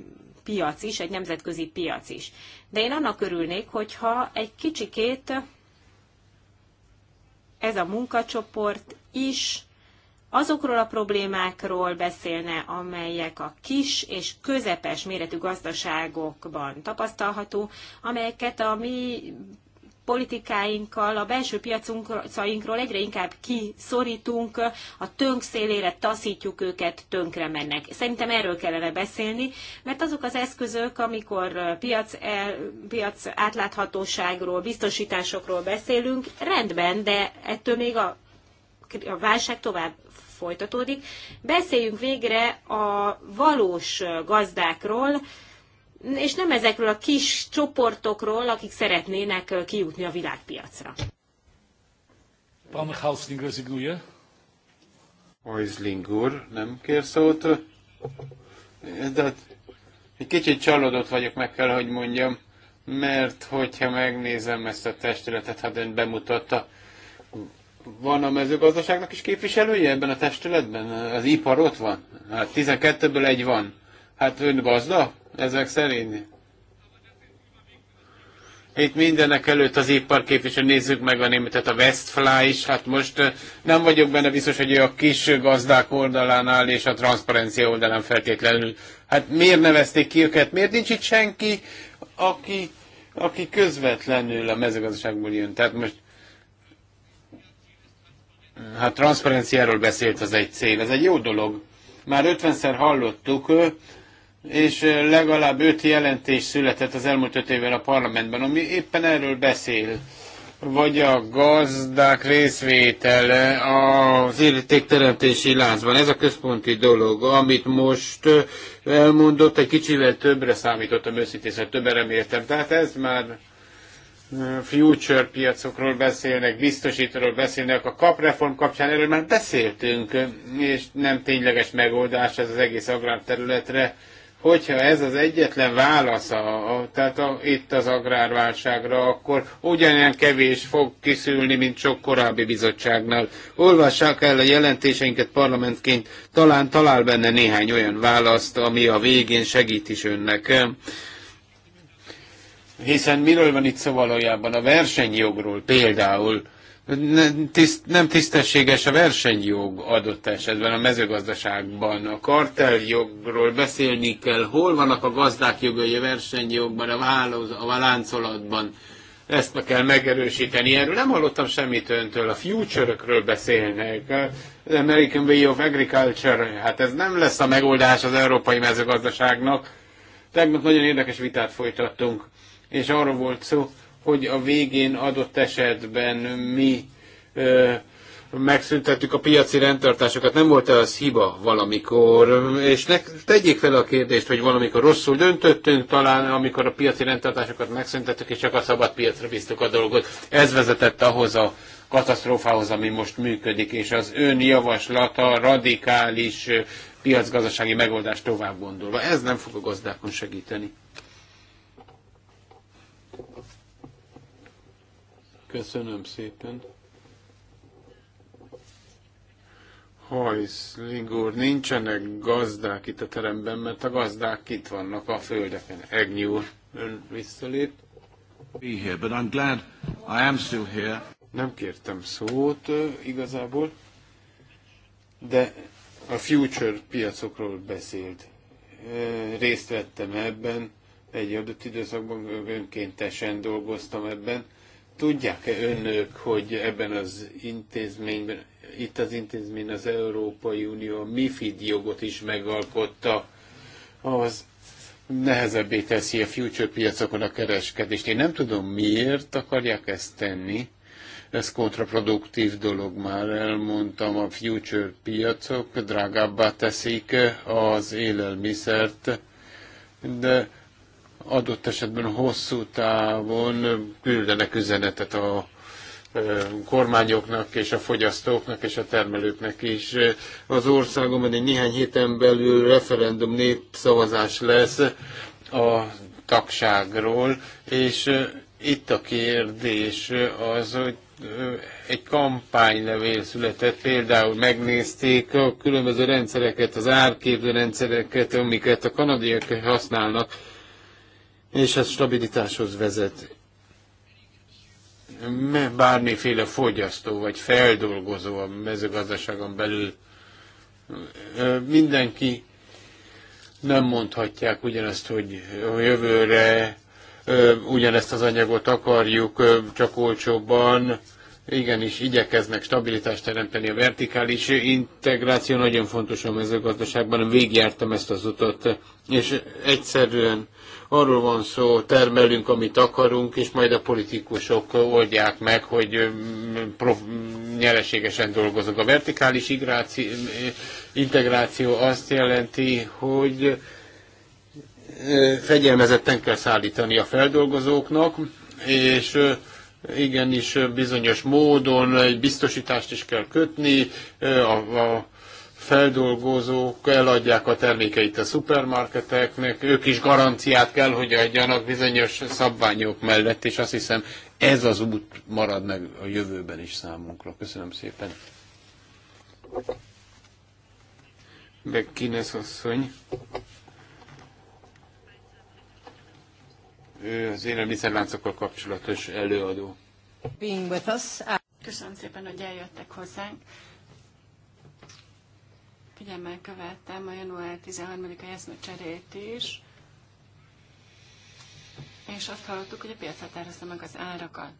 piac is, egy nemzetközi piac is. De én annak örülnék, hogyha egy kicsikét ez a munkacsoport is azokról a problémákról beszélne, amelyek a kis és közepes méretű gazdaságokban tapasztalható, amelyeket a mi politikáinkkal, a belső piacunkról egyre inkább kiszorítunk, a tönk szélére taszítjuk őket, tönkre mennek. Szerintem erről kellene beszélni, mert azok az eszközök, amikor piac, e, piac átláthatóságról, biztosításokról beszélünk, rendben, de ettől még a a válság tovább folytatódik. Beszéljünk végre a valós gazdákról, és nem ezekről a kis csoportokról, akik szeretnének kijutni a világpiacra. Pan rezignuje. úr, nem kér szót? De egy kicsit csalódott vagyok, meg kell, hogy mondjam, mert hogyha megnézem ezt a testületet, ha hát ön bemutatta, van a mezőgazdaságnak is képviselője ebben a testületben? Az ipar ott van? Hát 12-ből egy van. Hát ön gazda? Ezek szerint? Itt mindenek előtt az ipar képviselő, nézzük meg a németet, a Westfly is, hát most nem vagyok benne biztos, hogy ő a kis gazdák oldalán áll, és a transzparencia oldalán feltétlenül. Hát miért nevezték ki őket? Miért nincs itt senki, aki, aki közvetlenül a mezőgazdaságból jön? Tehát most Hát transzparenciáról beszélt az egy cél, ez egy jó dolog. Már 50-szer hallottuk, és legalább öt jelentés született az elmúlt öt évvel a parlamentben, ami éppen erről beszél. Vagy a gazdák részvétele az értékteremtési láncban. Ez a központi dolog, amit most elmondott, egy kicsivel többre számítottam őszintén, szóval többre reméltem. Tehát ez már future piacokról beszélnek, biztosítóról beszélnek, a kapreform kapcsán erről már beszéltünk, és nem tényleges megoldás ez az egész agrárterületre. Hogyha ez az egyetlen válasz a, a, tehát a, itt az agrárválságra, akkor ugyanilyen kevés fog kiszülni, mint sok korábbi bizottságnál. Olvassák el a jelentéseinket parlamentként, talán talál benne néhány olyan választ, ami a végén segít is önnek. Hiszen miről van itt szó valójában? A versenyjogról például. Nem tisztességes a versenyjog adott esetben a mezőgazdaságban. A karteljogról beszélni kell. Hol vannak a gazdák jogai a versenyjogban, a, válóz, a láncolatban? Ezt meg kell megerősíteni. Erről nem hallottam semmit öntől. A future-ökről beszélnek. Az American Way of Agriculture. Hát ez nem lesz a megoldás az európai mezőgazdaságnak. Tegnap nagyon érdekes vitát folytattunk és arról volt szó, hogy a végén adott esetben mi ö, megszüntettük a piaci rendtartásokat. Nem volt az hiba valamikor, és ne, tegyék fel a kérdést, hogy valamikor rosszul döntöttünk, talán amikor a piaci rendtartásokat megszüntettük, és csak a szabad piacra bíztuk a dolgot. Ez vezetett ahhoz a katasztrófához, ami most működik, és az ön javaslata radikális piacgazdasági megoldást tovább gondolva. Ez nem fog a gazdákon segíteni. Köszönöm szépen. Hajsz, Ligur, nincsenek gazdák itt a teremben, mert a gazdák itt vannak a földeken. Egnyi úr, ön visszalép. Be here, but I'm glad I am still here. Nem kértem szót igazából, de a future piacokról beszélt. Részt vettem ebben, egy adott időszakban önkéntesen dolgoztam ebben Tudják-e önök, hogy ebben az intézményben, itt az intézmény az Európai Unió a MIFID jogot is megalkotta, az nehezebbé teszi a future piacokon a kereskedést. Én nem tudom, miért akarják ezt tenni. Ez kontraproduktív dolog, már elmondtam, a future piacok drágábbá teszik az élelmiszert, de adott esetben hosszú távon küldenek üzenetet a kormányoknak és a fogyasztóknak és a termelőknek is. Az országomban egy néhány héten belül referendum népszavazás lesz a tagságról, és itt a kérdés az, hogy egy kampánylevél született, például megnézték a különböző rendszereket, az árképző rendszereket, amiket a kanadiak használnak, és ez stabilitáshoz vezet. Bármiféle fogyasztó vagy feldolgozó a mezőgazdaságon belül mindenki nem mondhatják ugyanezt, hogy a jövőre ugyanezt az anyagot akarjuk, csak olcsóbban. Igenis, igyekeznek stabilitást teremteni a vertikális integráció, nagyon fontos a mezőgazdaságban. Végigjártam ezt az utat, és egyszerűen Arról van szó, termelünk, amit akarunk, és majd a politikusok oldják meg, hogy prof, nyereségesen dolgozunk. A vertikális integráció azt jelenti, hogy fegyelmezetten kell szállítani a feldolgozóknak, és igenis bizonyos módon egy biztosítást is kell kötni, a, a feldolgozók eladják a termékeit a szupermarketeknek, ők is garanciát kell, hogy adjanak bizonyos szabványok mellett, és azt hiszem ez az út marad meg a jövőben is számunkra. Köszönöm szépen. Bekkines asszony. Ő az élelmiszerláncokkal kapcsolatos előadó. Being with us. Köszönöm szépen, hogy eljöttek hozzánk figyelemmel követtem a január 13-ai cserét is, és azt hallottuk, hogy a piac határozta meg az árakat.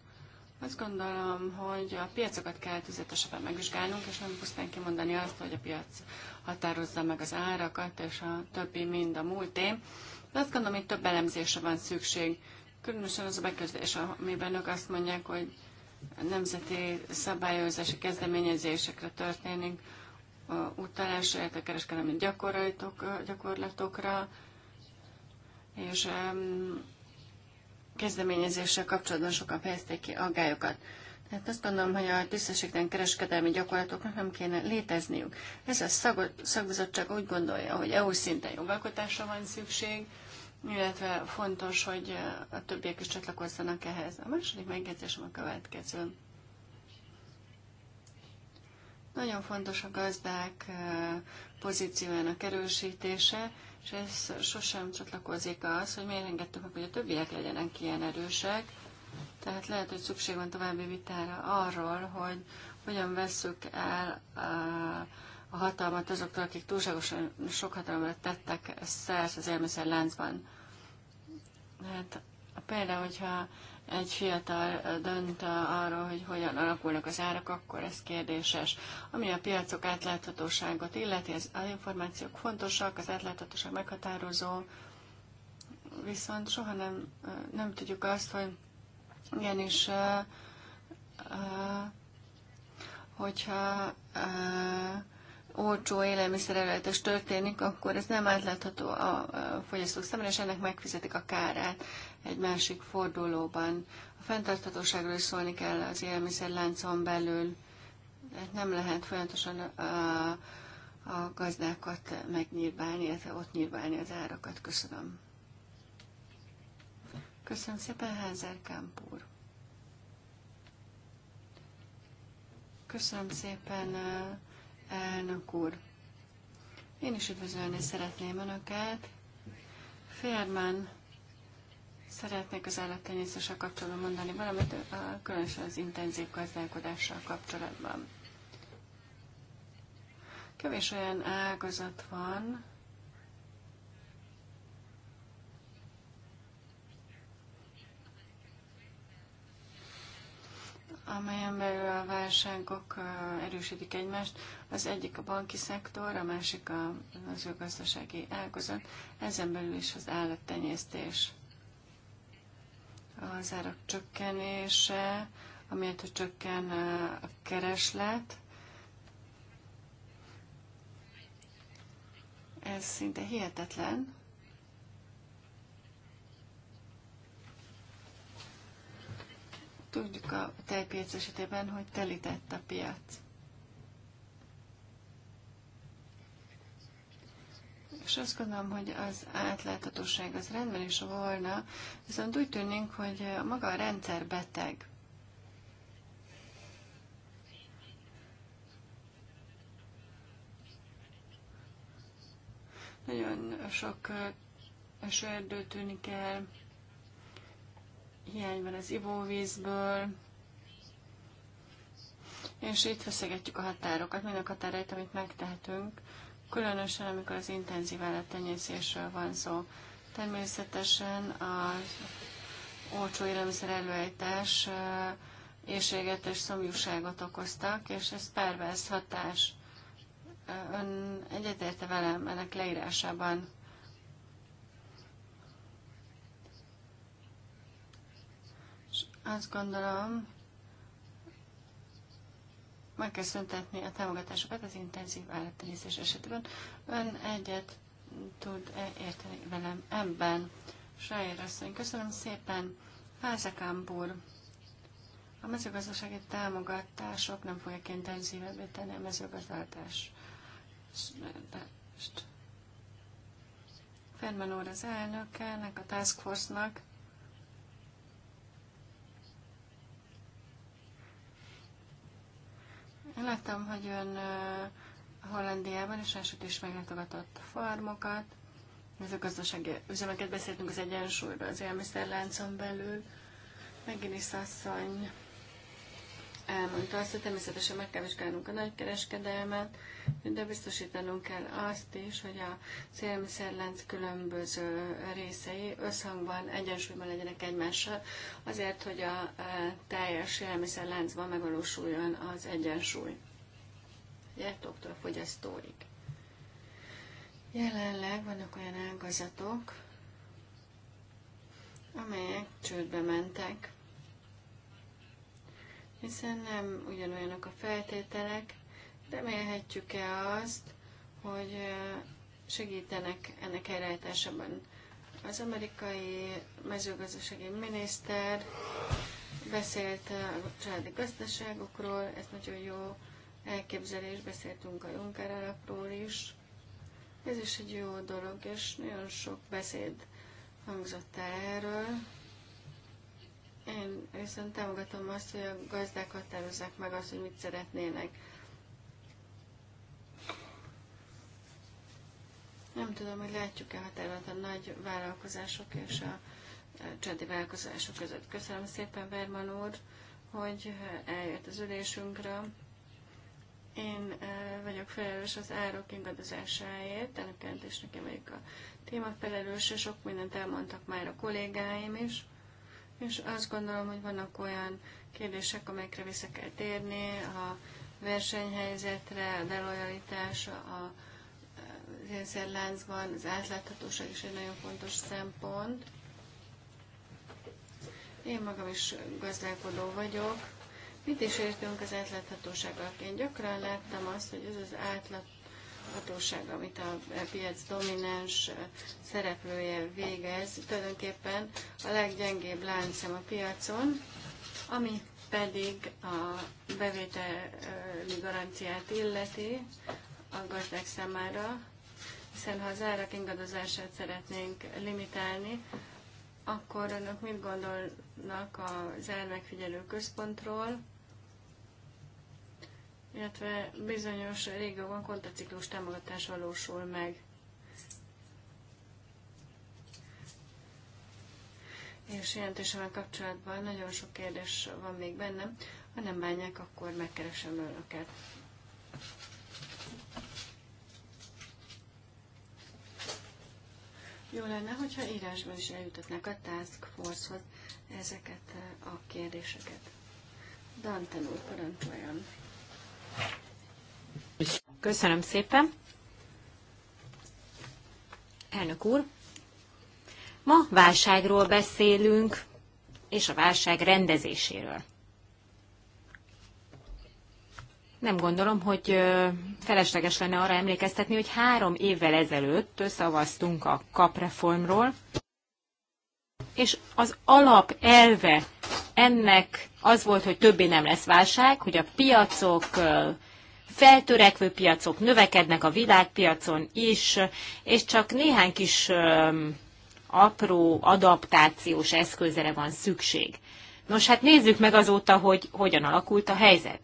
Azt gondolom, hogy a piacokat kell tüzetesebben megvizsgálnunk, és nem pusztán kimondani azt, hogy a piac határozza meg az árakat, és a többi mind a múlté. De azt gondolom, hogy több elemzésre van szükség. Különösen az a bekezdés, amiben ők azt mondják, hogy nemzeti szabályozási kezdeményezésekre történik utalás a kereskedelmi gyakorlatok, gyakorlatokra, és um, kezdeményezéssel kapcsolatban sokan fejezték ki aggályokat. Tehát azt gondolom, hogy a tisztességtelen kereskedelmi gyakorlatoknak nem kéne létezniük. Ez a szakbizottság úgy gondolja, hogy EU szinten jogalkotásra van szükség, illetve fontos, hogy a többiek is csatlakozzanak ehhez. A második megjegyzésem a következő. Nagyon fontos a gazdák pozíciójának erősítése, és ez sosem csatlakozik az, hogy miért engedtük meg, hogy a többiek legyenek ilyen erősek. Tehát lehet, hogy szükség van további vitára arról, hogy hogyan vesszük el a hatalmat azoktól, akik túlságosan sok hatalomra tettek szert az élmiszer láncban. Hát például, hogyha egy fiatal dönt arról, hogy hogyan alakulnak az árak, akkor ez kérdéses. Ami a piacok átláthatóságot illeti, az információk fontosak, az átláthatóság meghatározó, viszont soha nem, nem tudjuk azt, hogy igenis, hogyha olcsó élelmiszerelőletes történik, akkor ez nem átlátható a fogyasztók számára, és ennek megfizetik a kárát egy másik fordulóban. A fenntarthatóságról is szólni kell az élmiszerláncon belül, hát nem lehet folyamatosan a, a gazdákat megnyírbálni, illetve ott nyírbálni az árakat. Köszönöm. Köszönöm szépen, Házer Kámpúr. Köszönöm szépen, elnök úr. Én is üdvözölni szeretném Önöket. Férman Szeretnék az állattenyésztéssel kapcsolatban mondani valamit, különösen az intenzív gazdálkodással kapcsolatban. Kevés olyan ágazat van, amelyen belül a válságok erősítik egymást. Az egyik a banki szektor, a másik a, az ő gazdasági ágazat, ezen belül is az állattenyésztés az árak csökkenése, amiért hogy csökken a kereslet. Ez szinte hihetetlen. Tudjuk a tejpiac esetében, hogy telített a piac. És azt gondolom, hogy az átláthatóság az rendben is volna, viszont úgy tűnik, hogy maga a rendszer beteg. Nagyon sok esőerdő tűnik el, hiány van az ivóvízből, és itt feszegetjük a határokat, minden határait, amit megtehetünk különösen amikor az intenzív állattenyészésről van szó. Természetesen az olcsó élelmiszer előállítás éjséget és szomjúságot okoztak, és ez pervez hatás. Ön egyetérte velem ennek leírásában. És azt gondolom, megköszöntetni a támogatásokat az intenzív állattenyésztés esetében. Ön egyet tud -e érteni velem ebben. Sajér asszony, köszönöm szépen. Házakám úr, a mezőgazdasági támogatások nem fogják intenzívebbé tenni a mezőgazdatást. Ferman úr az elnöke, ennek a task force-nak, Én láttam, hogy ön Hollandiában és elsőt is meglátogatott farmokat, gazdasági üzemeket beszéltünk az egyensúlyról az élmiszerláncon belül. Megint is asszony elmondta azt, hogy természetesen meg kell vizsgálnunk a nagykereskedelmet, de biztosítanunk kell azt is, hogy a élelmiszerlánc különböző részei összhangban, egyensúlyban legyenek egymással, azért, hogy a e, teljes élelmiszerláncban megvalósuljon az egyensúly. Gyártóktól fogyasztóig. Jelenleg vannak olyan ágazatok, amelyek csődbe mentek, hiszen nem ugyanolyanok a feltételek. Remélhetjük-e azt, hogy segítenek ennek elrejtásában? Az amerikai mezőgazdasági miniszter beszélt a családi gazdaságokról, ez nagyon jó elképzelés, beszéltünk a Juncker alapról is. Ez is egy jó dolog, és nagyon sok beszéd hangzott el erről. Én viszont támogatom azt, hogy a gazdák határozzák meg azt, hogy mit szeretnének. Nem tudom, hogy látjuk-e határolat a nagy vállalkozások és a csendi vállalkozások között. Köszönöm szépen, Verman úr, hogy eljött az ülésünkre. Én vagyok felelős az árok ingadozásáért, ennek jelentésnek én vagyok a témafelelős, és sok mindent elmondtak már a kollégáim is és azt gondolom, hogy vannak olyan kérdések, amelyekre vissza kell térni, a versenyhelyzetre, a delojalitás, a az élszerláncban az átláthatóság is egy nagyon fontos szempont. Én magam is gazdálkodó vagyok. Mit is értünk az átláthatóság alatt? Én gyakran láttam azt, hogy ez az átlát, hatóság, amit a piac domináns szereplője végez, tulajdonképpen a leggyengébb láncem a piacon, ami pedig a bevételi garanciát illeti a gazdák számára, hiszen ha az árak ingadozását szeretnénk limitálni, akkor önök mit gondolnak az ármegfigyelő központról, illetve bizonyos régióban kontaciklós támogatás valósul meg. És jelentésemmel kapcsolatban nagyon sok kérdés van még bennem. Ha nem bánják, akkor megkeresem önöket. Jó lenne, hogyha írásban is eljutatnák a Task Force-hoz ezeket a kérdéseket. Dante úr, parancsoljon! Köszönöm szépen. Elnök úr, ma válságról beszélünk, és a válság rendezéséről. Nem gondolom, hogy felesleges lenne arra emlékeztetni, hogy három évvel ezelőtt szavaztunk a kapreformról, és az alap elve ennek az volt, hogy többé nem lesz válság, hogy a piacok, feltörekvő piacok növekednek a világpiacon is, és csak néhány kis apró adaptációs eszközre van szükség. Nos, hát nézzük meg azóta, hogy hogyan alakult a helyzet.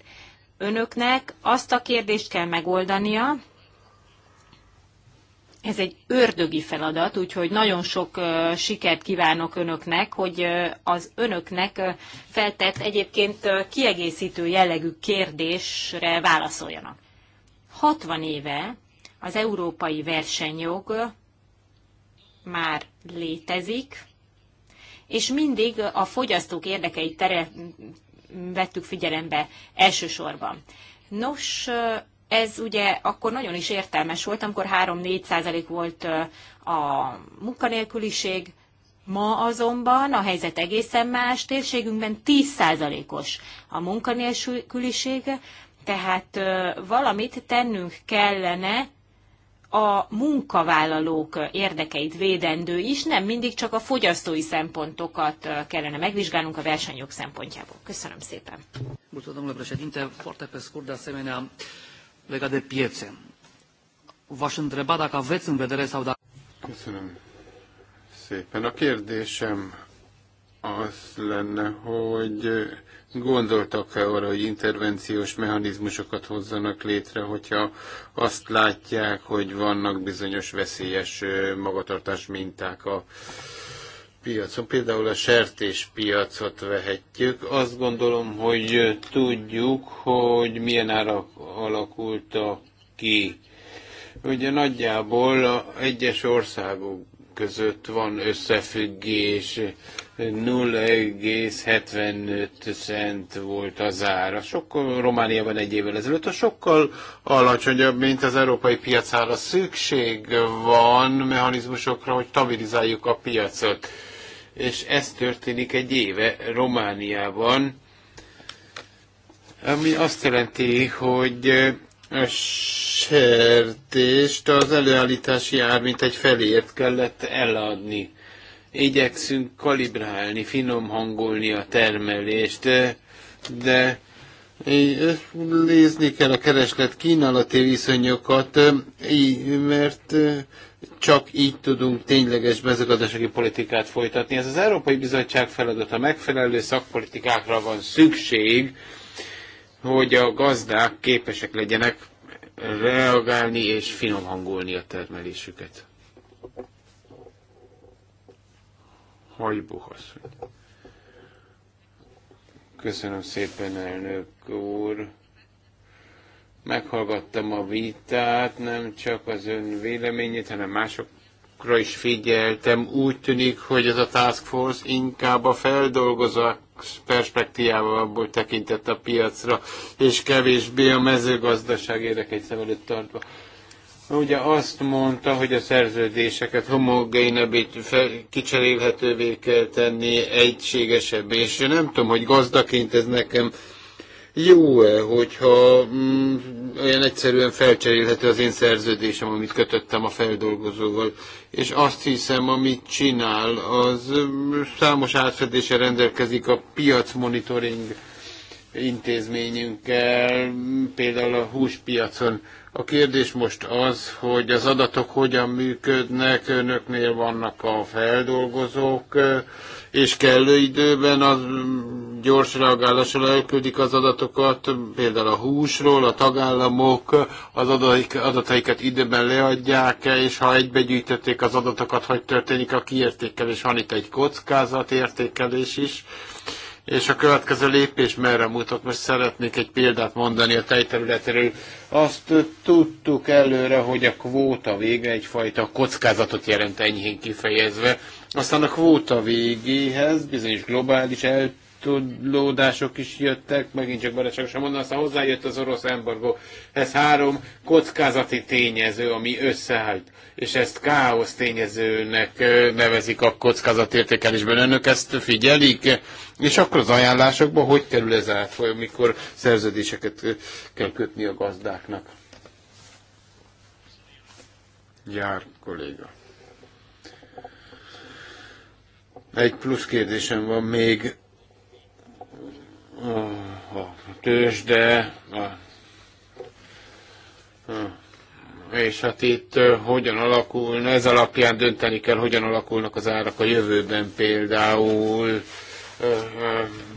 Önöknek azt a kérdést kell megoldania, ez egy ördögi feladat, úgyhogy nagyon sok sikert kívánok önöknek, hogy az önöknek feltett egyébként kiegészítő jellegű kérdésre válaszoljanak. 60 éve az európai versenyjog már létezik, és mindig a fogyasztók érdekeit tere, vettük figyelembe elsősorban. Nos, ez ugye akkor nagyon is értelmes volt, amikor 3-4 százalék volt a munkanélküliség, Ma azonban a helyzet egészen más, térségünkben 10%-os a munkanélküliség, tehát valamit tennünk kellene a munkavállalók érdekeit védendő is, nem mindig csak a fogyasztói szempontokat kellene megvizsgálnunk a versenyjog szempontjából. Köszönöm szépen. Mulțumesc, domnule președinte. Foarte pe legat de piețe. V-aș întreba dacă aveți în vedere sau dacă... Köszönöm szépen. A kérdésem az lenne, hogy gondoltak-e arra, hogy intervenciós mechanizmusokat hozzanak létre, hogyha azt látják, hogy vannak bizonyos veszélyes magatartás minták a piacon, például a sertéspiacot vehetjük. Azt gondolom, hogy tudjuk, hogy milyen árak alakultak ki. Ugye nagyjából a egyes országok között van összefüggés, 0,75 cent volt az ára. Sokkal, Romániában egy évvel ezelőtt a sokkal alacsonyabb, mint az európai piacára. Szükség van mechanizmusokra, hogy stabilizáljuk a piacot és ez történik egy éve Romániában, ami azt jelenti, hogy a sertést az előállítási ár mint egy felért kellett eladni. Igyekszünk kalibrálni, finom hangolni a termelést, de nézni kell a kereslet kínálati viszonyokat, mert csak így tudunk tényleges mezőgazdasági politikát folytatni. Ez az Európai Bizottság feladata, megfelelő szakpolitikákra van szükség, hogy a gazdák képesek legyenek reagálni és finomhangolni a termelésüket. Hajbuh Köszönöm szépen, elnök úr. Meghallgattam a vitát, nem csak az ön véleményét, hanem másokra is figyeltem. Úgy tűnik, hogy ez a Task Force inkább a feldolgozók perspektívából tekintett a piacra, és kevésbé a mezőgazdaság érdekeit szem előtt tartva. Ugye azt mondta, hogy a szerződéseket homogénebbé, kicserélhetővé kell tenni, egységesebb, és nem tudom, hogy gazdaként ez nekem jó-e, hogyha mm, olyan egyszerűen felcserélhető az én szerződésem, amit kötöttem a feldolgozóval, és azt hiszem, amit csinál, az mm, számos átfedése rendelkezik a piac monitoring intézményünkkel, mm, például a húspiacon. A kérdés most az, hogy az adatok hogyan működnek, önöknél vannak a feldolgozók, és kellő időben a gyors reagálással elküldik az adatokat, például a húsról, a tagállamok az adataikat időben leadják, és ha egybegyűjtötték az adatokat, hogy történik a kiértékelés, van itt egy kockázatértékelés is, és a következő lépés merre mutat? Most szeretnék egy példát mondani a tejterületről. Azt tudtuk előre, hogy a kvóta vége egyfajta kockázatot jelent enyhén kifejezve, aztán a kvóta végéhez bizonyos globális eltudlódások is jöttek, megint csak barátságosan sem mondom, aztán hozzájött az orosz embargó. Ez három kockázati tényező, ami összeállt, és ezt káosz tényezőnek nevezik a kockázatértékelésben. Önök ezt figyelik? És akkor az ajánlásokban hogy kerül ez át, amikor szerződéseket kell kötni a gazdáknak? Jár kolléga. Egy plusz kérdésem van még a tőzsde, a, hm. és hát itt hogyan alakul, ez alapján dönteni kell, hogyan alakulnak az árak a jövőben például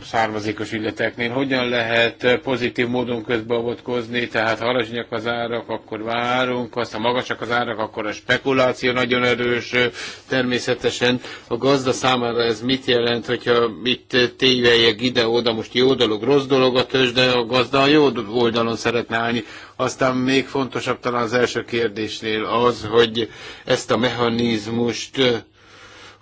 származékos ügyleteknél. Hogyan lehet pozitív módon közbeavatkozni, tehát ha alacsonyak az árak, akkor várunk, aztán magasak az árak, akkor a spekuláció nagyon erős. Természetesen a gazda számára ez mit jelent, hogyha itt tévejek ide-oda, most jó dolog, rossz dolog a tőzs, de a gazda a jó oldalon szeretne állni. Aztán még fontosabb talán az első kérdésnél az, hogy ezt a mechanizmust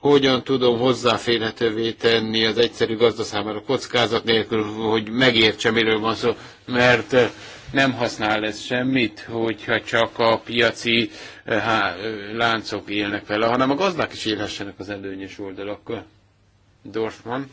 hogyan tudom hozzáférhetővé tenni az egyszerű gazda számára kockázat nélkül, hogy megértse, miről van szó, mert eh, nem használ ez semmit, hogyha csak a piaci eh, há, eh, láncok élnek vele, hanem a gazdák is élhessenek az előnyös oldalakkal. Dorfman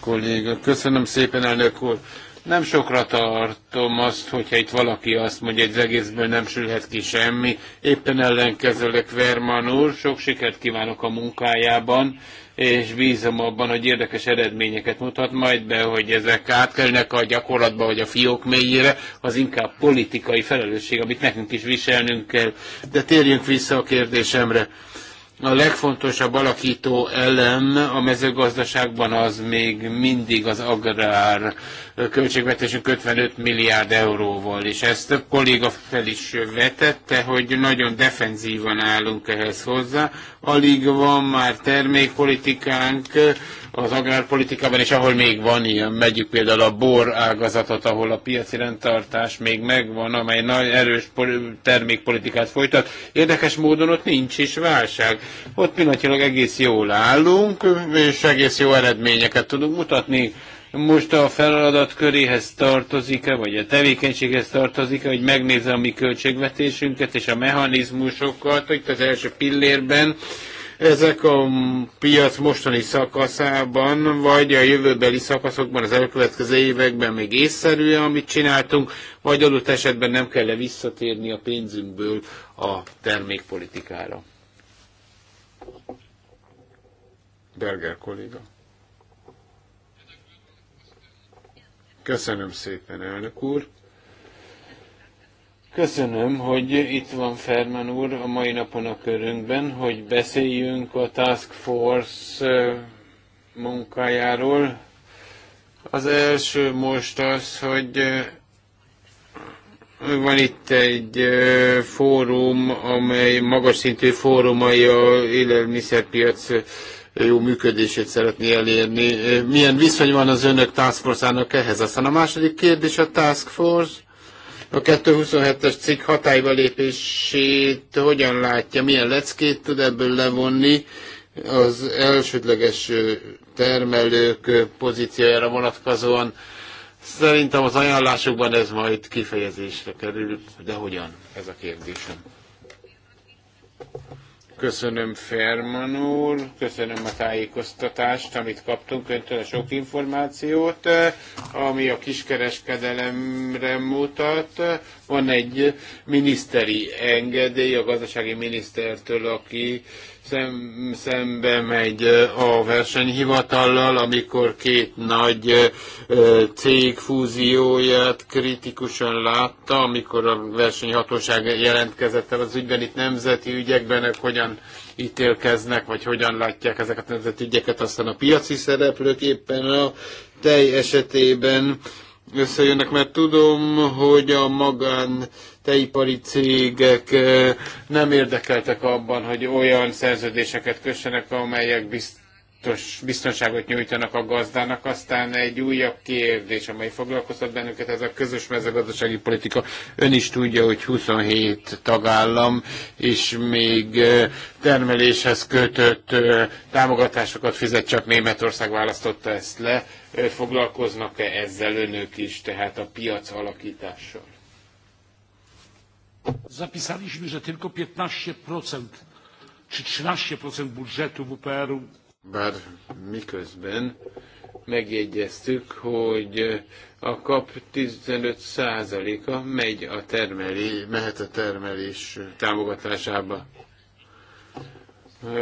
kolléga, köszönöm szépen, elnök úr. Nem sokra tartom azt, hogyha itt valaki azt mondja, hogy az egészből nem sülhet ki semmi. Éppen ellenkezőleg Verman úr, sok sikert kívánok a munkájában, és bízom abban, hogy érdekes eredményeket mutat majd be, hogy ezek átkelnek a gyakorlatba, vagy a fiók mélyére, az inkább politikai felelősség, amit nekünk is viselnünk kell. De térjünk vissza a kérdésemre a legfontosabb alakító elem a mezőgazdaságban az még mindig az agrár költségvetésünk 55 milliárd euróval, és ezt több kolléga fel is vetette, hogy nagyon defenzívan állunk ehhez hozzá. Alig van már termékpolitikánk az agrárpolitikában, és ahol még van ilyen, megyük például a bor ágazatot, ahol a piaci rendtartás még megvan, amely nagy erős termékpolitikát folytat. Érdekes módon ott nincs is válság ott pillanatilag egész jól állunk, és egész jó eredményeket tudunk mutatni. Most a feladat köréhez tartozik-e, vagy a tevékenységhez tartozik-e, hogy megnézze a mi költségvetésünket és a mechanizmusokat, hogy az első pillérben, ezek a piac mostani szakaszában, vagy a jövőbeli szakaszokban, az elkövetkező években még észszerű amit csináltunk, vagy adott esetben nem kell -e visszatérni a pénzünkből a termékpolitikára. Berger kolléga. Köszönöm szépen, elnök úr. Köszönöm, hogy itt van Ferman úr a mai napon a körünkben, hogy beszéljünk a Task Force munkájáról. Az első most az, hogy van itt egy fórum, amely magas szintű fórumai a élelmiszerpiac jó működését szeretné elérni. Milyen viszony van az önök task force-ának ehhez? Aztán a második kérdés a task force. A 227-es cikk hatályba lépését hogyan látja, milyen leckét tud ebből levonni az elsődleges termelők pozíciójára vonatkozóan. Szerintem az ajánlásokban ez majd kifejezésre kerül, de hogyan? Ez a kérdésem. Köszönöm Ferman úr, köszönöm a tájékoztatást, amit kaptunk öntől a sok információt, ami a kiskereskedelemre mutat. Van egy miniszteri engedély a gazdasági minisztertől, aki szem, szembe megy a versenyhivatallal, amikor két nagy cég fúzióját kritikusan látta, amikor a versenyhatóság jelentkezett el az ügyben, itt nemzeti ügyekben, ők hogyan ítélkeznek, vagy hogyan látják ezeket a nemzeti ügyeket, aztán a piaci szereplők éppen a tej esetében összejönnek, mert tudom, hogy a magán teipari cégek eh, nem érdekeltek abban, hogy olyan szerződéseket kössenek, amelyek biztos biztos, biztonságot nyújtanak a gazdának. Aztán egy újabb kérdés, amely foglalkoztat bennünket, ez a közös mezőgazdasági politika. Ön is tudja, hogy 27 tagállam és még termeléshez kötött támogatásokat fizet, csak Németország választotta ezt le. Foglalkoznak-e ezzel önök is, tehát a piac alakítással? Zapisaliśmy, że tylko 15% czy 13% budżetu WPR-u bár miközben megjegyeztük, hogy a kap 15%-a megy a termelé, mehet a termelés támogatásába.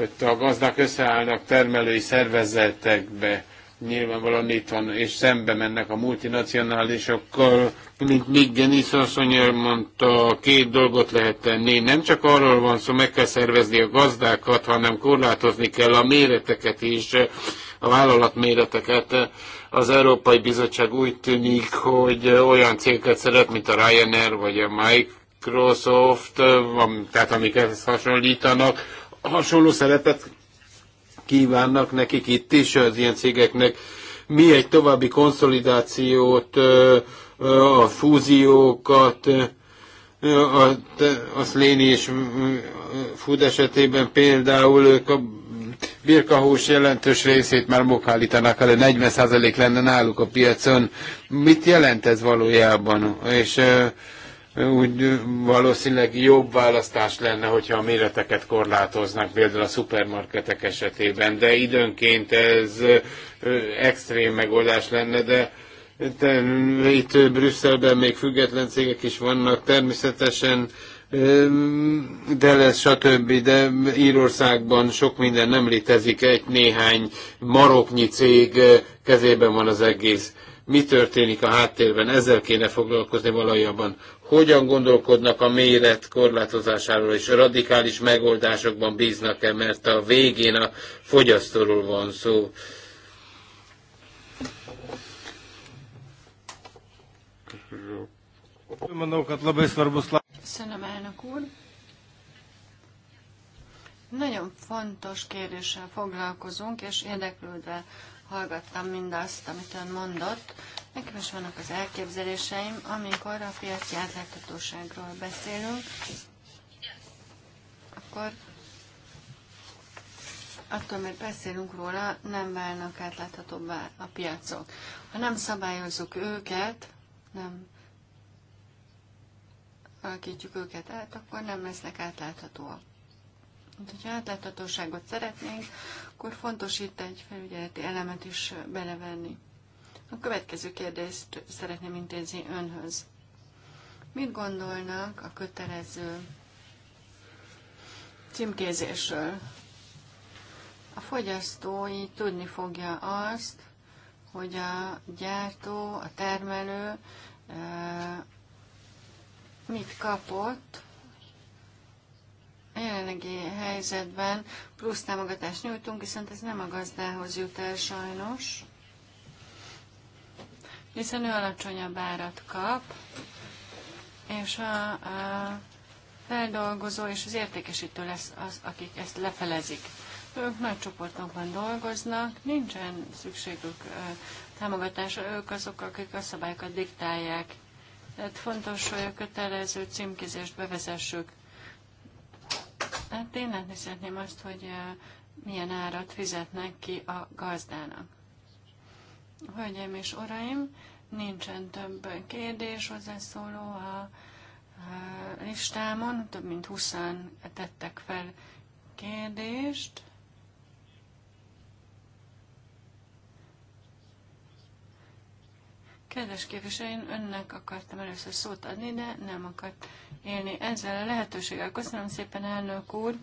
Itt a gazdák összeállnak termelői szervezetekbe, nyilvánvalóan itt van, és szembe mennek a multinacionálisokkal, mint Nick Genis asszony mondta, két dolgot lehet tenni. Nem csak arról van szó, meg kell szervezni a gazdákat, hanem korlátozni kell a méreteket is, a vállalat méreteket. Az Európai Bizottság úgy tűnik, hogy olyan cégeket szeret, mint a Ryanair vagy a Microsoft, tehát amiket hasonlítanak, hasonló szerepet kívánnak nekik itt is az ilyen cégeknek. Mi egy további konszolidációt, a fúziókat, a, a Szléni és Food esetében például ők a birkahús jelentős részét már mokállítanak elő, 40% lenne náluk a piacon. Mit jelent ez valójában? És úgy valószínűleg jobb választás lenne, hogyha a méreteket korlátoznak, például a szupermarketek esetében, de időnként ez extrém megoldás lenne, de itt Brüsszelben még független cégek is vannak, természetesen de lesz, stb. De Írországban sok minden nem létezik, egy néhány maroknyi cég kezében van az egész. Mi történik a háttérben? Ezzel kéne foglalkozni valójában hogyan gondolkodnak a méret korlátozásáról, és a radikális megoldásokban bíznak-e, mert a végén a fogyasztóról van szó. Köszönöm, elnök úr. Nagyon fontos kérdéssel foglalkozunk, és érdeklődve hallgattam mindazt, amit ön mondott. Nekem is vannak az elképzeléseim, amikor a piaci átláthatóságról beszélünk, akkor attól, mert beszélünk róla, nem válnak átláthatóbbá a piacok. Ha nem szabályozzuk őket, nem alakítjuk őket át, akkor nem lesznek átláthatóak viszont hogyha átláthatóságot szeretnénk, akkor fontos itt egy felügyeleti elemet is belevenni. A következő kérdést szeretném intézni önhöz. Mit gondolnak a kötelező címkézésről? A fogyasztó így tudni fogja azt, hogy a gyártó, a termelő eh, mit kapott, a jelenlegi helyzetben plusz támogatást nyújtunk, viszont ez nem a gazdához jut el sajnos, hiszen ő alacsonyabb árat kap, és a, a feldolgozó és az értékesítő lesz az, akik ezt lefelezik. Ők nagy csoportokban dolgoznak, nincsen szükségük támogatásra, ők azok, akik a szabályokat diktálják. Tehát fontos, hogy a kötelező címkézést bevezessük tehát Én látni szeretném azt, hogy milyen árat fizetnek ki a gazdának. Hölgyeim és uraim, nincsen több kérdés hozzászóló a listámon, több mint 20 tettek fel kérdést. Kedves képviselő, én önnek akartam először szót adni, de nem akart élni ezzel a lehetőséggel. Köszönöm szépen, elnök úr.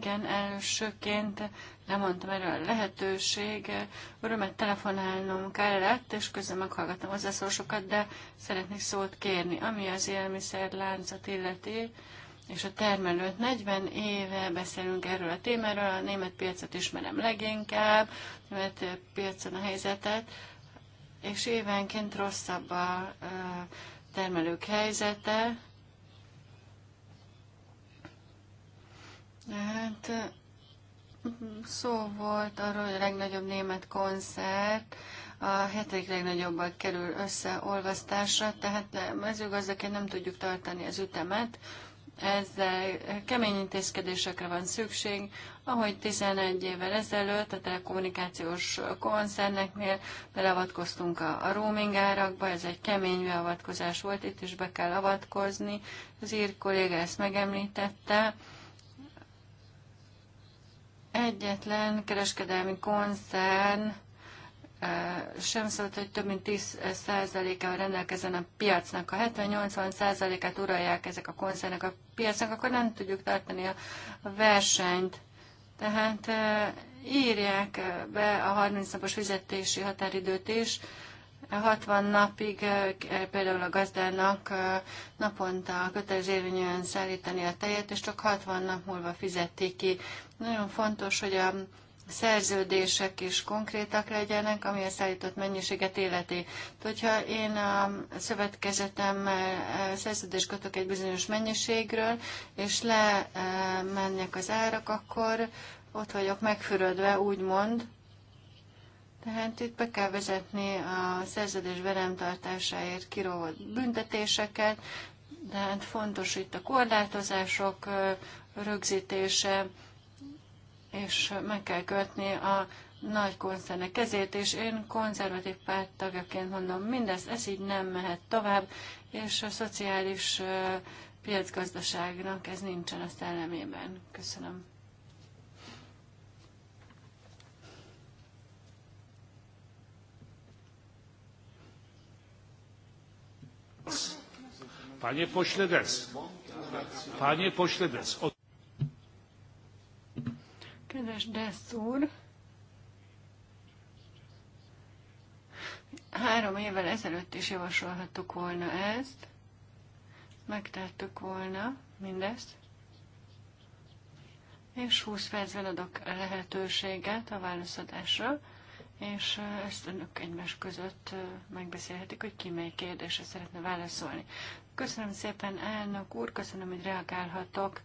Igen, elsőként lemondtam erről a lehetőség. Örömet telefonálnom kellett, és közben meghallgattam hozzászólásokat, de szeretnék szót kérni. Ami az élmiszerláncot illeti, és a termelőt 40 éve beszélünk erről a témáról, a német piacot ismerem leginkább, a német piacon a helyzetet, és évenként rosszabb a termelők helyzete. Hát szó volt arról, hogy a legnagyobb német koncert a hetedik legnagyobbak kerül összeolvasztásra, tehát mezőgazdaként nem tudjuk tartani az ütemet, ezzel kemény intézkedésekre van szükség, ahogy 11 évvel ezelőtt a telekommunikációs koncerneknél beleavatkoztunk a, a roaming árakba, ez egy kemény beavatkozás volt, itt is be kell avatkozni. Az ír kolléga ezt megemlítette. Egyetlen kereskedelmi koncern sem szólt, hogy több mint 10%-ával rendelkezzen a piacnak. Ha 70-80%-át uralják ezek a koncernek a piacnak, akkor nem tudjuk tartani a versenyt. Tehát írják be a 30 napos fizetési határidőt is, 60 napig például a gazdának naponta kötelező érvényűen szállítani a tejet, és csak 60 nap múlva fizeti ki. Nagyon fontos, hogy a szerződések is konkrétak legyenek, ami a szállított mennyiséget életi. Hogyha én a szövetkezetemmel szerződést kötök egy bizonyos mennyiségről, és lemennek az árak, akkor ott vagyok megfürödve, úgymond. Tehát itt be kell vezetni a szerződés beremtartásáért kirovott büntetéseket, de hát fontos itt a korlátozások rögzítése, és meg kell kötni a nagy koncernek kezét, és én konzervatív párt tagjaként mondom, mindez, ez így nem mehet tovább, és a szociális piacgazdaságnak ez nincsen a szellemében. Köszönöm. Panie pośle Des. Panie pośle Des. Kedves Dessz úr, három évvel ezelőtt is javasolhattuk volna ezt, megtettük volna mindezt, és 20 percben adok lehetőséget a válaszadásra, és ezt önök egymás között megbeszélhetik, hogy ki mely kérdésre szeretne válaszolni. Köszönöm szépen, elnök úr, köszönöm, hogy reagálhatok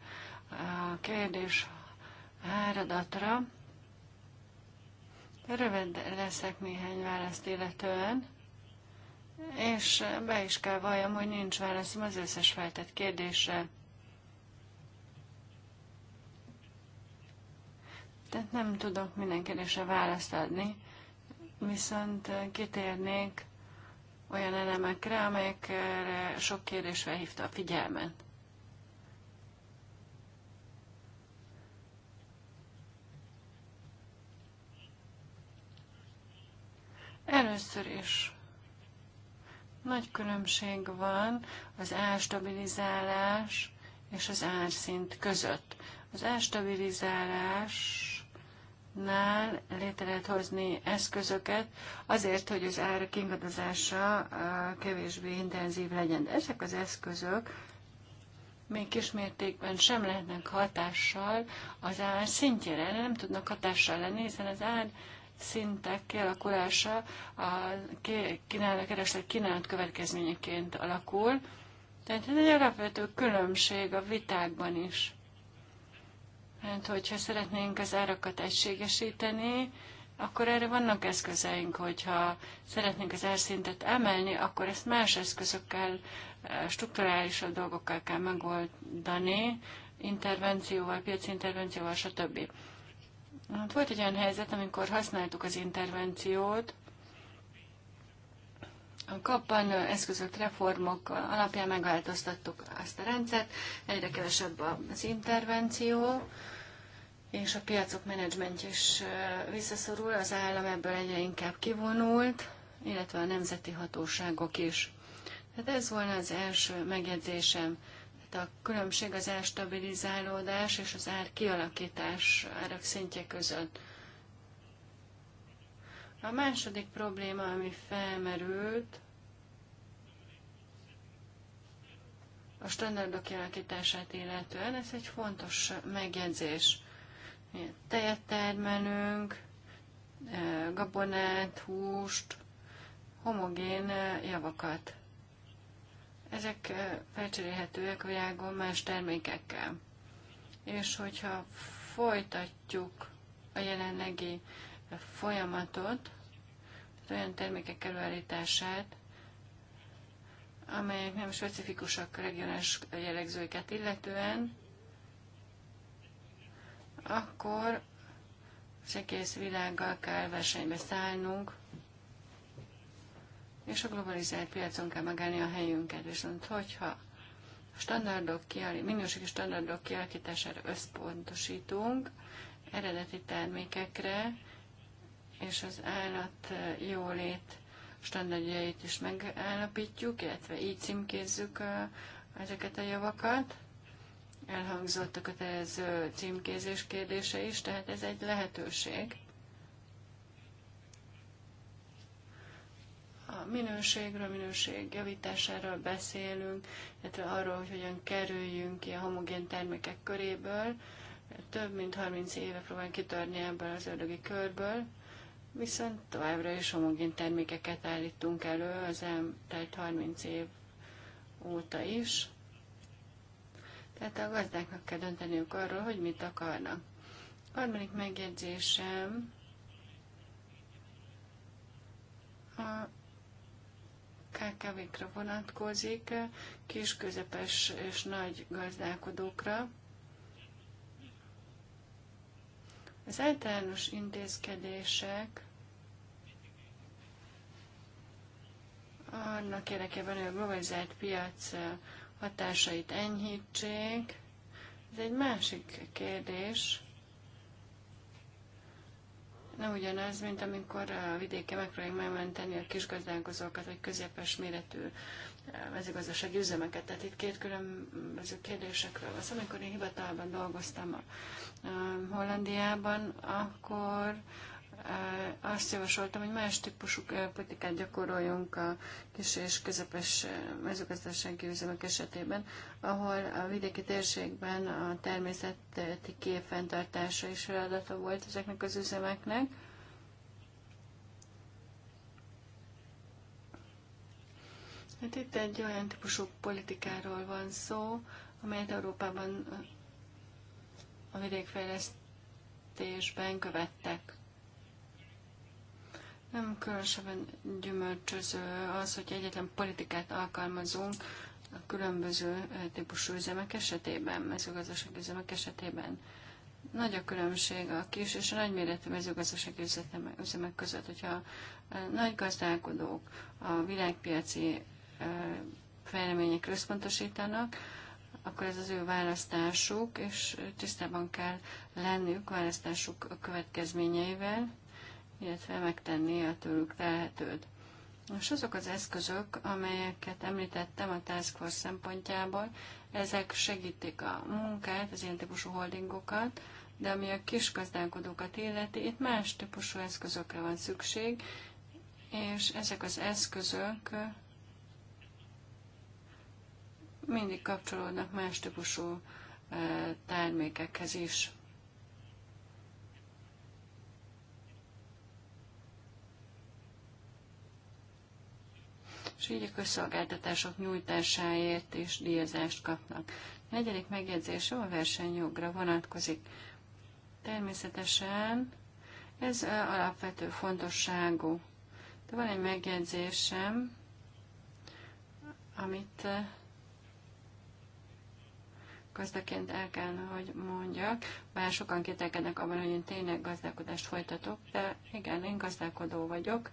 a kérdés áradatra. Rövid leszek néhány választ illetően, és be is kell valljam, hogy nincs válaszom az összes feltett kérdésre. Tehát nem tudok minden kérdésre választ adni, viszont kitérnék olyan elemekre, amelyekre sok kérdés felhívta a figyelmet. Először is nagy különbség van az árstabilizálás és az árszint között. Az nál létre lehet hozni eszközöket azért, hogy az árak ingadozása kevésbé intenzív legyen. De ezek az eszközök még kismértékben sem lehetnek hatással az ár szintjére, nem tudnak hatással lenni, hiszen az ár szintek kialakulása a kereslet kínálat következményeként alakul. Tehát ez egy alapvető különbség a vitákban is. Mert hogyha szeretnénk az árakat egységesíteni, akkor erre vannak eszközeink, hogyha szeretnénk az árszintet emelni, akkor ezt más eszközökkel, eh, strukturálisabb dolgokkal kell megoldani, intervencióval, piaci intervencióval, stb. Hát volt egy olyan helyzet, amikor használtuk az intervenciót, a kapban eszközök, reformok alapján megváltoztattuk azt a rendszert, egyre kevesebb az intervenció, és a piacok menedzsment is visszaszorul, az állam ebből egyre inkább kivonult, illetve a nemzeti hatóságok is. Tehát ez volna az első megjegyzésem a különbség az elstabilizálódás és az ár kialakítás árak szintje között. A második probléma, ami felmerült, a standardok kialakítását illetően, ez egy fontos megjegyzés. Tejet termelünk, eh, gabonát, húst, homogén eh, javakat ezek felcserélhetőek a világon más termékekkel. És hogyha folytatjuk a jelenlegi folyamatot, tehát olyan termékek előállítását, amelyek nem specifikusak regionális jellegzőiket illetően, akkor az egész világgal kell versenybe szállnunk, és a globalizált piacon kell megállni a helyünket. Viszont hogyha a standardok kiali, minőségi standardok kialakítására összpontosítunk, eredeti termékekre, és az állat jólét standardjait is megállapítjuk, illetve így címkézzük a, ezeket a javakat. Elhangzott a kötelező címkézés kérdése is, tehát ez egy lehetőség. a minőségről, minőség javításáról beszélünk, illetve arról, hogy hogyan kerüljünk ki a homogén termékek köréből. Több mint 30 éve próbálunk kitörni ebből az ördögi körből, viszont továbbra is homogén termékeket állítunk elő az eltelt 30 év óta is. Tehát a gazdáknak kell dönteniük arról, hogy mit akarnak. A harmadik megjegyzésem a KKV-kra vonatkozik, kis, közepes és nagy gazdálkodókra. Az általános intézkedések annak érdekében, hogy a globalizált piac hatásait enyhítsék. Ez egy másik kérdés nem ugyanaz, mint amikor a vidéke megpróbáljuk megmenteni a kisgazdálkozókat, vagy közepes méretű eh, mezőgazdasági üzemeket. Tehát itt két különböző kérdésekről van. Szóval, amikor én hivatalban dolgoztam a, eh, a Hollandiában, akkor azt javasoltam, hogy más típusú politikát gyakoroljunk a kis és közepes mezőgazdasági üzemek esetében, ahol a vidéki térségben a természeti kép fenntartása is feladata volt ezeknek az üzemeknek. Hát itt egy olyan típusú politikáról van szó, amelyet Európában a vidékfejlesztésben követtek. Nem különösebben gyümölcsöző az, hogy egyetlen politikát alkalmazunk a különböző eh, típusú üzemek esetében, mezőgazdasági üzemek esetében. Nagy a különbség a kis és a nagyméretű mezőgazdasági üzemek között, hogyha a eh, nagy gazdálkodók a világpiaci eh, fejlemények összpontosítanak, akkor ez az ő választásuk, és tisztában kell lennük választásuk a következményeivel illetve megtenni a tőlük telhetőt. Most azok az eszközök, amelyeket említettem a Task Force szempontjából, ezek segítik a munkát, az ilyen típusú holdingokat, de ami a kis gazdálkodókat illeti, itt más típusú eszközökre van szükség, és ezek az eszközök mindig kapcsolódnak más típusú eh, termékekhez is. és így a közszolgáltatások nyújtásáért is díjazást kapnak. A negyedik megjegyzés: a versenyjogra vonatkozik. Természetesen ez alapvető fontosságú. De van egy megjegyzésem, amit gazdaként el kell, hogy mondjak, bár sokan kételkednek abban, hogy én tényleg gazdálkodást folytatok, de igen, én gazdálkodó vagyok,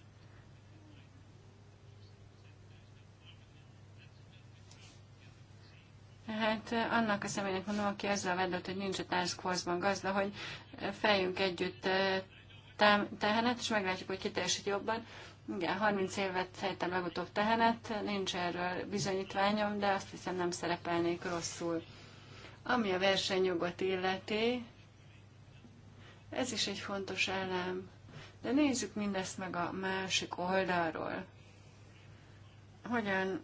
Hát eh, annak a személynek mondom, aki ezzel vedett, hogy nincs a Task Force-ban gazda, hogy eh, fejünk együtt eh, tehenet, és meglátjuk, hogy ki jobban. Igen, 30 évet helytem legutóbb tehenet, nincs erről bizonyítványom, de azt hiszem nem szerepelnék rosszul. Ami a versenyjogot illeti, ez is egy fontos elem. De nézzük mindezt meg a másik oldalról. Hogyan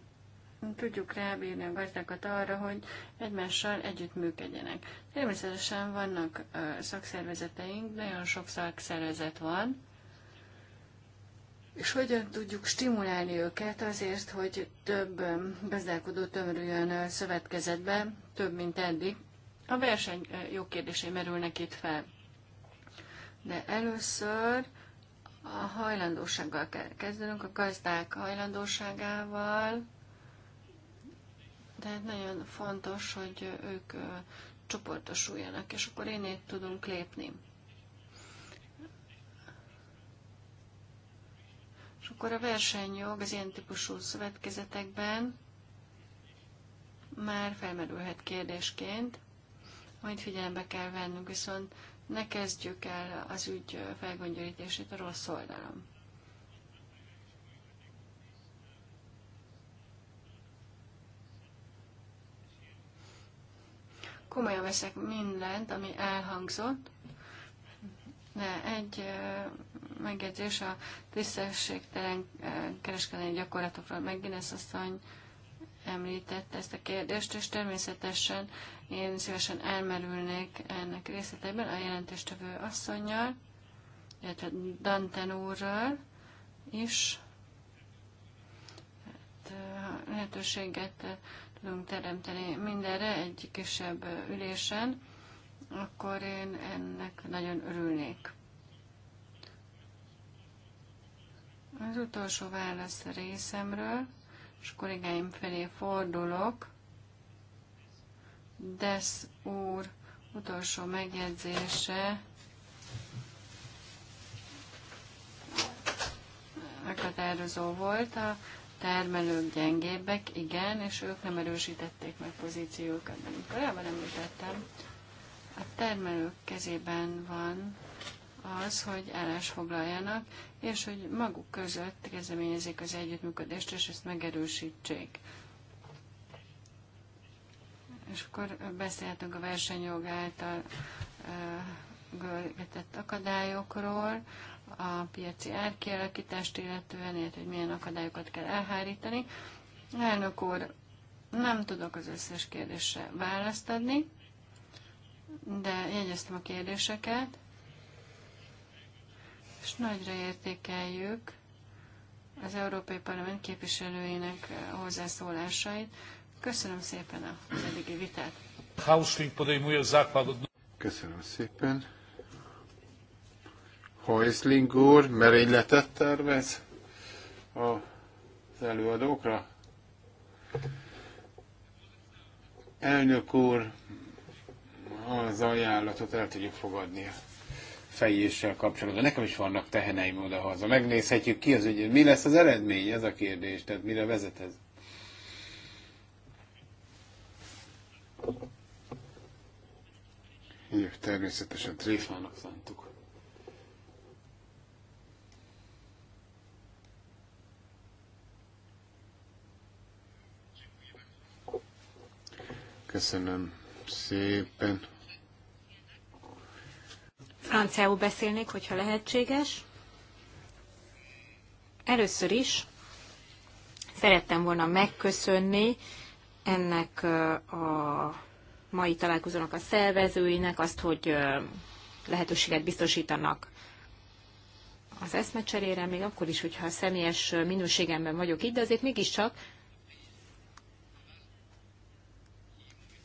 tudjuk rábírni a gazdákat arra, hogy egymással együttműködjenek. Természetesen vannak szakszervezeteink, nagyon sok szakszervezet van, és hogyan tudjuk stimulálni őket azért, hogy több gazdálkodó tömörüljön szövetkezetbe, több, mint eddig. A verseny jó kérdésé merülnek itt fel. De először a hajlandósággal kell kezdenünk, a gazdák hajlandóságával, tehát nagyon fontos, hogy ők csoportosuljanak, és akkor én itt tudunk lépni. És akkor a versenyjog az ilyen típusú szövetkezetekben már felmerülhet kérdésként, amit figyelembe kell vennünk, viszont ne kezdjük el az ügy felgöngyörítését a rossz oldalon. komolyan veszek mindent, ami elhangzott, de egy megjegyzés a tisztességtelen kereskedelmi gyakorlatokról. Megint asszony említette ezt a kérdést, és természetesen én szívesen elmerülnék ennek részleteiben a jelentéstevő asszonynal, illetve Danten úrral is. Hát, lehetőséget tudunk teremteni mindenre egy kisebb ülésen, akkor én ennek nagyon örülnék. Az utolsó válasz részemről, és kollégáim felé fordulok. Desz úr utolsó megjegyzése meghatározó volt. A termelők gyengébbek, igen, és ők nem erősítették meg pozíciókat. De mint korábban említettem, a termelők kezében van az, hogy állás foglaljanak, és hogy maguk között kezdeményezik az együttműködést, és ezt megerősítsék. És akkor beszéltünk a versenyjog által uh, akadályokról, a piaci árkialakítást illetően, illetve hogy milyen akadályokat kell elhárítani. Elnök úr, nem tudok az összes kérdésre választ adni, de jegyeztem a kérdéseket, és nagyra értékeljük az Európai Parlament képviselőinek hozzászólásait. Köszönöm szépen a eddigi vitát. Köszönöm szépen. Hojszling úr merényletet tervez az előadókra? Elnök úr, az ajánlatot el tudjuk fogadni a fejéssel kapcsolatban. Nekem is vannak teheneim oda-haza. Megnézhetjük ki az ügy. Mi lesz az eredmény? Ez a kérdés. Tehát mire vezet ez? Jó, természetesen tréfának szántuk. Köszönöm szépen. Franciául beszélnék, hogyha lehetséges. Először is szerettem volna megköszönni ennek a mai találkozónak a szervezőinek azt, hogy lehetőséget biztosítanak az eszmecserére, még akkor is, hogyha a személyes minőségemben vagyok itt, de azért mégiscsak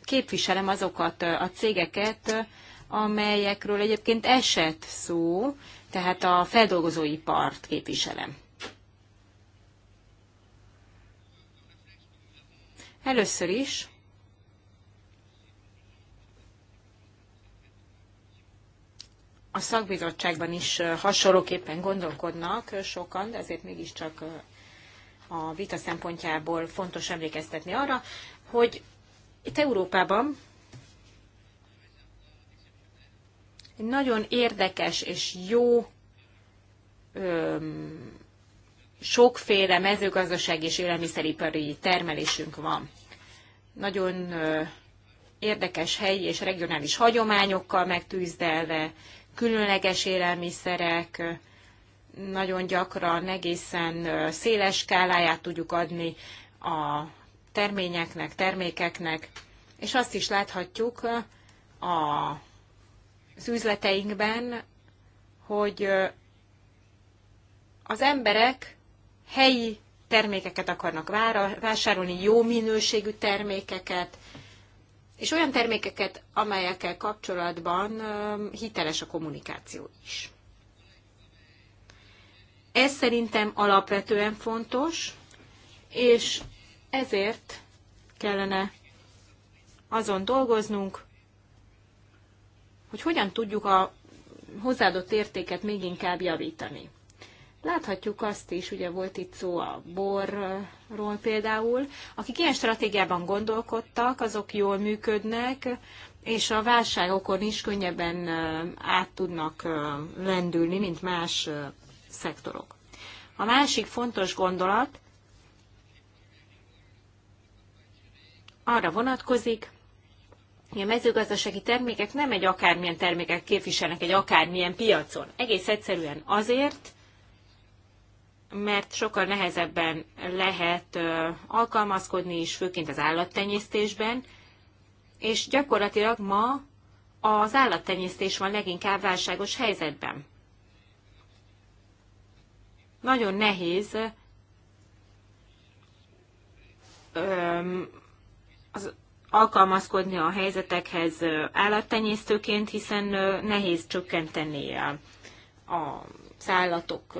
képviselem azokat a cégeket, amelyekről egyébként esett szó, tehát a feldolgozóipart képviselem. Először is a szakbizottságban is hasonlóképpen gondolkodnak sokan, de azért mégiscsak a vita szempontjából fontos emlékeztetni arra, hogy itt Európában egy nagyon érdekes és jó öm, sokféle mezőgazdaság és élelmiszeripari termelésünk van. Nagyon ö, érdekes helyi és regionális hagyományokkal megtűzdelve, különleges élelmiszerek, nagyon gyakran egészen széles skáláját tudjuk adni a terményeknek, termékeknek, és azt is láthatjuk a, az üzleteinkben, hogy az emberek helyi termékeket akarnak vásárolni, jó minőségű termékeket, és olyan termékeket, amelyekkel kapcsolatban hiteles a kommunikáció is. Ez szerintem alapvetően fontos, és ezért kellene azon dolgoznunk, hogy hogyan tudjuk a hozzáadott értéket még inkább javítani. Láthatjuk azt is, ugye volt itt szó a borról például, akik ilyen stratégiában gondolkodtak, azok jól működnek, és a válságokon is könnyebben át tudnak lendülni, mint más szektorok. A másik fontos gondolat arra vonatkozik, hogy a mezőgazdasági termékek nem egy akármilyen termékek képviselnek egy akármilyen piacon. Egész egyszerűen azért, mert sokkal nehezebben lehet alkalmazkodni is, főként az állattenyésztésben, és gyakorlatilag ma az állattenyésztés van leginkább válságos helyzetben. Nagyon nehéz az alkalmazkodni a helyzetekhez állattenyésztőként, hiszen nehéz csökkenteni a szállatok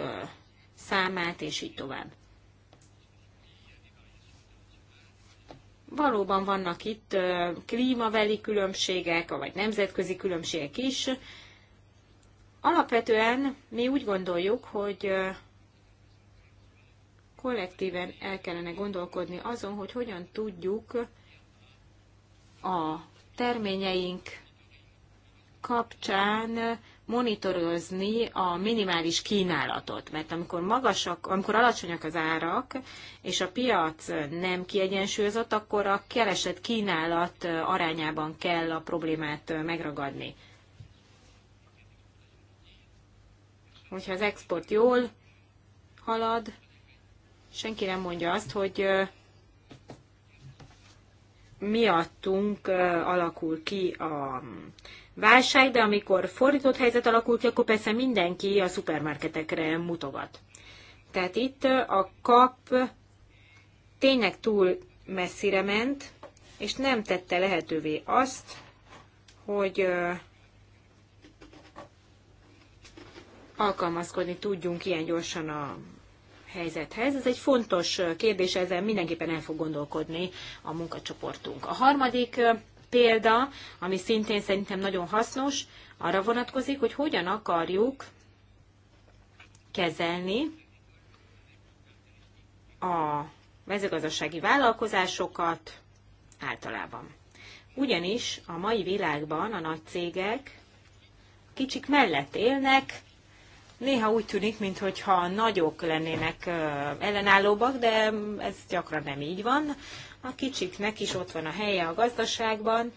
számát, és így tovább. Valóban vannak itt klímaveli különbségek, vagy nemzetközi különbségek is. Alapvetően mi úgy gondoljuk, hogy kollektíven el kellene gondolkodni azon, hogy hogyan tudjuk a terményeink kapcsán monitorozni a minimális kínálatot, mert amikor magasak, amikor alacsonyak az árak, és a piac nem kiegyensúlyozott, akkor a keresett kínálat arányában kell a problémát megragadni. Hogyha az export jól halad, senki nem mondja azt, hogy miattunk alakul ki a válság, de amikor fordított helyzet alakul ki, akkor persze mindenki a szupermarketekre mutogat. Tehát itt a kap tényleg túl messzire ment, és nem tette lehetővé azt, hogy alkalmazkodni tudjunk ilyen gyorsan a helyzethez. Ez egy fontos kérdés, ezzel mindenképpen el fog gondolkodni a munkacsoportunk. A harmadik példa, ami szintén szerintem nagyon hasznos, arra vonatkozik, hogy hogyan akarjuk kezelni a mezőgazdasági vállalkozásokat általában. Ugyanis a mai világban a nagy cégek kicsik mellett élnek, Néha úgy tűnik, mintha nagyok lennének ellenállóbbak, de ez gyakran nem így van. A kicsiknek is ott van a helye a gazdaságban.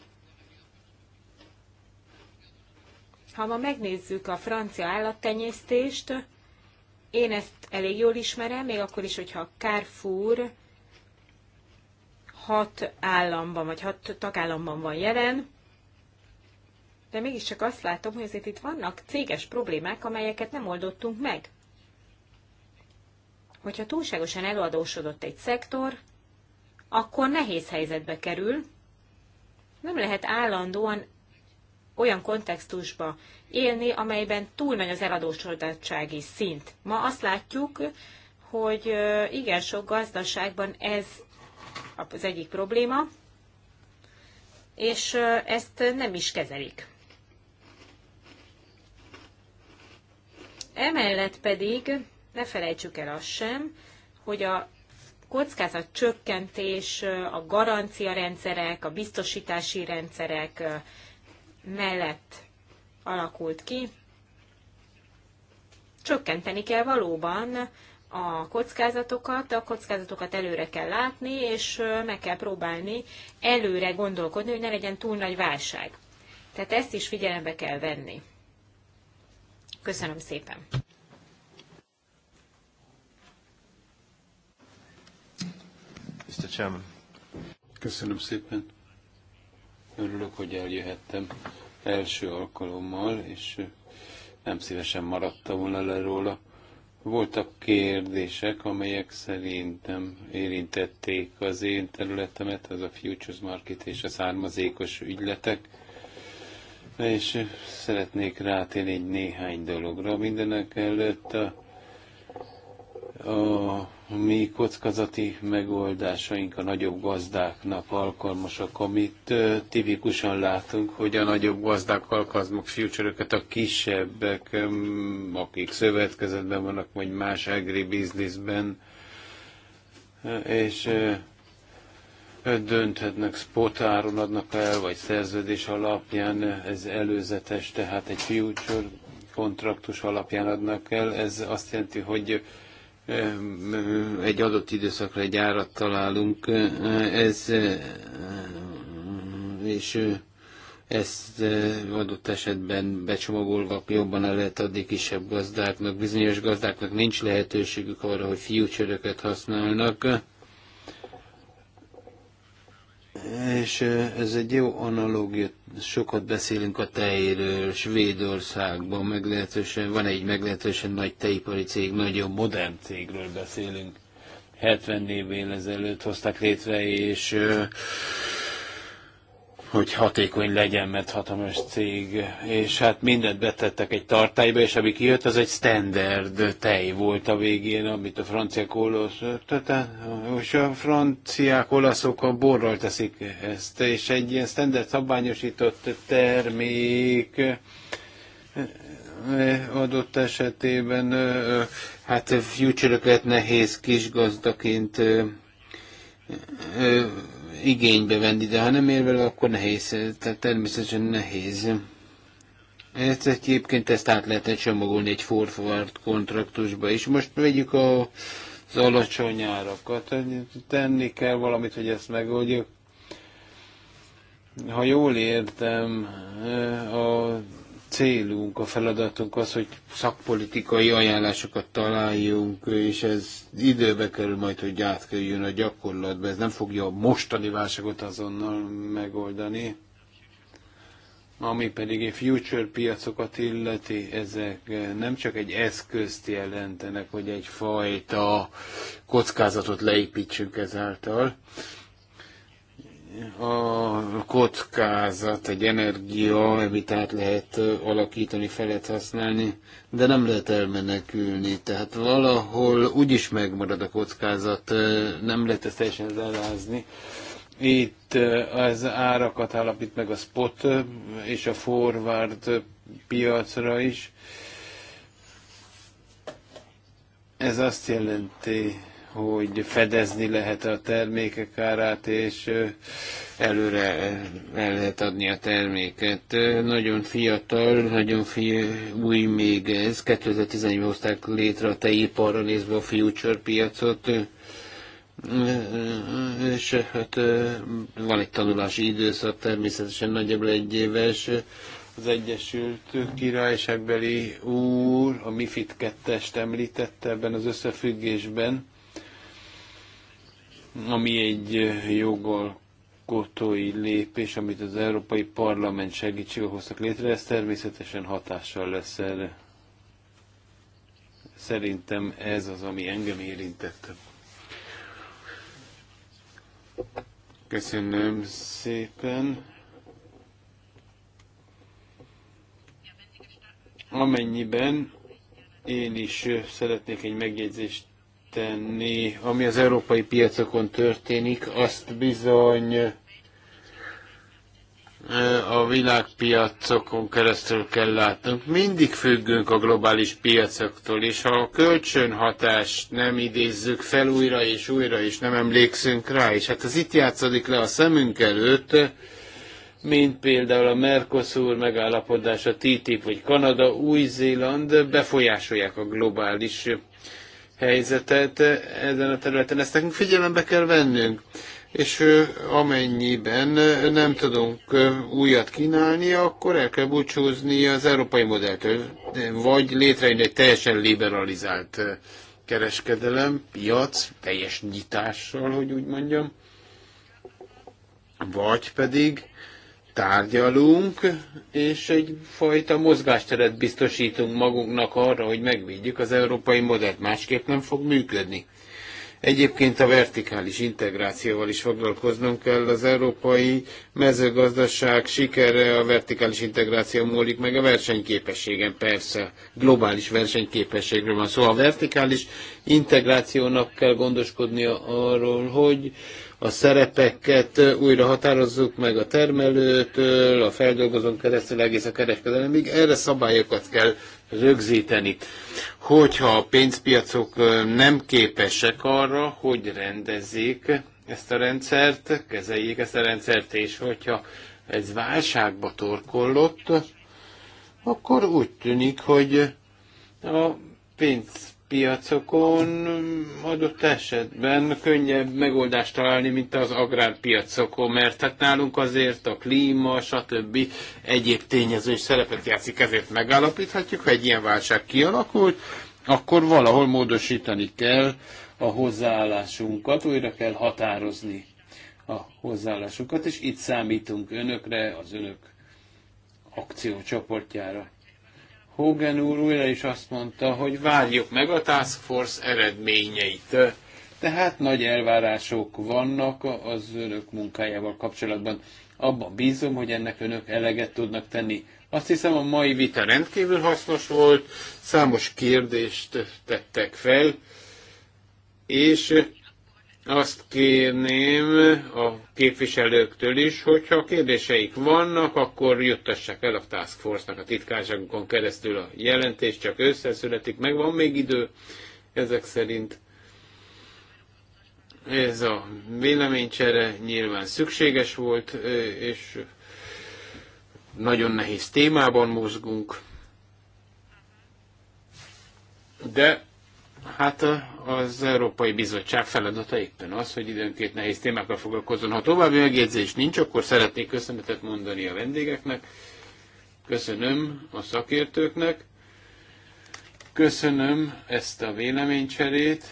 Ha ma megnézzük a francia állattenyésztést, én ezt elég jól ismerem, még akkor is, hogyha a Carrefour hat államban, vagy hat tagállamban van jelen, de mégiscsak azt látom, hogy azért itt vannak céges problémák, amelyeket nem oldottunk meg. Hogyha túlságosan eladósodott egy szektor, akkor nehéz helyzetbe kerül, nem lehet állandóan olyan kontextusba élni, amelyben túl nagy az eladósodottsági szint. Ma azt látjuk, hogy igen sok gazdaságban ez az egyik probléma, és ezt nem is kezelik. Emellett pedig ne felejtsük el azt sem, hogy a kockázat csökkentés, a garancia rendszerek, a biztosítási rendszerek mellett alakult ki. Csökkenteni kell valóban a kockázatokat, a kockázatokat előre kell látni, és meg kell próbálni előre gondolkodni, hogy ne legyen túl nagy válság. Tehát ezt is figyelembe kell venni. Köszönöm szépen! Mr. Chairman. Köszönöm szépen. Örülök, hogy eljöhettem első alkalommal, és nem szívesen maradtam volna le róla. Voltak kérdések, amelyek szerintem érintették az én területemet, az a futures market és a származékos ügyletek és szeretnék rátérni egy néhány dologra. Mindenek előtt a, a mi kockázati megoldásaink a nagyobb gazdáknak alkalmasak, amit tipikusan látunk, hogy a nagyobb gazdák alkalmaznak future a kisebbek, akik szövetkezetben vannak, vagy más agribusinessben, és dönthetnek spotáron adnak el, vagy szerződés alapján, ez előzetes, tehát egy future kontraktus alapján adnak el. Ez azt jelenti, hogy eh, egy adott időszakra egy árat találunk, eh, ez eh, és ezt adott esetben becsomagolva jobban el lehet adni kisebb gazdáknak. Bizonyos gazdáknak nincs lehetőségük arra, hogy future használnak és ez egy jó analógia. Sokat beszélünk a tejéről, Svédországban meglehetősen, van egy meglehetősen nagy tejipari cég, nagyon modern cégről beszélünk. 70 évvel ezelőtt hozták létre, és hogy hatékony legyen, mert hatalmas cég, és hát mindent betettek egy tartályba, és ami kijött, az egy standard tej volt a végén, amit a franciák olasz, tehát, és a franciák olaszok a borral teszik ezt, és egy ilyen standard szabványosított termék eh, adott esetében, eh, hát future nehéz nehéz gazdaként eh, igénybe venni, de ha nem ér vele, akkor nehéz, tehát természetesen nehéz. Ezt egyébként ezt át lehetne csomagolni egy forward kontraktusba is. Most vegyük a, az alacsony árakat. Tenni kell valamit, hogy ezt megoldjuk. Ha jól értem, a célunk, a feladatunk az, hogy szakpolitikai ajánlásokat találjunk, és ez időbe kerül majd, hogy átkerüljön a gyakorlatba. Ez nem fogja a mostani válságot azonnal megoldani. Ami pedig a future piacokat illeti, ezek nem csak egy eszközt jelentenek, hogy egyfajta kockázatot leépítsünk ezáltal, a kockázat, egy energia át lehet alakítani, felett használni, de nem lehet elmenekülni. Tehát valahol úgyis megmarad a kockázat, nem lehet ezt teljesen lelázni. Itt az árakat állapít meg a spot és a forward piacra is. Ez azt jelenti, hogy fedezni lehet a termékek árát, és előre el lehet adni a terméket. Nagyon fiatal, nagyon fi, új még ez. 2011-ben hozták létre a teiparra nézve a future piacot, és hát van egy tanulási időszak, természetesen nagyobb egy éves, az Egyesült Királyságbeli úr a MIFID 2-est említette ebben az összefüggésben ami egy jogalkotói lépés, amit az Európai Parlament segítségével hoztak létre, ez természetesen hatással lesz erre. Szerintem ez az, ami engem érintett. Köszönöm szépen. Amennyiben én is szeretnék egy megjegyzést tenni, ami az európai piacokon történik, azt bizony eh, a világpiacokon keresztül kell látnunk. Mindig függünk a globális piacoktól, és ha a kölcsönhatást nem idézzük fel újra és újra, és nem emlékszünk rá, és hát az itt játszódik le a szemünk előtt, mint például a Mercosur megállapodás, a TTIP vagy Kanada, Új-Zéland befolyásolják a globális helyzetet ezen a területen. Ezt nekünk figyelembe kell vennünk, és amennyiben nem tudunk újat kínálni, akkor el kell búcsúzni az európai modelltől, vagy létrejön egy teljesen liberalizált kereskedelem, piac, teljes nyitással, hogy úgy mondjam, vagy pedig tárgyalunk, és egyfajta mozgásteret biztosítunk magunknak arra, hogy megvédjük az európai modellt, másképp nem fog működni. Egyébként a vertikális integrációval is foglalkoznunk kell. Az európai mezőgazdaság sikere a vertikális integráció múlik, meg a versenyképességen persze. Globális versenyképességről van szó. Szóval a vertikális integrációnak kell gondoskodnia arról, hogy a szerepeket újra határozzuk meg a termelőtől, a feldolgozón keresztül egész a kereskedelemig, erre szabályokat kell rögzíteni. Hogyha a pénzpiacok nem képesek arra, hogy rendezzék ezt a rendszert, kezeljék ezt a rendszert, és hogyha ez válságba torkollott, akkor úgy tűnik, hogy a pénz piacokon adott esetben könnyebb megoldást találni, mint az agrárpiacokon, mert hát nálunk azért a klíma, stb. egyéb tényező is szerepet játszik, ezért megállapíthatjuk, ha egy ilyen válság kialakult, akkor valahol módosítani kell a hozzáállásunkat, újra kell határozni a hozzáállásunkat, és itt számítunk önökre, az önök akciócsoportjára. Hogan úr újra is azt mondta, hogy várjuk meg a Task Force eredményeit. Tehát nagy elvárások vannak az önök munkájával kapcsolatban. Abban bízom, hogy ennek önök eleget tudnak tenni. Azt hiszem a mai vita rendkívül hasznos volt, számos kérdést tettek fel, és azt kérném a képviselőktől is, hogyha kérdéseik vannak, akkor juttassák el a Task Force-nak a titkárságunkon keresztül a jelentés, csak összeszületik, meg van még idő ezek szerint. Ez a véleménycsere nyilván szükséges volt, és nagyon nehéz témában mozgunk, de Hát az Európai Bizottság feladata éppen az, hogy időnként nehéz témákkal foglalkozzon. Ha további megjegyzés nincs, akkor szeretnék köszönetet mondani a vendégeknek. Köszönöm a szakértőknek. Köszönöm ezt a véleménycserét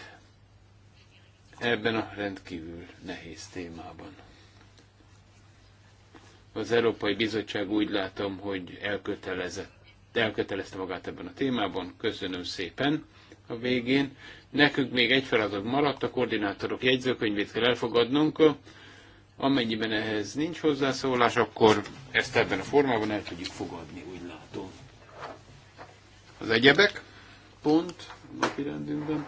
ebben a rendkívül nehéz témában. Az Európai Bizottság úgy látom, hogy elkötelezett, elkötelezte magát ebben a témában. Köszönöm szépen a végén. Nekünk még egy feladat maradt, a koordinátorok jegyzőkönyvét kell elfogadnunk. Amennyiben ehhez nincs hozzászólás, akkor ezt ebben a formában el tudjuk fogadni, úgy látom. Az egyebek pont a napirendünkben.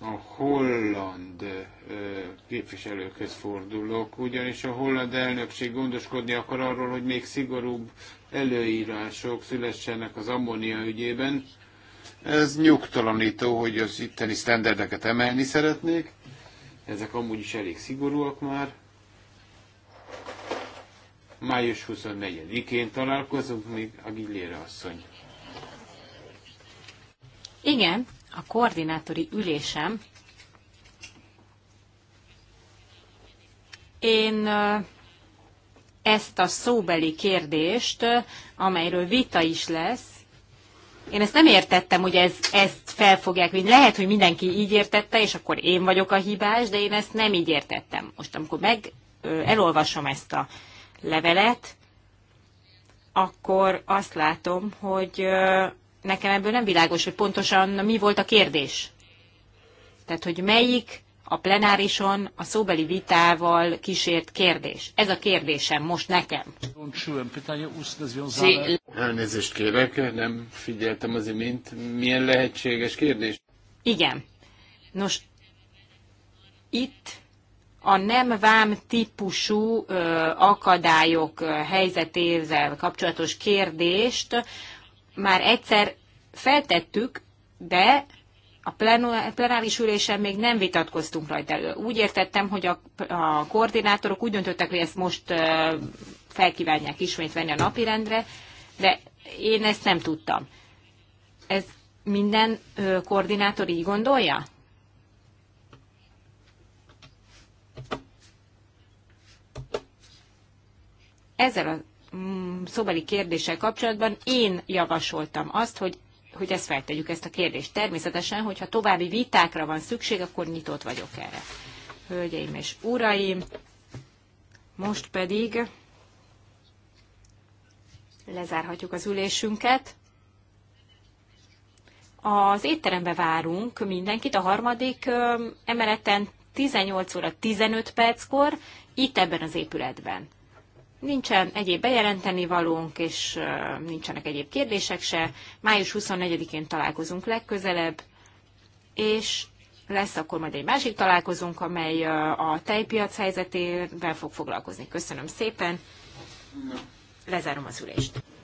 a holland képviselőkhez fordulok, ugyanis a holland elnökség gondoskodni akar arról, hogy még szigorúbb előírások szülessenek az ammónia ügyében. Ez nyugtalanító, hogy az itteni sztenderdeket emelni szeretnék. Ezek amúgy is elég szigorúak már. Május 24-én találkozunk még a Gillére asszony. Igen, a koordinátori ülésem én ezt a szóbeli kérdést, amelyről vita is lesz, én ezt nem értettem, hogy ez, ezt fel hogy Lehet, hogy mindenki így értette, és akkor én vagyok a hibás, de én ezt nem így értettem. Most amikor meg elolvasom ezt a levelet, akkor azt látom, hogy nekem ebből nem világos, hogy pontosan mi volt a kérdés. Tehát, hogy melyik a plenárison a szóbeli vitával kísért kérdés. Ez a kérdésem most nekem. Elnézést kérek, nem figyeltem az imént. Milyen lehetséges kérdés? Igen. Nos, itt a nem vám típusú ö, akadályok ö, helyzetével kapcsolatos kérdést már egyszer feltettük, de a plenáris ülésen még nem vitatkoztunk rajta elő. Úgy értettem, hogy a, a koordinátorok úgy döntöttek, hogy ezt most ö, felkívánják ismét venni a napirendre, de én ezt nem tudtam. Ez minden ö, koordinátor így gondolja? Ezzel a Mm, szóbeli kérdéssel kapcsolatban én javasoltam azt, hogy hogy ezt feltegyük, ezt a kérdést. Természetesen, hogyha további vitákra van szükség, akkor nyitott vagyok erre. Hölgyeim és uraim, most pedig lezárhatjuk az ülésünket. Az étterembe várunk mindenkit, a harmadik emeleten 18 óra 15 perckor, itt ebben az épületben. Nincsen egyéb bejelenteni valónk, és nincsenek egyéb kérdések se. Május 24-én találkozunk legközelebb, és lesz akkor majd egy másik találkozunk, amely a tejpiac helyzetével fog foglalkozni. Köszönöm szépen. Lezárom az ülést.